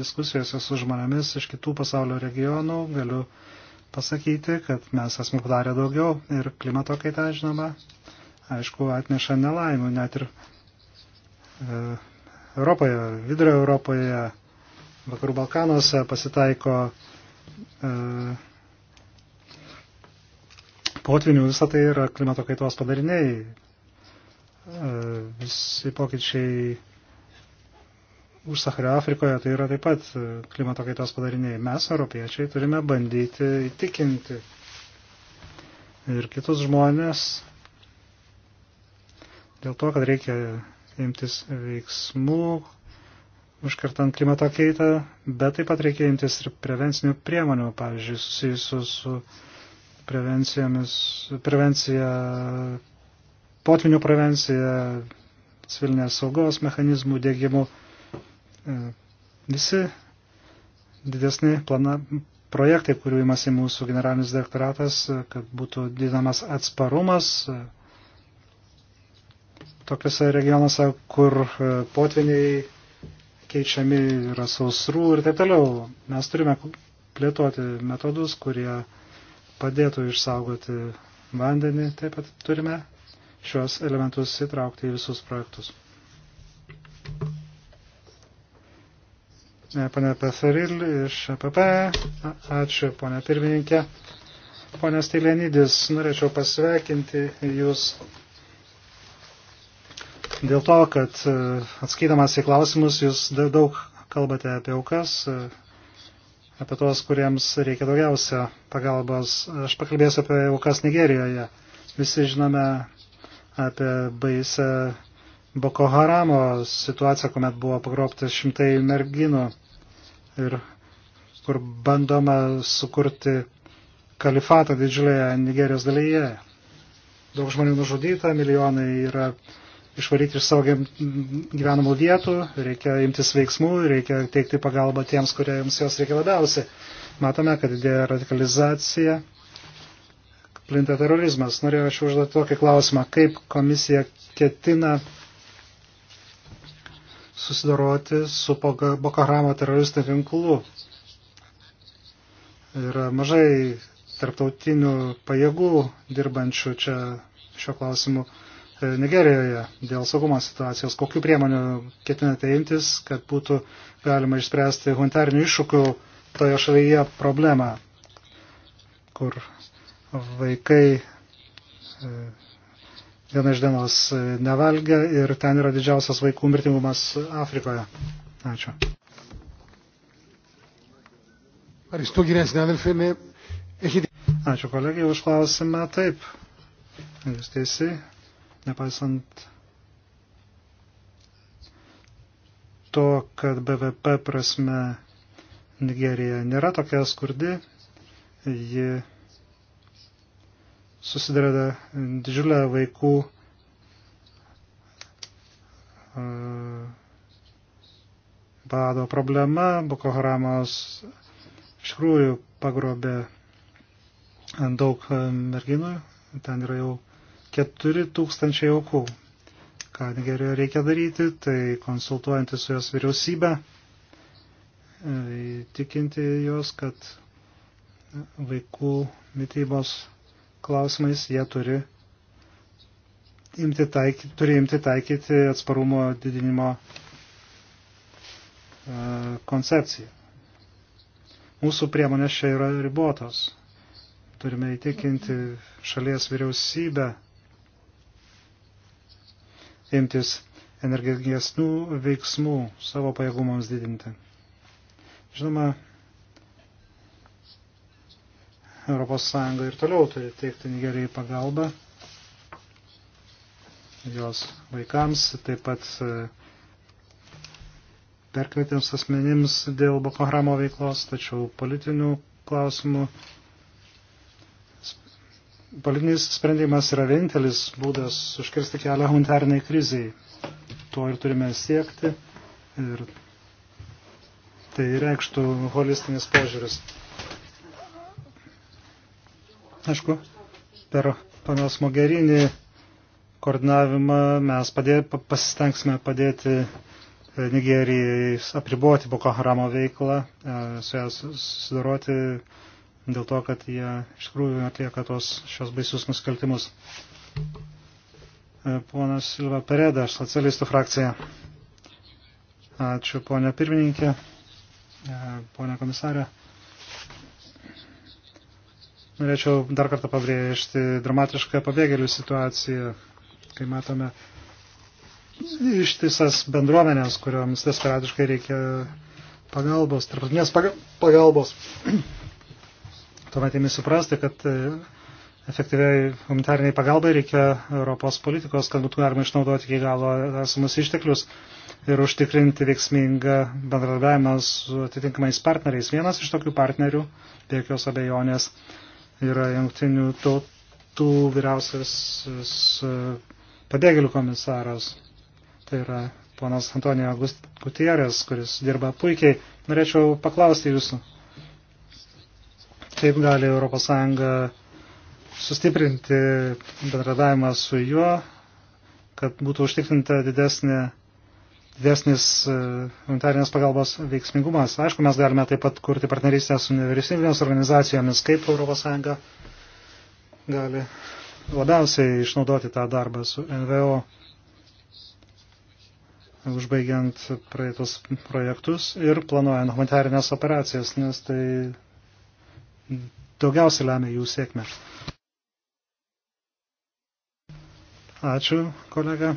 Diskusijose su žmonėmis iš kitų pasaulio regionų galiu pasakyti, kad mes esame padarę daugiau ir klimato kaita, žinoma, aišku, atneša nelaimų net ir e, Europoje, vidurio Europoje, vakarų Balkanuose pasitaiko e, potvinių, visą tai yra klimato kaitos padariniai. E, visi pokyčiai už Sahario Afrikoje tai yra taip pat klimato kaitos padariniai. Mes, europiečiai, turime bandyti įtikinti ir kitus žmonės dėl to, kad reikia imtis veiksmų, užkartant klimato keitą, bet taip pat reikia imtis ir prevencinių priemonių, pavyzdžiui, susijusių su prevencija, potvinių prevencija, civilinės saugos mechanizmų dėgymų. E, visi didesni plana, projektai, kurių imasi mūsų generalinis direktoratas, kad būtų didinamas atsparumas, tokiuose regionuose, kur e, potviniai keičiami yra sausrų ir taip toliau. Mes turime plėtoti metodus, kurie padėtų išsaugoti vandenį. Taip pat turime šios elementus įtraukti į visus projektus. E, pane Peseril iš PP, e ačiū ponė pirmininkė. Pone Stylenydis, norėčiau pasveikinti Jūs dėl to, kad e, atskaidamas į klausimus jūs daug kalbate apie aukas, e, apie tuos, kuriems reikia daugiausia pagalbos. Aš pakalbėsiu apie aukas Nigerijoje. Visi žinome apie baisę Boko Haramo situaciją, kuomet buvo pagrobti šimtai merginų ir kur bandoma sukurti kalifatą didžiulėje Nigerijos dalyje. Daug žmonių nužudyta, milijonai yra išvaryti iš savo gyvenamų vietų, reikia imtis veiksmų, reikia teikti pagalbą tiems, kuriems jos reikia labiausiai. Matome, kad didėja radikalizacija, plinta terorizmas. Norėjau aš užduoti tokį klausimą, kaip komisija ketina susidoroti su Boko Haramo teroristų tinklu. Yra mažai tarptautinių pajėgų dirbančių čia šio klausimu Nigerijoje dėl saugumo situacijos. Kokiu priemonių ketinate imtis, kad būtų galima išspręsti humanitarnių iššūkių toje šalyje problemą, kur vaikai e, vieną iš dienos e, nevalgia ir ten yra didžiausias vaikų mirtingumas Afrikoje. Ačiū. Ačiū kolegijai už klausimą. Taip, jūs teisi nepaisant to, kad BVP prasme Nigerija nėra tokia skurdi, ji susidarė didžiulę vaikų e, bado problema, Boko Haramos iš tikrųjų pagrobė daug merginų, ten yra jau 4000 aukų. Ką Nigerijoje reikia daryti, tai konsultuojantį su jos vyriausybę, e, tikinti jos, kad vaikų mytybos klausimais jie turi imti, taikyti, turi imti taikyti atsparumo didinimo e, koncepciją. Mūsų priemonės čia yra ribotos. Turime įtikinti šalies vyriausybę imtis energingesnių veiksmų savo pajėgumams didinti. Žinoma, ES ir toliau turi teikti Nigerijai pagalbą jos vaikams, taip pat perkvietėms asmenims dėl Boko Haramo veiklos, tačiau politinių klausimų Politinis sprendimas yra vienintelis būdas užkirsti kelią humanitariniai kriziai. Tuo ir turime siekti. Ir tai reikštų holistinis požiūris. Aišku, per panos Mogerinį koordinavimą mes padė, pasistengsime padėti e, Nigerijai apriboti Boko Haramo veiklą, e, su ją susidoroti dėl to, kad jie iš tikrųjų atlieka tos šios baisius nusikaltimus. E, ponas Silva Pereda, socialistų frakcija. Ačiū, ponė pirmininkė, e, ponė komisarė. Norėčiau dar kartą pabrėžti dramatišką pabėgėlių situaciją, kai matome ištisas bendruomenės, kurioms desperatiškai reikia pagalbos, tarptautinės pagalbos tuomet jėmi suprasti, kad e, efektyviai humanitariniai pagalbai reikia Europos politikos, kad būtų galima išnaudoti iki galo esamus išteklius ir užtikrinti veiksmingą bendradarbiavimą su atitinkamais partneriais. Vienas iš tokių partnerių, be jokios abejonės, yra jungtinių tautų vyriausias e, pabėgėlių komisaras. Tai yra ponas Antonijo Gutierrez, kuris dirba puikiai. Norėčiau paklausti jūsų, Taip gali ES sustiprinti bendradavimą su juo, kad būtų užtikrinta didesnė, didesnis e, humanitarinės pagalbos veiksmingumas. Aišku, mes galime taip pat kurti partnerystę su nevyriausybinėmis organizacijomis, kaip ES gali labiausiai išnaudoti tą darbą su NVO, užbaigiant praeitus projektus ir planuojant humanitarinės operacijas, nes tai daugiausiai lemia jų sėkmę. Ačiū, kolega.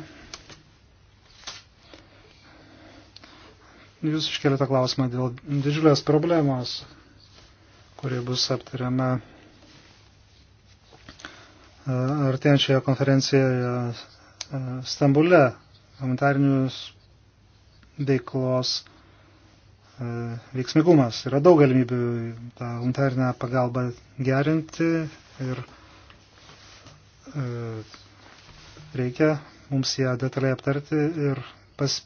Jūs iškelėte klausimą dėl didžiulės problemos, kuri bus aptariama e, artėjančioje konferencijoje e, Stambule humanitarinius veiklos E, veiksmigumas. Yra daug galimybių tą humanitarinę pagalbą gerinti ir e, reikia mums ją detaliai aptarti ir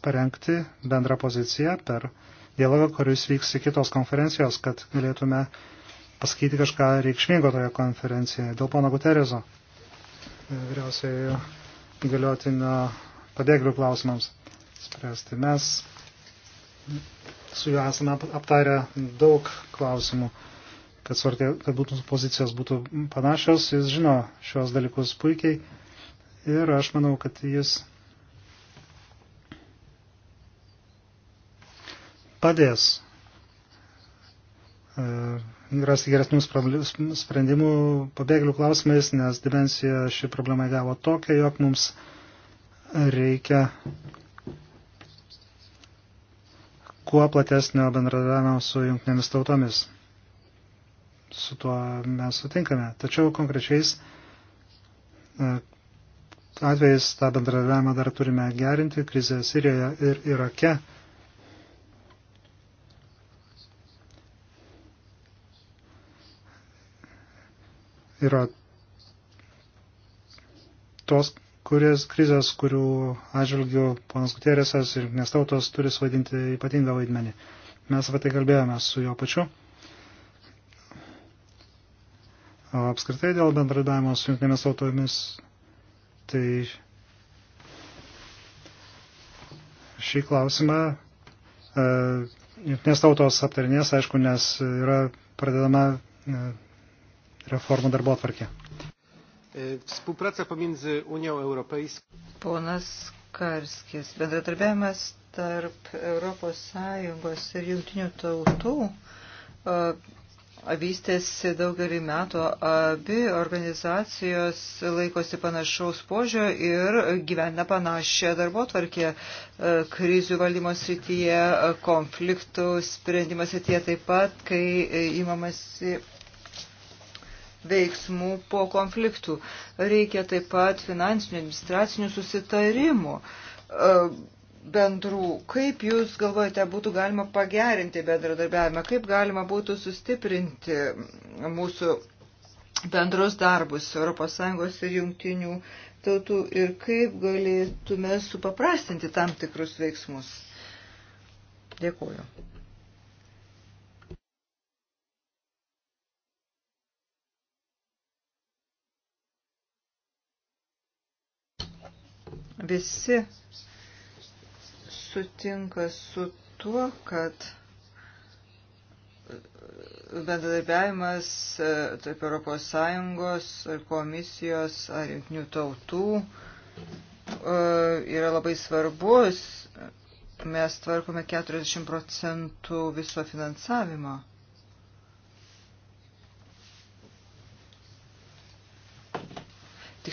parengti bendrą poziciją per dialogą, kuris vyks į kitos konferencijos, kad galėtume pasakyti kažką reikšmingo toje konferencijoje. Dėl pono Guterezo, e, vyriausiojo įgaliotinio pabėgėlių klausimams spręsti. Mes su juo esame aptarę daug klausimų, kad, svartė, kad būtų pozicijos būtų panašios. Jis žino šios dalykus puikiai ir aš manau, kad jis padės e, rasti geresnių sprendimų pabėgėlių klausimais, nes dimensija ši problema gavo tokia, jog mums reikia kuo platesnio bendradarbiavimo su jungtinėmis tautomis. Su tuo mes sutinkame. Tačiau konkrečiais e, atvejais tą bendradarbiavimą dar turime gerinti. Krizė Sirijoje ir Irake. Yra tos kuris krizės, kurių atžvilgių ponas Gutierėsas ir jungtinės tautos turi suvaidinti ypatingą vaidmenį. Mes apie tai kalbėjome su jo pačiu. O apskritai dėl bendradavimo su jungtinėmis tautomis, tai šį klausimą e, jungtinės tautos aptarinės, aišku, nes yra pradedama e, reformų darbo atvarkė. E, współpraca pomiędzy Unią Europejską. Ponas Karskis, bendradarbiavimas tarp ES ir jungtinių tautų e, vystėsi daugelį metų. Abi organizacijos laikosi panašaus požio ir gyvena panašią darbo tvarkę e, krizių valdymo srityje, konfliktų sprendimo srityje taip pat, kai įmamasi veiksmų po konfliktų. Reikia taip pat finansinių administracinių susitarimų e, bendrų. Kaip Jūs galvojate, būtų galima pagerinti bendradarbiavimą, kaip galima būtų sustiprinti mūsų bendrus darbus ES ir jungtinių tautų ir kaip galėtume supaprastinti tam tikrus veiksmus. Dėkuoju. Visi sutinka su tuo, kad bendradarbiavimas e, tarp Europos Sąjungos, komisijos ar jungtinių tautų e, yra labai svarbus. Mes tvarkome 40 procentų viso finansavimo.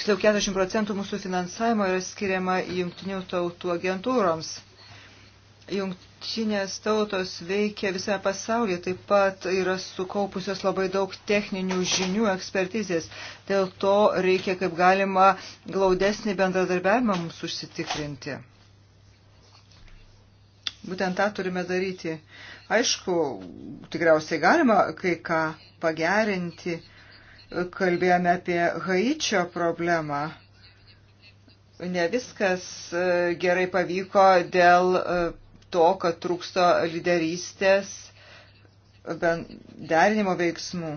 tiksliau 40 procentų mūsų finansavimo yra skiriama jungtinių tautų agentūroms. Jungtinės tautos veikia visame pasaulyje, taip pat yra sukaupusios labai daug techninių žinių ekspertizės. Dėl to reikia kaip galima glaudesnį bendradarbiavimą mums užsitikrinti. Būtent tą turime daryti. Aišku, tikriausiai galima kai ką pagerinti kalbėjome apie Haičio problemą. Ne viskas e, gerai pavyko dėl e, to, kad trūksto lyderystės derinimo veiksmų.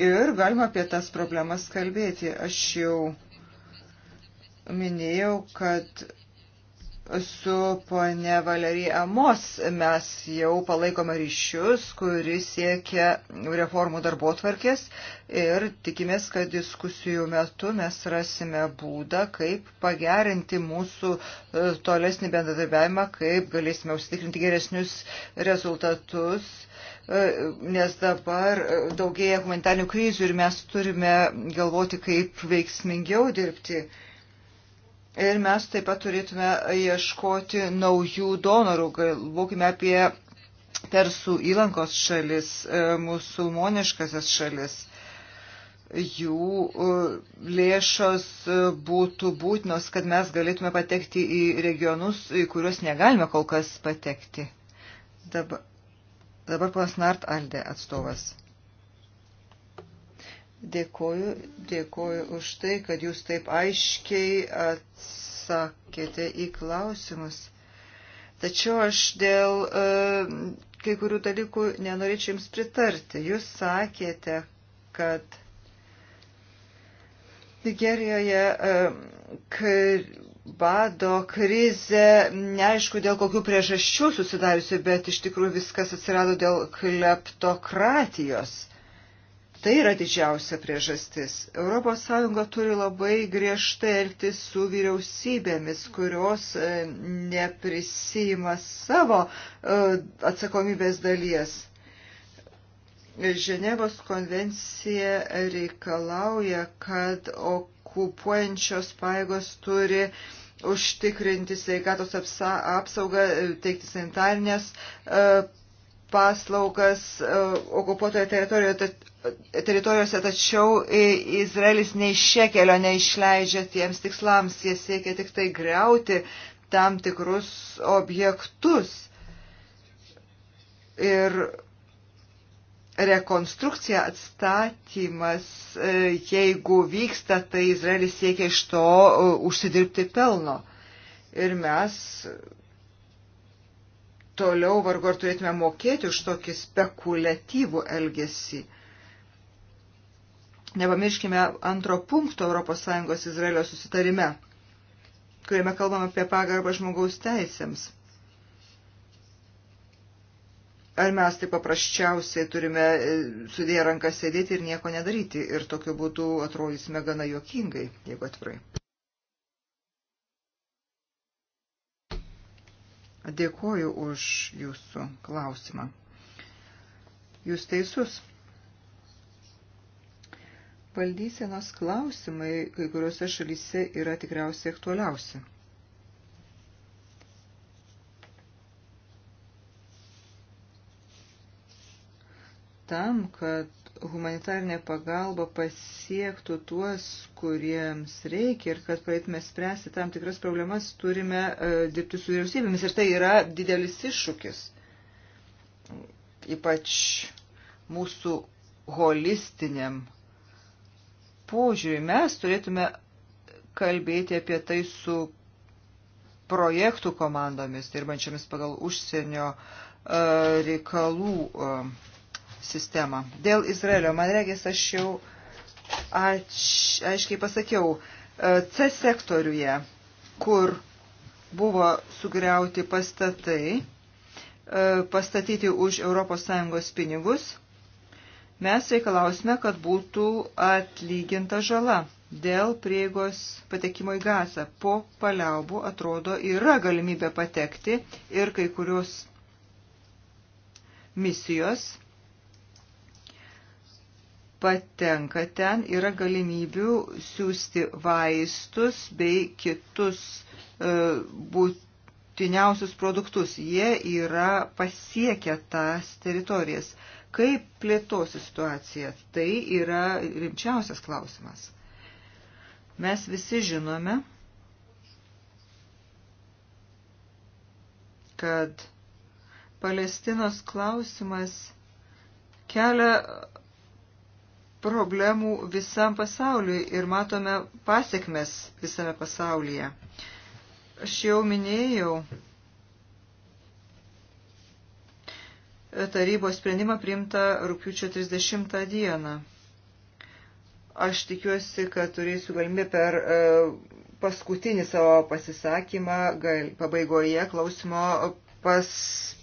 Ir galima apie tas problemas kalbėti. Aš jau minėjau, kad Su ponė Valerija Amos mes jau palaikome ryšius, kuris siekia reformų darbo tvarkės ir tikimės, kad diskusijų metu mes rasime būdą, kaip pagerinti mūsų e, tolesnį bendradarbiavimą, kaip galėsime užsitikrinti geresnius rezultatus e, nes dabar e, daugėja humanitarnių krizių ir mes turime galvoti, kaip veiksmingiau dirbti. Ir mes taip pat turėtume ieškoti naujų donorų. Galvokime apie Persų įlankos šalis, e, musulmoniškasias šalis. Jų e, lėšos e, būtų būtinos, kad mes galėtume patekti į regionus, į kuriuos negalime kol kas patekti. Dabar, dabar panas Nart Alde atstovas. Dėkoju, dėkoju už tai, kad jūs taip aiškiai atsakėte į klausimus. Tačiau aš dėl e, kai kurių dalykų nenorėčiau jums pritarti. Jūs sakėte, kad Nigerijoje e, kar, bado krizė, neaišku dėl kokių priežasčių susidariusi, bet iš tikrųjų viskas atsirado dėl kleptokratijos Tai yra didžiausia priežastis. ES turi labai griežtai elgtis su vyriausybėmis, kurios e, neprisima savo e, atsakomybės dalies. Ženevos konvencija reikalauja, kad okupuojančios paėgos turi užtikrinti sveikatos apsaugą, teikti sanitarnės e, paslaugas okupuotoje teritorijoje, teritorijose, tačiau Izraelis nei šekelio neišleidžia tiems tikslams, jie siekia tik tai greuti tam tikrus objektus. Ir rekonstrukcija, atstatymas, e, jeigu vyksta, tai Izraelis siekia iš to e, užsidirbti pelno. Ir mes toliau vargu ar turėtume mokėti už tokį spekuliatyvų elgesį nepamirškime antro punkto ES Izraelio susitarime, kuriame kalbam apie pagarbą žmogaus teisėms. Ar mes taip paprasčiausiai turime e, sudėję ranką sėdėti ir nieko nedaryti ir tokiu būdu atrodysime gana juokingai, jeigu atvirai. Dėkuoju už jūsų klausimą. Jūs teisus. Valdysenos klausimai kai kuriuose šalyse yra tikriausiai aktualiausi. Tam, kad humanitarinė pagalba pasiektų tuos, kuriems reikia ir kad praeitume spręsti tam tikras problemas, turime uh, dirbti su vyriausybėmis. Ir tai yra didelis iššūkis. Ypač mūsų holistiniam požiūrį. Mes turėtume kalbėti apie tai su projektų komandomis, dirbančiamis pagal užsienio e, reikalų e, sistemą. Dėl Izraelio, man regis, aš jau ač, aiškiai pasakiau, e, C sektoriuje, kur buvo sugriauti pastatai, pastatyti už ES pinigus, Mes reikalausime, kad būtų atlyginta žala dėl prieigos patekimo į gazą. Po paliaubų atrodo yra galimybė patekti ir kai kurios misijos patenka ten, yra galimybių siūsti vaistus bei kitus e, būtiniausius produktus. Jie yra pasiekę tas teritorijas. Kaip plėtosi situacija? Tai yra rimčiausias klausimas. Mes visi žinome, kad Palestinos klausimas kelia problemų visam pasauliui ir matome pasiekmes visame pasaulyje. Aš jau minėjau, tarybos sprendimą priimtą rūpiučio 30 dieną. Aš tikiuosi, kad turėsiu galimybę per e, paskutinį savo pasisakymą gal, pabaigoje klausimo pas,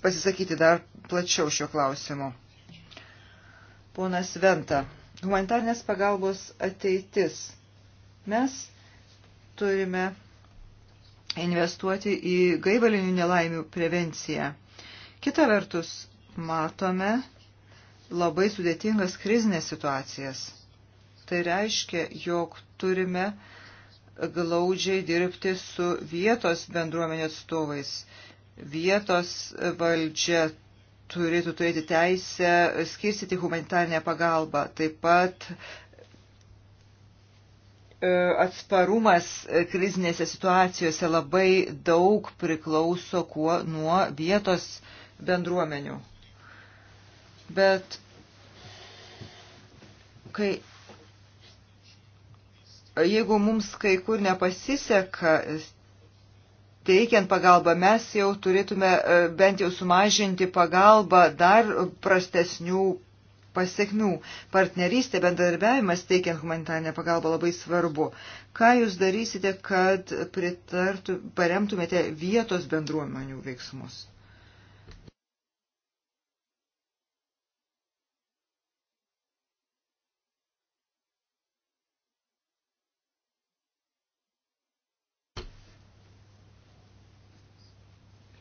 pasisakyti dar plačiau šio klausimu. Ponas Venta, humanitarnės pagalbos ateitis. Mes turime investuoti į gaivalinių nelaimių prevenciją. Kita vertus, matome labai sudėtingas krizinės situacijas. Tai reiškia, jog turime glaudžiai dirbti su vietos bendruomenės atstovais. Vietos valdžia turėtų turėti teisę skirstyti humanitarinę pagalbą. Taip pat e, atsparumas krizinėse situacijose labai daug priklauso kuo nuo vietos bendruomenių. Bet kai, jeigu mums kai kur nepasiseka teikiant pagalbą, mes jau turėtume e, bent jau sumažinti pagalbą dar prastesnių pasiekmių. Partnerystė, bendradarbiavimas teikiant humanitarinę pagalbą labai svarbu. Ką jūs darysite, kad pritartų, paremtumėte vietos bendruomenių veiksmus?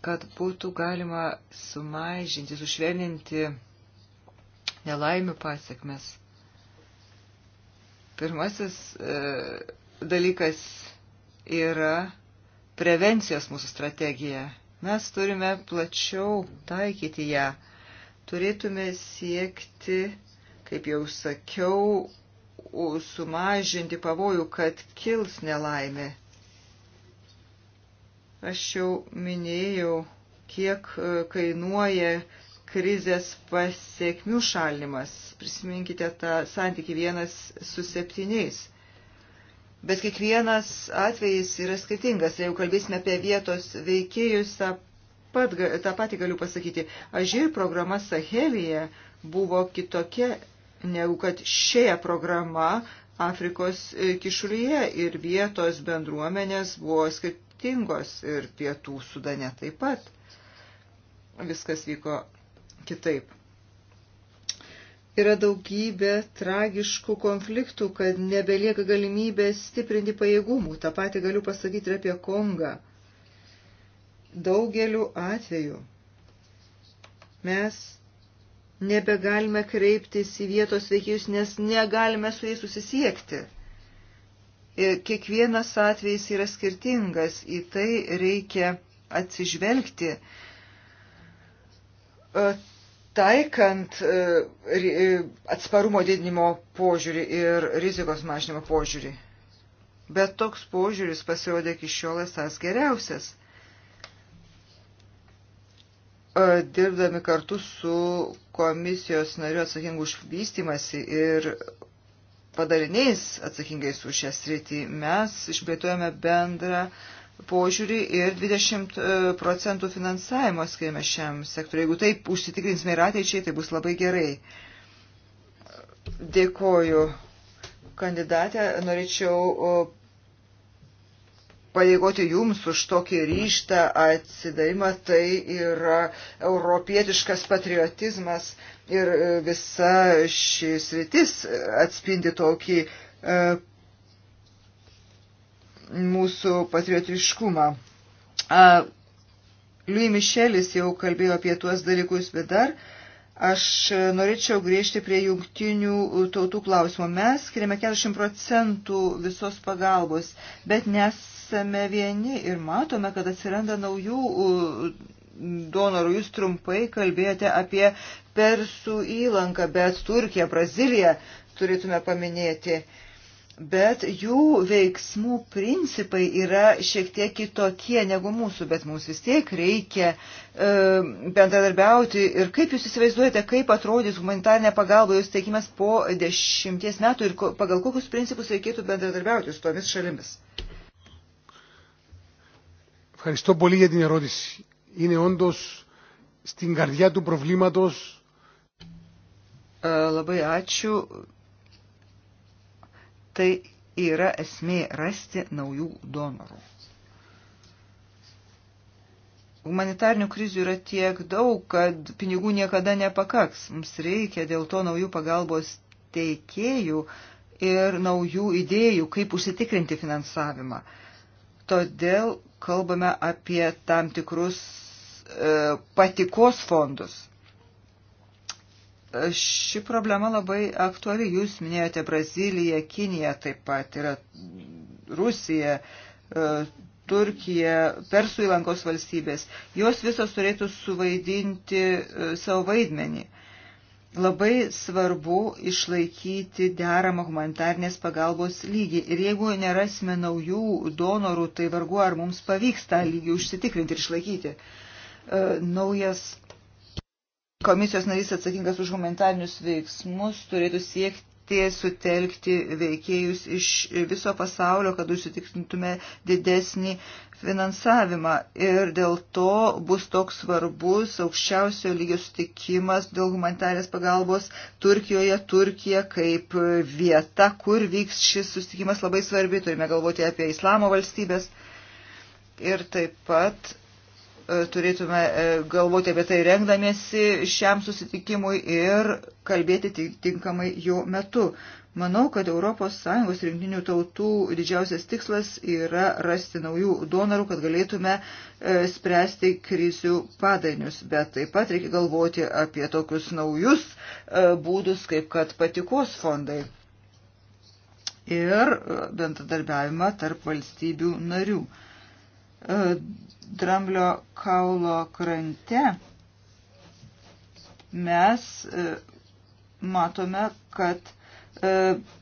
kad būtų galima sumažinti, sušvelninti nelaimių pasiekmes. Pirmasis e, dalykas yra prevencijos mūsų strategija. Mes turime plačiau taikyti ją. Turėtume siekti, kaip jau sakiau, sumažinti pavojų, kad kils nelaimė Aš jau minėjau, kiek e, kainuoja krizės pasiekmių šalinimas. Prisiminkite tą santyki vienas su septyniais. Bet kiekvienas atvejis yra skirtingas. Jeigu kalbėsime apie vietos veikėjus, tą, pat, tą patį galiu pasakyti. Ažir programa Sahelėje buvo kitokia negu kad šioje programa Afrikos e, kišulyje ir vietos bendruomenės buvo skirtingos skirtingos ir pietų sudane taip pat viskas vyko kitaip. Yra daugybė tragiškų konfliktų, kad nebelieka galimybės stiprinti pajėgumų. Ta pati galiu pasakyti ir apie Kongą. Daugeliu atveju mes nebegalime kreiptis į vietos veikėjus, nes negalime su jais susisiekti. E, kiekvienas atvejis yra skirtingas, į tai reikia atsižvelgti. E, taikant e, atsparumo didinimo požiūrį ir rizikos mažinimo požiūrį. Bet toks požiūris pasirodė iki šiol esas geriausias dirbdami kartu su komisijos nariu atsakingu už vystimasi ir padariniais atsakingais už šią sritį. Mes išplėtojame bendrą požiūrį ir 20 e, procentų finansavimo skiriame šiam sektoriu. Jeigu taip užsitikrinsime ir ateičiai, tai bus labai gerai. Dėkoju kandidatę. Norėčiau padėkoti Jums už tokį ryštą atsidavimą. Tai yra europietiškas patriotizmas ir e, visa šis rytis atspindi tokį e, mūsų patriotiškumą. E, Louis Michelis jau kalbėjo apie tuos dalykus, bet dar e, Aš norėčiau grįžti prie jungtinių tautų klausimo. Mes skiriame 40 procentų visos pagalbos, bet nesame vieni ir matome, kad atsiranda naujų donorų. Jūs trumpai kalbėjote apie Persų įlanką, bet Turkiją, Braziliją turėtume paminėti. Uh, bet jų veiksmų principai yra šiek tiek kitokie negu mūsų, bet mums vis tiek reikia e, bendradarbiauti. Ir kaip jūs įsivaizduojate, kaip atrodys humanitarinė pagalba jūs teikimas po dešimties metų ir ko, pagal kokius principus reikėtų bendradarbiauti su tomis šalimis? Ευχαριστώ πολύ για την ερώτηση. Είναι όντως στην καρδιά του προβλήματος. Labai ačiū Tai yra esmė rasti naujų donorų. Humanitarnių krizių yra tiek daug, kad pinigų niekada nepakaks. Mums reikia dėl to naujų pagalbos teikėjų ir naujų idėjų, kaip užsitikrinti finansavimą. Todėl kalbame apie tam tikrus e, patikos fondus ši problema labai aktuali. Jūs minėjote Braziliją, Kiniją taip pat yra Rusija, e, Turkija, Persų įlankos valstybės. Jos visos turėtų suvaidinti e, savo vaidmenį. Labai svarbu išlaikyti deramą humanitarnės pagalbos lygį. Ir jeigu nerasime naujų donorų, tai vargu ar mums pavyks tą lygį užsitikrinti ir išlaikyti. E, naujas Komisijos narys atsakingas už humanitarinius veiksmus turėtų siekti sutelkti veikėjus iš viso pasaulio, kad užsitikrintume didesnį finansavimą. Ir dėl to bus toks svarbus aukščiausio lygio sutikimas dėl humanitarės pagalbos Turkijoje. Turkija kaip vieta, kur vyks šis sutikimas labai svarbi. Turime galvoti apie islamo valstybės. Ir taip pat E, turėtume e, galvoti apie tai rengdamėsi šiam susitikimui ir kalbėti tinkamai jo metu. Manau, kad ES ir jungtinių tautų didžiausias tikslas yra rasti naujų donorų, kad galėtume e, spręsti krizių padainius. Bet taip pat reikia galvoti apie tokius naujus būdus, kaip kad patikos fondai ir bendradarbiavimą tarp valstybių narių. E, dramblio kaulo krante mes e, matome, kad e,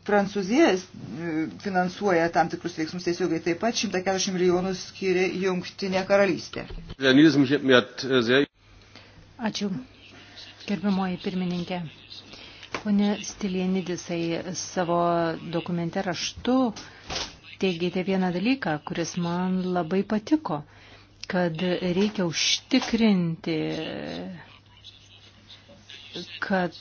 Prancūzija finansuoja tam tikrus veiksmus tiesiogiai taip pat 140 milijonų skiria Jungtinė karalystė. Ačiū, gerbiamoji pirmininkė. Pone Stilienidisai savo dokumente raštu teigėte vieną dalyką, kuris man labai patiko, kad reikia užtikrinti, kad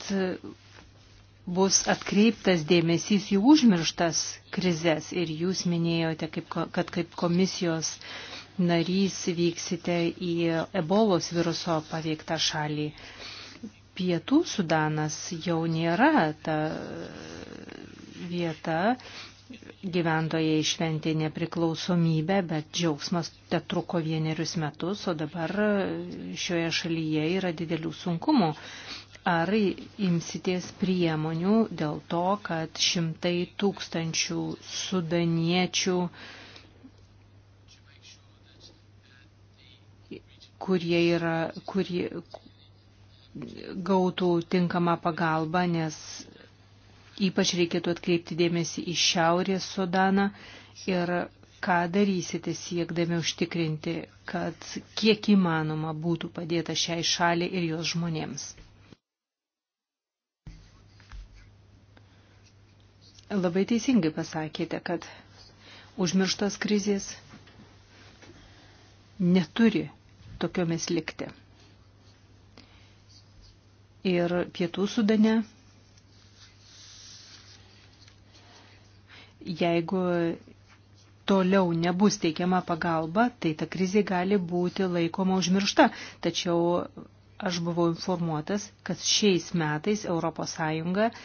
bus atkreiptas dėmesys į užmirštas krizės ir jūs minėjote, kaip, kad kaip komisijos narys vyksite į ebolos viruso paveiktą šalį. Pietų Sudanas jau nėra ta vieta, gyventojai šventė nepriklausomybę, bet džiaugsmas te truko vienerius metus, o dabar šioje šalyje yra didelių sunkumų. Ar imsities priemonių dėl to, kad šimtai tūkstančių sudaniečių, kurie yra, kurie gautų tinkamą pagalbą, nes Ypač reikėtų atkreipti dėmesį į Šiaurės Sudaną ir ką darysite siekdami užtikrinti, kad kiek įmanoma būtų padėta šiai šaliai ir jos žmonėms. Labai teisingai pasakėte, kad užmirštos krizės neturi tokiomis likti. Ir pietų sudane jeigu toliau nebus teikiama pagalba, tai ta krizė gali būti laikoma užmiršta. Tačiau aš buvau informuotas, kad šiais metais ES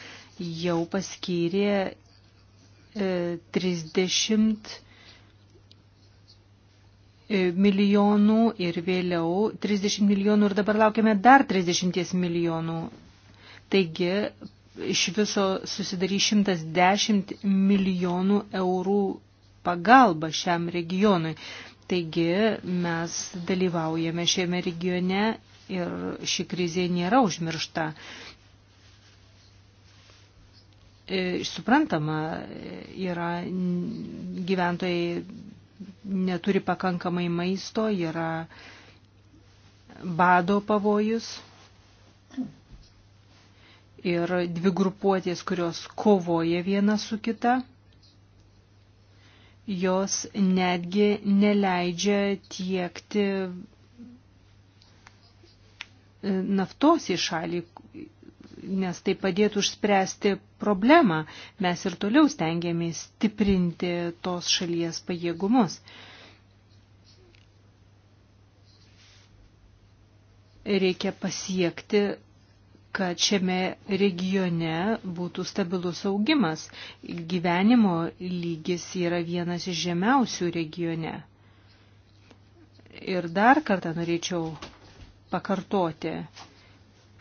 jau paskyrė 30 e, e, milijonų ir vėliau 30 milijonų ir dabar laukiame dar 30 milijonų. Taigi iš viso susidarys 110 milijonų eurų pagalba šiam regionui. Taigi mes dalyvaujame šiame regione ir ši krizė nėra užmiršta. E, suprantama, yra gyventojai neturi pakankamai maisto, yra bado pavojus ir dvi grupuotės, kurios kovoja viena su kita, jos netgi neleidžia tiekti e, naftos į šalį, nes tai padėtų užspręsti problemą. Mes ir toliau stengiamės stiprinti tos šalies pajėgumus. Reikia pasiekti kad šiame regione būtų stabilus augimas. Gyvenimo lygis yra vienas iš žemiausių regione. Ir dar kartą norėčiau pakartoti,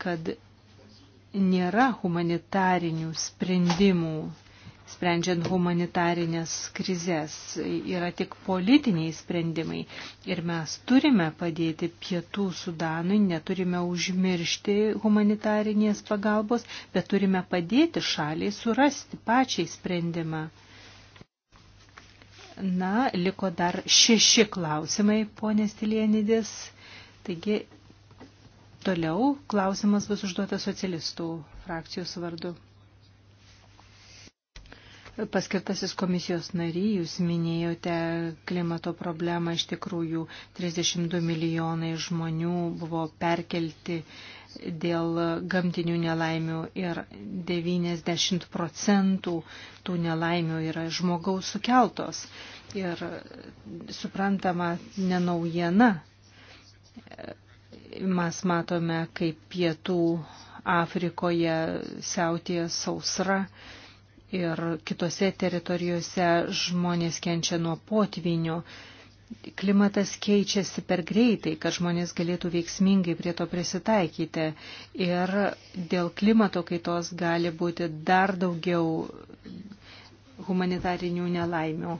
kad nėra humanitarinių sprendimų sprendžiant humanitarinės krizės, yra tik politiniai sprendimai. Ir mes turime padėti pietų Sudanui, neturime užmiršti humanitarinės pagalbos, bet turime padėti šaliai surasti pačiai sprendimą. Na, liko dar šeši klausimai, ponės Tilienidės. Taigi, toliau klausimas bus užduotas socialistų frakcijos vardu. Paskirtasis komisijos nariai, jūs minėjote klimato problemą, iš tikrųjų 32 milijonai žmonių buvo perkelti dėl gamtinių nelaimių ir 90 procentų tų nelaimių yra žmogaus sukeltos. Ir suprantama, nenaujiena. Mes matome, kaip pietų Afrikoje siautėja sausra ir kitose teritorijose žmonės kenčia nuo potvinių. Klimatas keičiasi per greitai, kad žmonės galėtų veiksmingai prie to prisitaikyti. Ir dėl klimato kaitos gali būti dar daugiau humanitarinių nelaimių.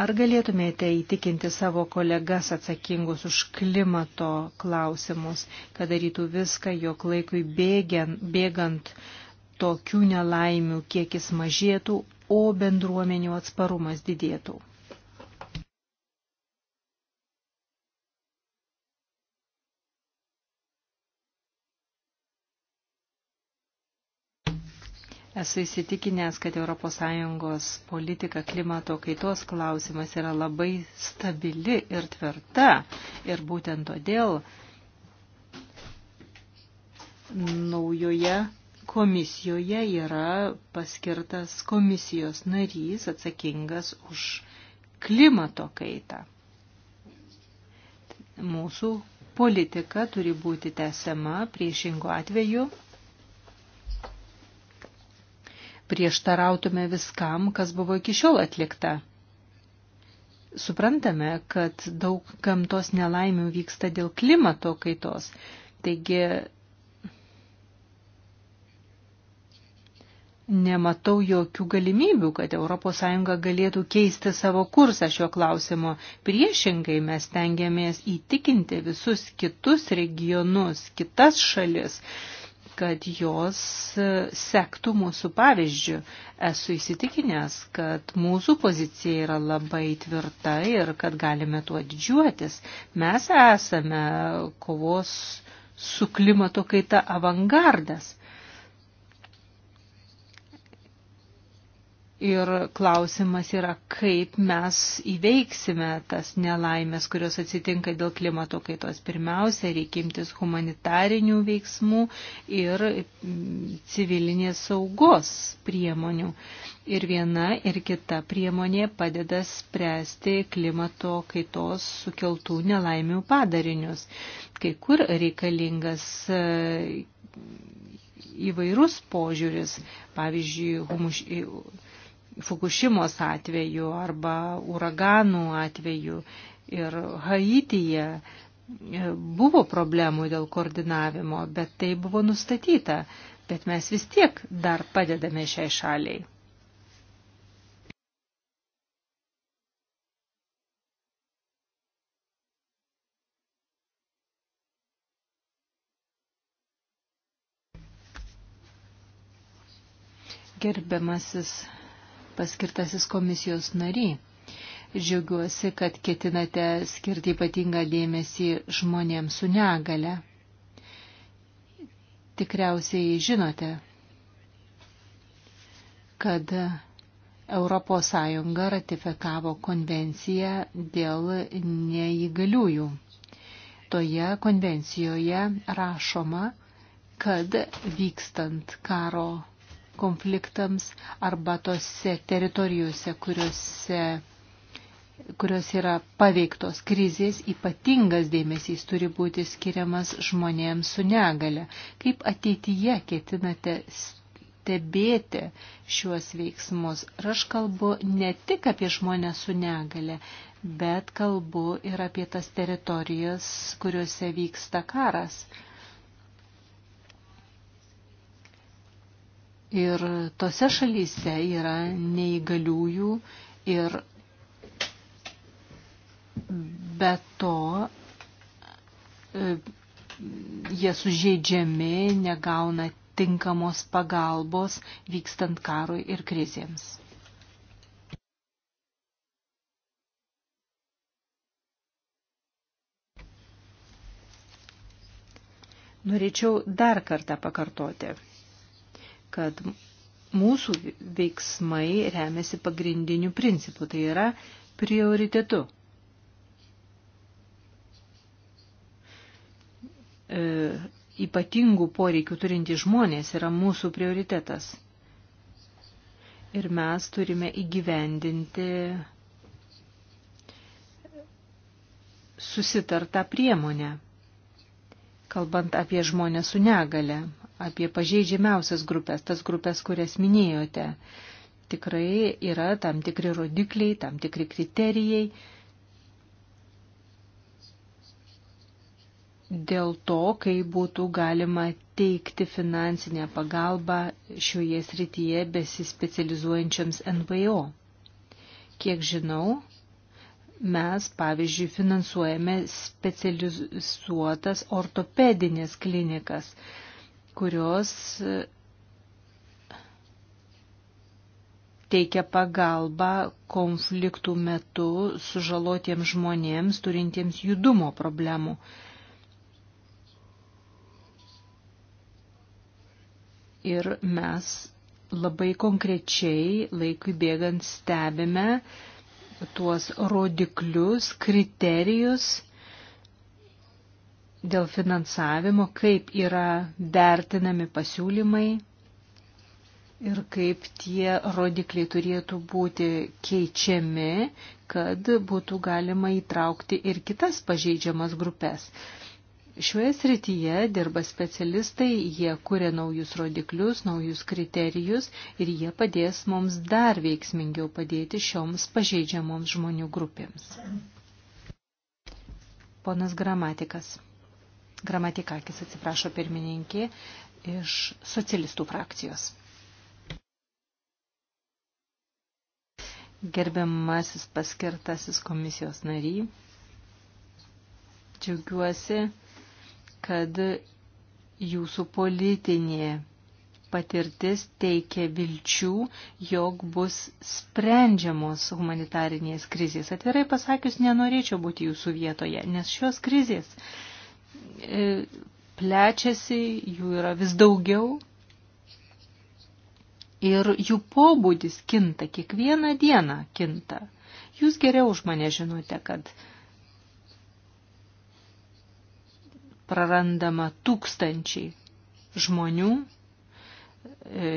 Ar galėtumėte įtikinti savo kolegas atsakingus už klimato klausimus, kad darytų viską, jog laikui bėgiant, bėgant tokių nelaimių kiekis mažėtų, o bendruomenių atsparumas didėtų. Esu įsitikinęs, kad ES politika klimato kaitos klausimas yra labai stabili ir tvirta. Ir būtent todėl naujoje komisijoje yra paskirtas komisijos narys atsakingas už klimato kaitą. Mūsų politika turi būti tęsiama priešingų atveju. Prieštarautume viskam, kas buvo iki šiol atlikta. Suprantame, kad daug gamtos nelaimių vyksta dėl klimato kaitos, taigi nematau jokių galimybių, kad ES galėtų keisti savo kursą šio klausimo. Priešingai mes tengiamės įtikinti visus kitus regionus, kitas šalis, kad jos sektų mūsų pavyzdžių. Esu įsitikinęs, kad mūsų pozicija yra labai tvirta ir kad galime tuo didžiuotis. Mes esame kovos su klimato kaita avangardas. Ir klausimas yra, kaip mes įveiksime tas nelaimės, kurios atsitinka dėl klimato kaitos. Pirmiausia, reikimtis humanitarinių veiksmų ir mm, civilinės saugos priemonių. Ir viena ir kita priemonė padeda spręsti klimato kaitos sukeltų nelaimių padarinius. Kai kur reikalingas e, įvairus požiūris, pavyzdžiui, humuš Fukushimos atveju arba uraganų atveju ir Haityje e, buvo problemų dėl koordinavimo, bet tai buvo nustatyta, bet mes vis tiek dar padedame šiai šaliai. gerbiamasis paskirtasis komisijos nary. Žiaugiuosi, kad ketinate skirti ypatingą dėmesį žmonėms su negale. Tikriausiai žinote, kad ES ratifikavo konvenciją dėl neįgaliųjų. Toje konvencijoje rašoma, kad vykstant karo konfliktams arba tose teritorijose, kuriuose kurios yra paveiktos krizės, ypatingas dėmesys turi būti skiriamas žmonėms su negale. Kaip ateityje ketinate stebėti šiuos veiksmus? Ir aš kalbu ne tik apie žmonę su negale, bet kalbu ir apie tas teritorijas, kuriuose vyksta karas. Ir tose šalyse yra neįgaliųjų ir be to e, jie sužeidžiami, negauna tinkamos pagalbos vykstant karui ir krizėms. Norėčiau dar kartą pakartoti kad mūsų veiksmai remiasi pagrindiniu principu, tai yra prioritetu. E, ypatingų poreikių turintys žmonės yra mūsų prioritetas. Ir mes turime įgyvendinti susitartą priemonę, kalbant apie žmonės su negale apie pažeidžiamiausias grupės, tas grupės, kurias minėjote. Tikrai yra tam tikri rodikliai, tam tikri kriterijai. Dėl to, kai būtų galima teikti finansinę pagalbą šioje srityje besispecializuojančiams NVO. Kiek žinau, mes, pavyzdžiui, finansuojame specializuotas ortopedinės klinikas kurios e, teikia pagalbą konfliktų metu sužalotiems žmonėms turintiems judumo problemų. Ir mes labai konkrečiai laikui bėgant stebime tuos rodiklius, kriterijus, dėl finansavimo, kaip yra vertinami pasiūlymai ir kaip tie rodikliai turėtų būti keičiami, kad būtų galima įtraukti ir kitas pažeidžiamas grupės. Šioje srityje dirba specialistai, jie kuria naujus rodiklius, naujus kriterijus ir jie padės mums dar veiksmingiau padėti šioms pažeidžiamoms žmonių grupėms. Ponas Gramatikas. Gramatikakis atsiprašo pirmininkė iš socialistų frakcijos. Gerbiamasis paskirtasis komisijos nary, džiaugiuosi, kad jūsų politinė patirtis teikia vilčių, jog bus sprendžiamos humanitarinės krizės. Atvirai pasakius, nenorėčiau būti jūsų vietoje, nes šios krizės E, plečiasi, jų yra vis daugiau ir jų pobūdis kinta, kiekvieną dieną kinta. Jūs geriau už mane žinote, kad prarandama tūkstančiai žmonių e,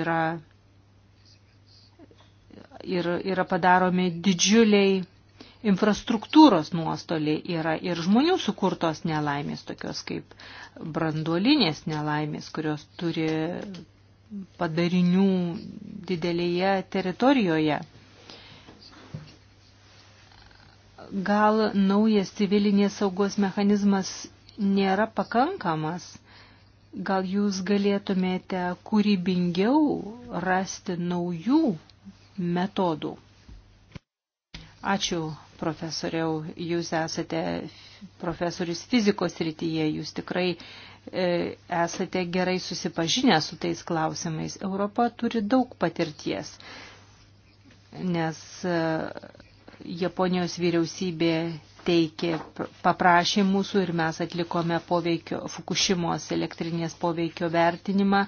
yra, yra, yra padaromi didžiuliai infrastruktūros nuostoliai yra ir žmonių sukurtos nelaimės, tokios kaip branduolinės nelaimės, kurios turi padarinių didelėje teritorijoje. Gal naujas civilinės saugos mechanizmas nėra pakankamas? Gal jūs galėtumėte kūrybingiau rasti naujų metodų? Ačiū profesoriau, jūs esate profesorius fizikos rytyje, jūs tikrai e, esate gerai susipažinę su tais klausimais. Europa turi daug patirties, nes e, Japonijos vyriausybė teikė, paprašė mūsų ir mes atlikome poveikio, Fukushimos elektrinės poveikio vertinimą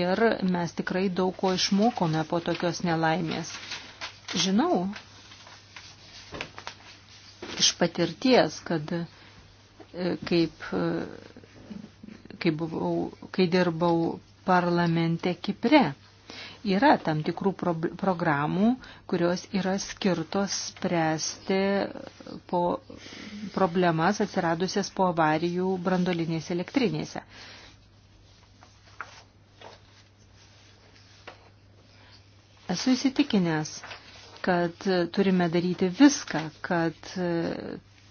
ir mes tikrai daug ko išmokome po tokios nelaimės. Žinau, iš patirties, kad e, kaip, e, kai, buvau, kai dirbau parlamente Kipre, yra tam tikrų pro, programų, kurios yra skirtos spręsti po problemas atsiradusias po avarijų brandolinėse elektrinėse. Esu įsitikinęs, kad turime daryti viską, kad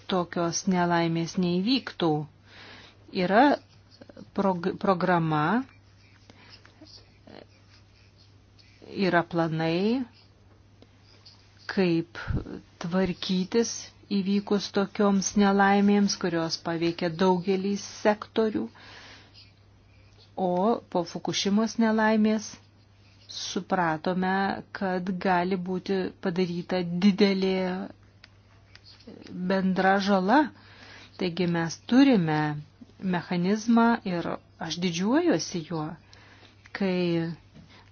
tokios nelaimės neįvyktų. Yra prog programa, yra planai, kaip tvarkytis įvykus tokioms nelaimėms, kurios paveikia daugelį sektorių. O po Fukushimos nelaimės supratome, kad gali būti padaryta didelė bendra žala. Taigi mes turime mechanizmą ir aš didžiuojuosi juo, kai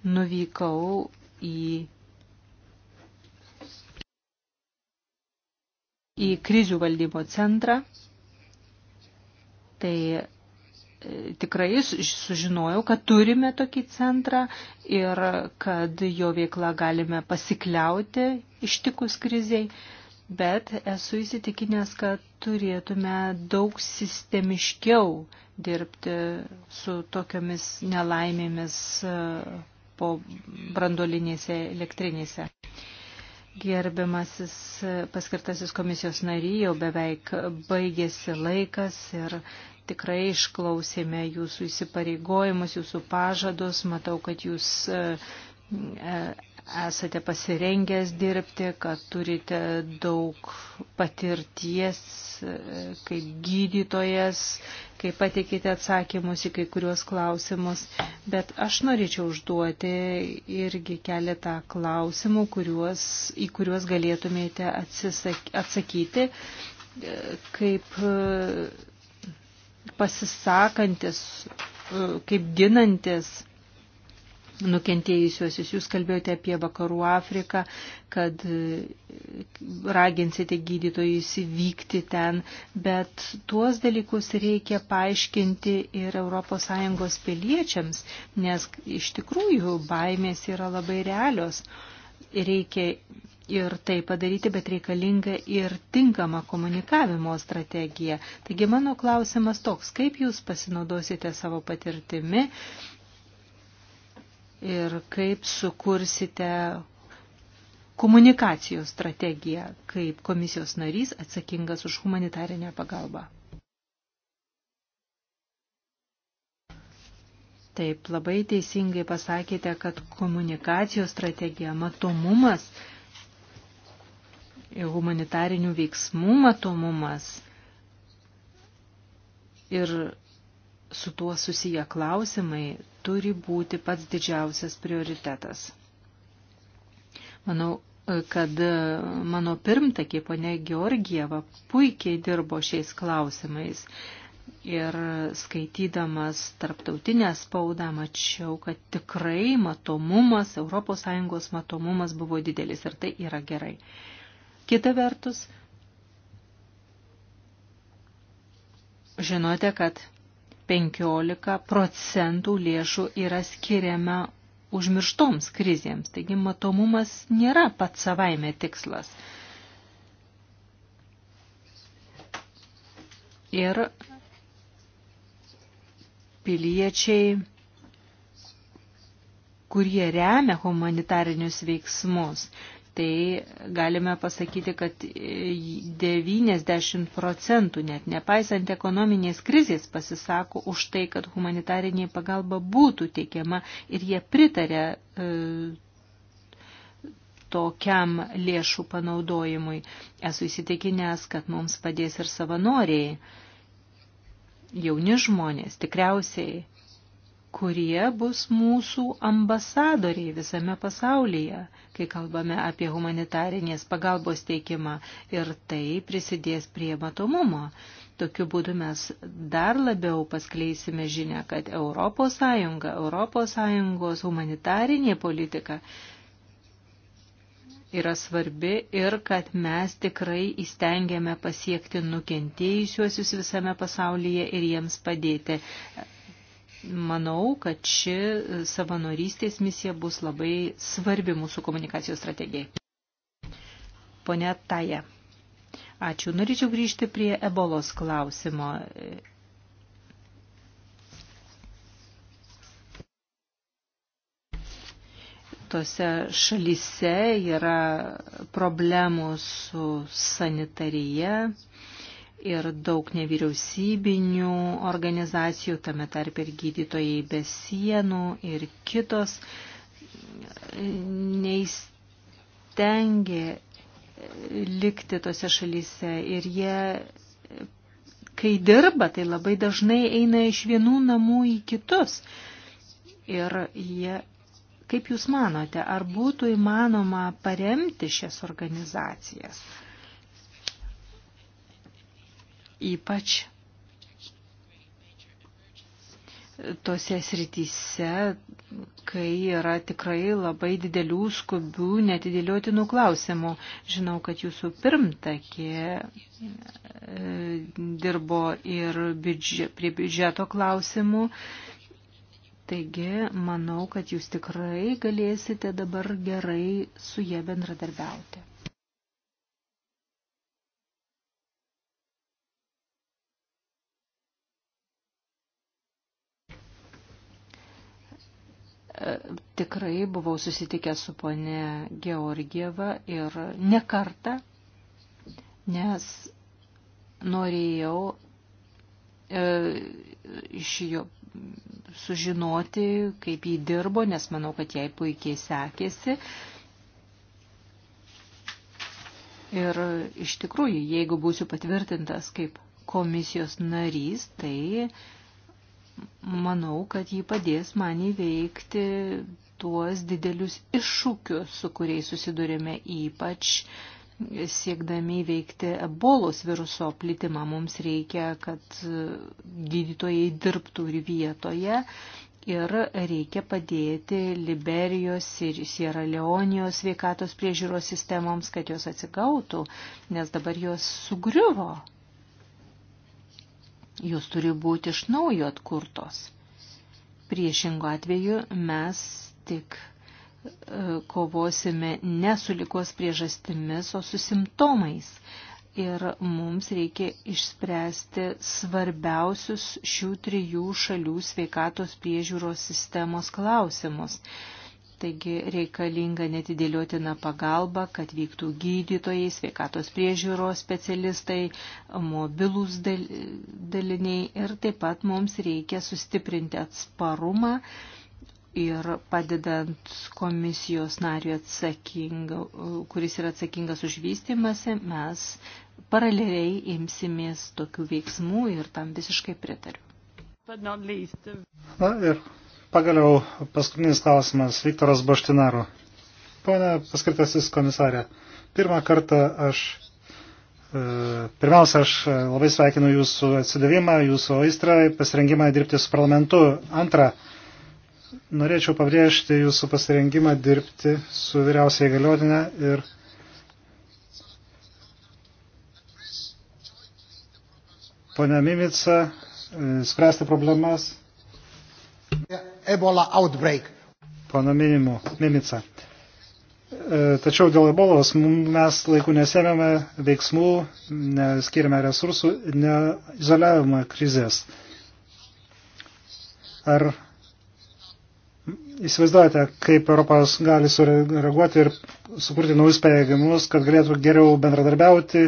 nuvykau į, į krizių valdymo centrą. Tai tikrai sužinojau, kad turime tokį centrą ir kad jo veiklą galime pasikliauti ištikus kriziai, bet esu įsitikinęs, kad turėtume daug sistemiškiau dirbti su tokiomis nelaimėmis e, po brandolinėse elektrinėse. Gerbiamasis e, paskirtasis komisijos nary, jau beveik baigėsi laikas ir Tikrai išklausėme jūsų įsipareigojimus, jūsų pažadus. Matau, kad jūs e, e, esate pasirengęs dirbti, kad turite daug patirties e, kaip gydytojas, kai pateikite atsakymus į kai kuriuos klausimus. Bet aš norėčiau užduoti irgi keletą klausimų, kuriuos, į kuriuos galėtumėte atsisak, atsakyti kaip pasisakantis, e, kaip ginantis nukentėjusiuosius. Jūs kalbėjote apie Vakarų Afriką, kad e, raginsite gydytojus įvykti ten, bet tuos dalykus reikia paaiškinti ir ES piliečiams, nes iš tikrųjų baimės yra labai realios. Reikia ir tai padaryti, bet reikalinga ir tinkama komunikavimo strategija. Taigi mano klausimas toks, kaip jūs pasinaudosite savo patirtimi ir kaip sukursite komunikacijos strategiją kaip komisijos narys atsakingas už humanitarinę pagalbą. Taip, labai teisingai pasakėte, kad komunikacijos strategija, matomumas – humanitarinių veiksmų matomumas ir su tuo susiję klausimai turi būti pats didžiausias prioritetas. Manau, kad mano pirmtakė ponė Georgieva puikiai dirbo šiais klausimais. Ir skaitydamas tarptautinę spaudą mačiau, kad tikrai matomumas, ES matomumas buvo didelis ir tai yra gerai. Kita vertus, žinote, kad 15 procentų lėšų yra skiriama užmirštoms krizėms, taigi matomumas nėra pats savaime tikslas. Ir piliečiai, kurie remia humanitarinius veiksmus, tai galime pasakyti, kad 90 procentų, net nepaisant ekonominės krizės, pasisako už tai, kad humanitariniai pagalba būtų teikiama ir jie pritarė e, tokiam lėšų panaudojimui. Esu įsitikinęs, kad mums padės ir savanoriai, jauni žmonės, tikriausiai kurie bus mūsų ambasadoriai visame pasaulyje, kai kalbame apie humanitarinės pagalbos teikimą ir tai prisidės prie matomumo. Tokiu būdu mes dar labiau paskleisime žinę, kad ES, ES humanitarinė politika yra svarbi ir kad mes tikrai įstengėme pasiekti nukentėjusiuosius visame pasaulyje ir jiems padėti manau, kad ši savanorystės misija bus labai svarbi mūsų komunikacijos strategijai. Pone Taja, ačiū. Norėčiau grįžti prie ebolos klausimo. Tose šalyse yra problemų su sanitarija ir daug nevyriausybinių organizacijų, tame tarp ir gydytojai be sienų ir kitos, neįstengė likti tose šalyse ir jie, kai dirba, tai labai dažnai eina iš vienų namų į kitus. Ir jie, kaip Jūs manote, ar būtų įmanoma paremti šias organizacijas? ypač tose srityse, kai yra tikrai labai didelių skubių, netidėliotinų klausimų. Žinau, kad jūsų pirmtakė e, dirbo ir biudžet, prie biudžeto klausimų. Taigi, manau, kad jūs tikrai galėsite dabar gerai su jie bendradarbiauti. tikrai buvau susitikęs su ponė Georgieva ir ne kartą, nes norėjau e, iš jo sužinoti, kaip jį dirbo, nes manau, kad jai puikiai sekėsi. Ir iš tikrųjų, jeigu būsiu patvirtintas kaip komisijos narys, tai uh, manau, kad jį padės man įveikti tuos didelius iššūkius, su kuriais susidurime ypač siekdami įveikti ebolos viruso plitimą. Mums reikia, kad gydytojai dirbtų ir vietoje. Ir reikia padėti Liberijos ir Sierra Leonijos sveikatos priežiūros sistemoms, kad jos atsigautų, nes dabar jos sugriuvo Jos turi būti iš naujo atkurtos. Priešingo atveju mes tik e, kovosime ne su likos priežastimis, o su simptomais. Ir mums reikia išspręsti svarbiausius šių trijų šalių sveikatos priežiūros sistemos klausimus. Taigi reikalinga netidėliotina pagalba, kad vyktų gydytojai, sveikatos priežiūros specialistai, mobilūs daliniai ir taip pat mums reikia sustiprinti atsparumą ir padedant komisijos nariui atsakingą, kuris yra atsakingas už vystimąsi, mes paraleliai imsimės tokių veiksmų ir tam visiškai pritariu. Uh, Na ir Pagaliau paskutinis klausimas Viktoras Boštinaru. Pone paskirtasis komisarė, pirmą kartą aš, e, pirmiausia, aš e, labai sveikinu jūsų atsidavimą, jūsų aistrą, pasirengimą dirbti su parlamentu. Antra, norėčiau pabrėžti jūsų pasirengimą dirbti su vyriausiai galiotinė ir ponia Mimica, e, spręsti problemas Ebola outbreak. Pana Minimo, Mimica. E, tačiau dėl ebolos mes laiku nesėmėme veiksmų, neskiriame resursų, neizoliavome krizės. Ar įsivaizduojate, kaip Europas gali sureaguoti ir sukurti naujus pajėgimus, kad galėtų geriau bendradarbiauti,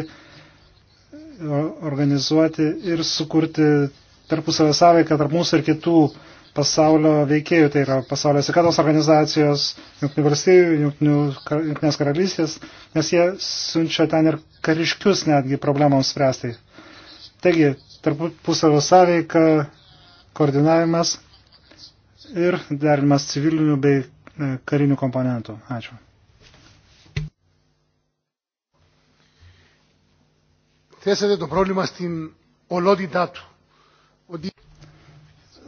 organizuoti ir sukurti tarpusavę sąveiką tarp mūsų ir kitų uh, pasaulio veikėjų, tai yra pasaulio sveikatos organizacijos, jungtinių valstybių, jungtinės karalystės, nes jie siunčia ten ir kariškius netgi problemams spręsti. Taigi, tarpusavio sąveika, koordinavimas ir derinimas civilinių bei e, karinių komponentų. Ačiū. Θέσατε το πρόβλημα στην ολότητά του. Ότι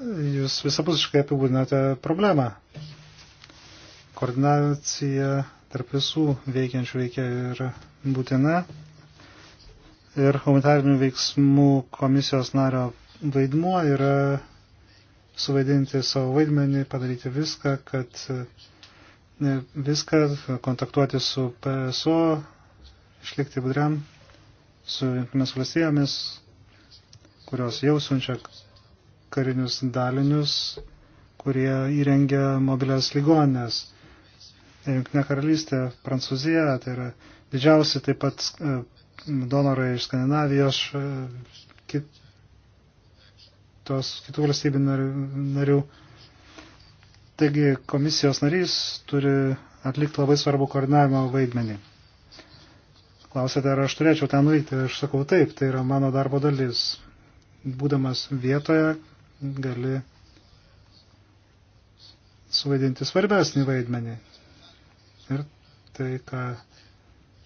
jūs visapusiškai apibūdinate problemą. Koordinacija tarp visų veikiančių veikia ir būtina. Ir humanitarinių veiksmų komisijos nario vaidmuo yra suvaidinti savo vaidmenį, padaryti viską, kad e, viską, kontaktuoti su PSO, išlikti budriam su jungtinėmis valstybėmis, kurios jau siunčia karinius dalinius, kurie įrengia mobilias ligoninės. Junktinė karalystė, Prancūzija, tai yra didžiausi taip pat e, donorai iš Skandinavijos, e, kitos, kitų valstybių narių. Taigi komisijos narys turi atlikti labai svarbu koordinavimo vaidmenį. Klausėte, ar aš turėčiau ten nueiti, aš sakau taip, tai yra mano darbo dalis. Būdamas vietoje, gali suvaidinti svarbesnį vaidmenį. Ir tai, ką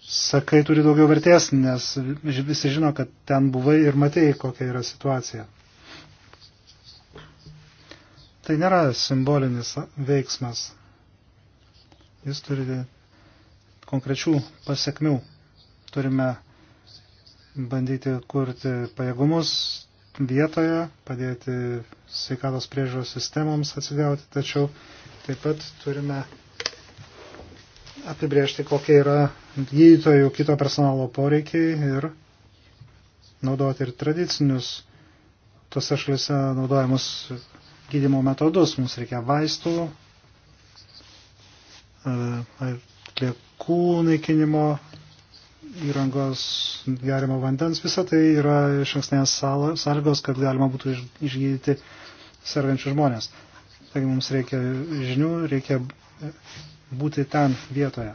sakai, turi daugiau vertės, nes visi žino, kad ten buvai ir matėjai, kokia yra situacija. Tai nėra simbolinis veiksmas. Jis turi konkrečių pasiekmių. Turime bandyti kurti pajėgumus, vietoje, padėti sveikatos priežiūros sistemoms atsigauti, tačiau taip pat turime apibriežti, kokie yra gydytojų kito personalo poreikiai ir naudoti ir tradicinius tose šalise naudojamus gydimo metodus. Mums reikia vaistų, e, atliekų naikinimo įrangos gerimo vandens, visa tai yra iš anksnės sąlygos, kad galima būtų išgydyti sergančių žmonės. Taigi mums reikia žinių, reikia būti ten vietoje.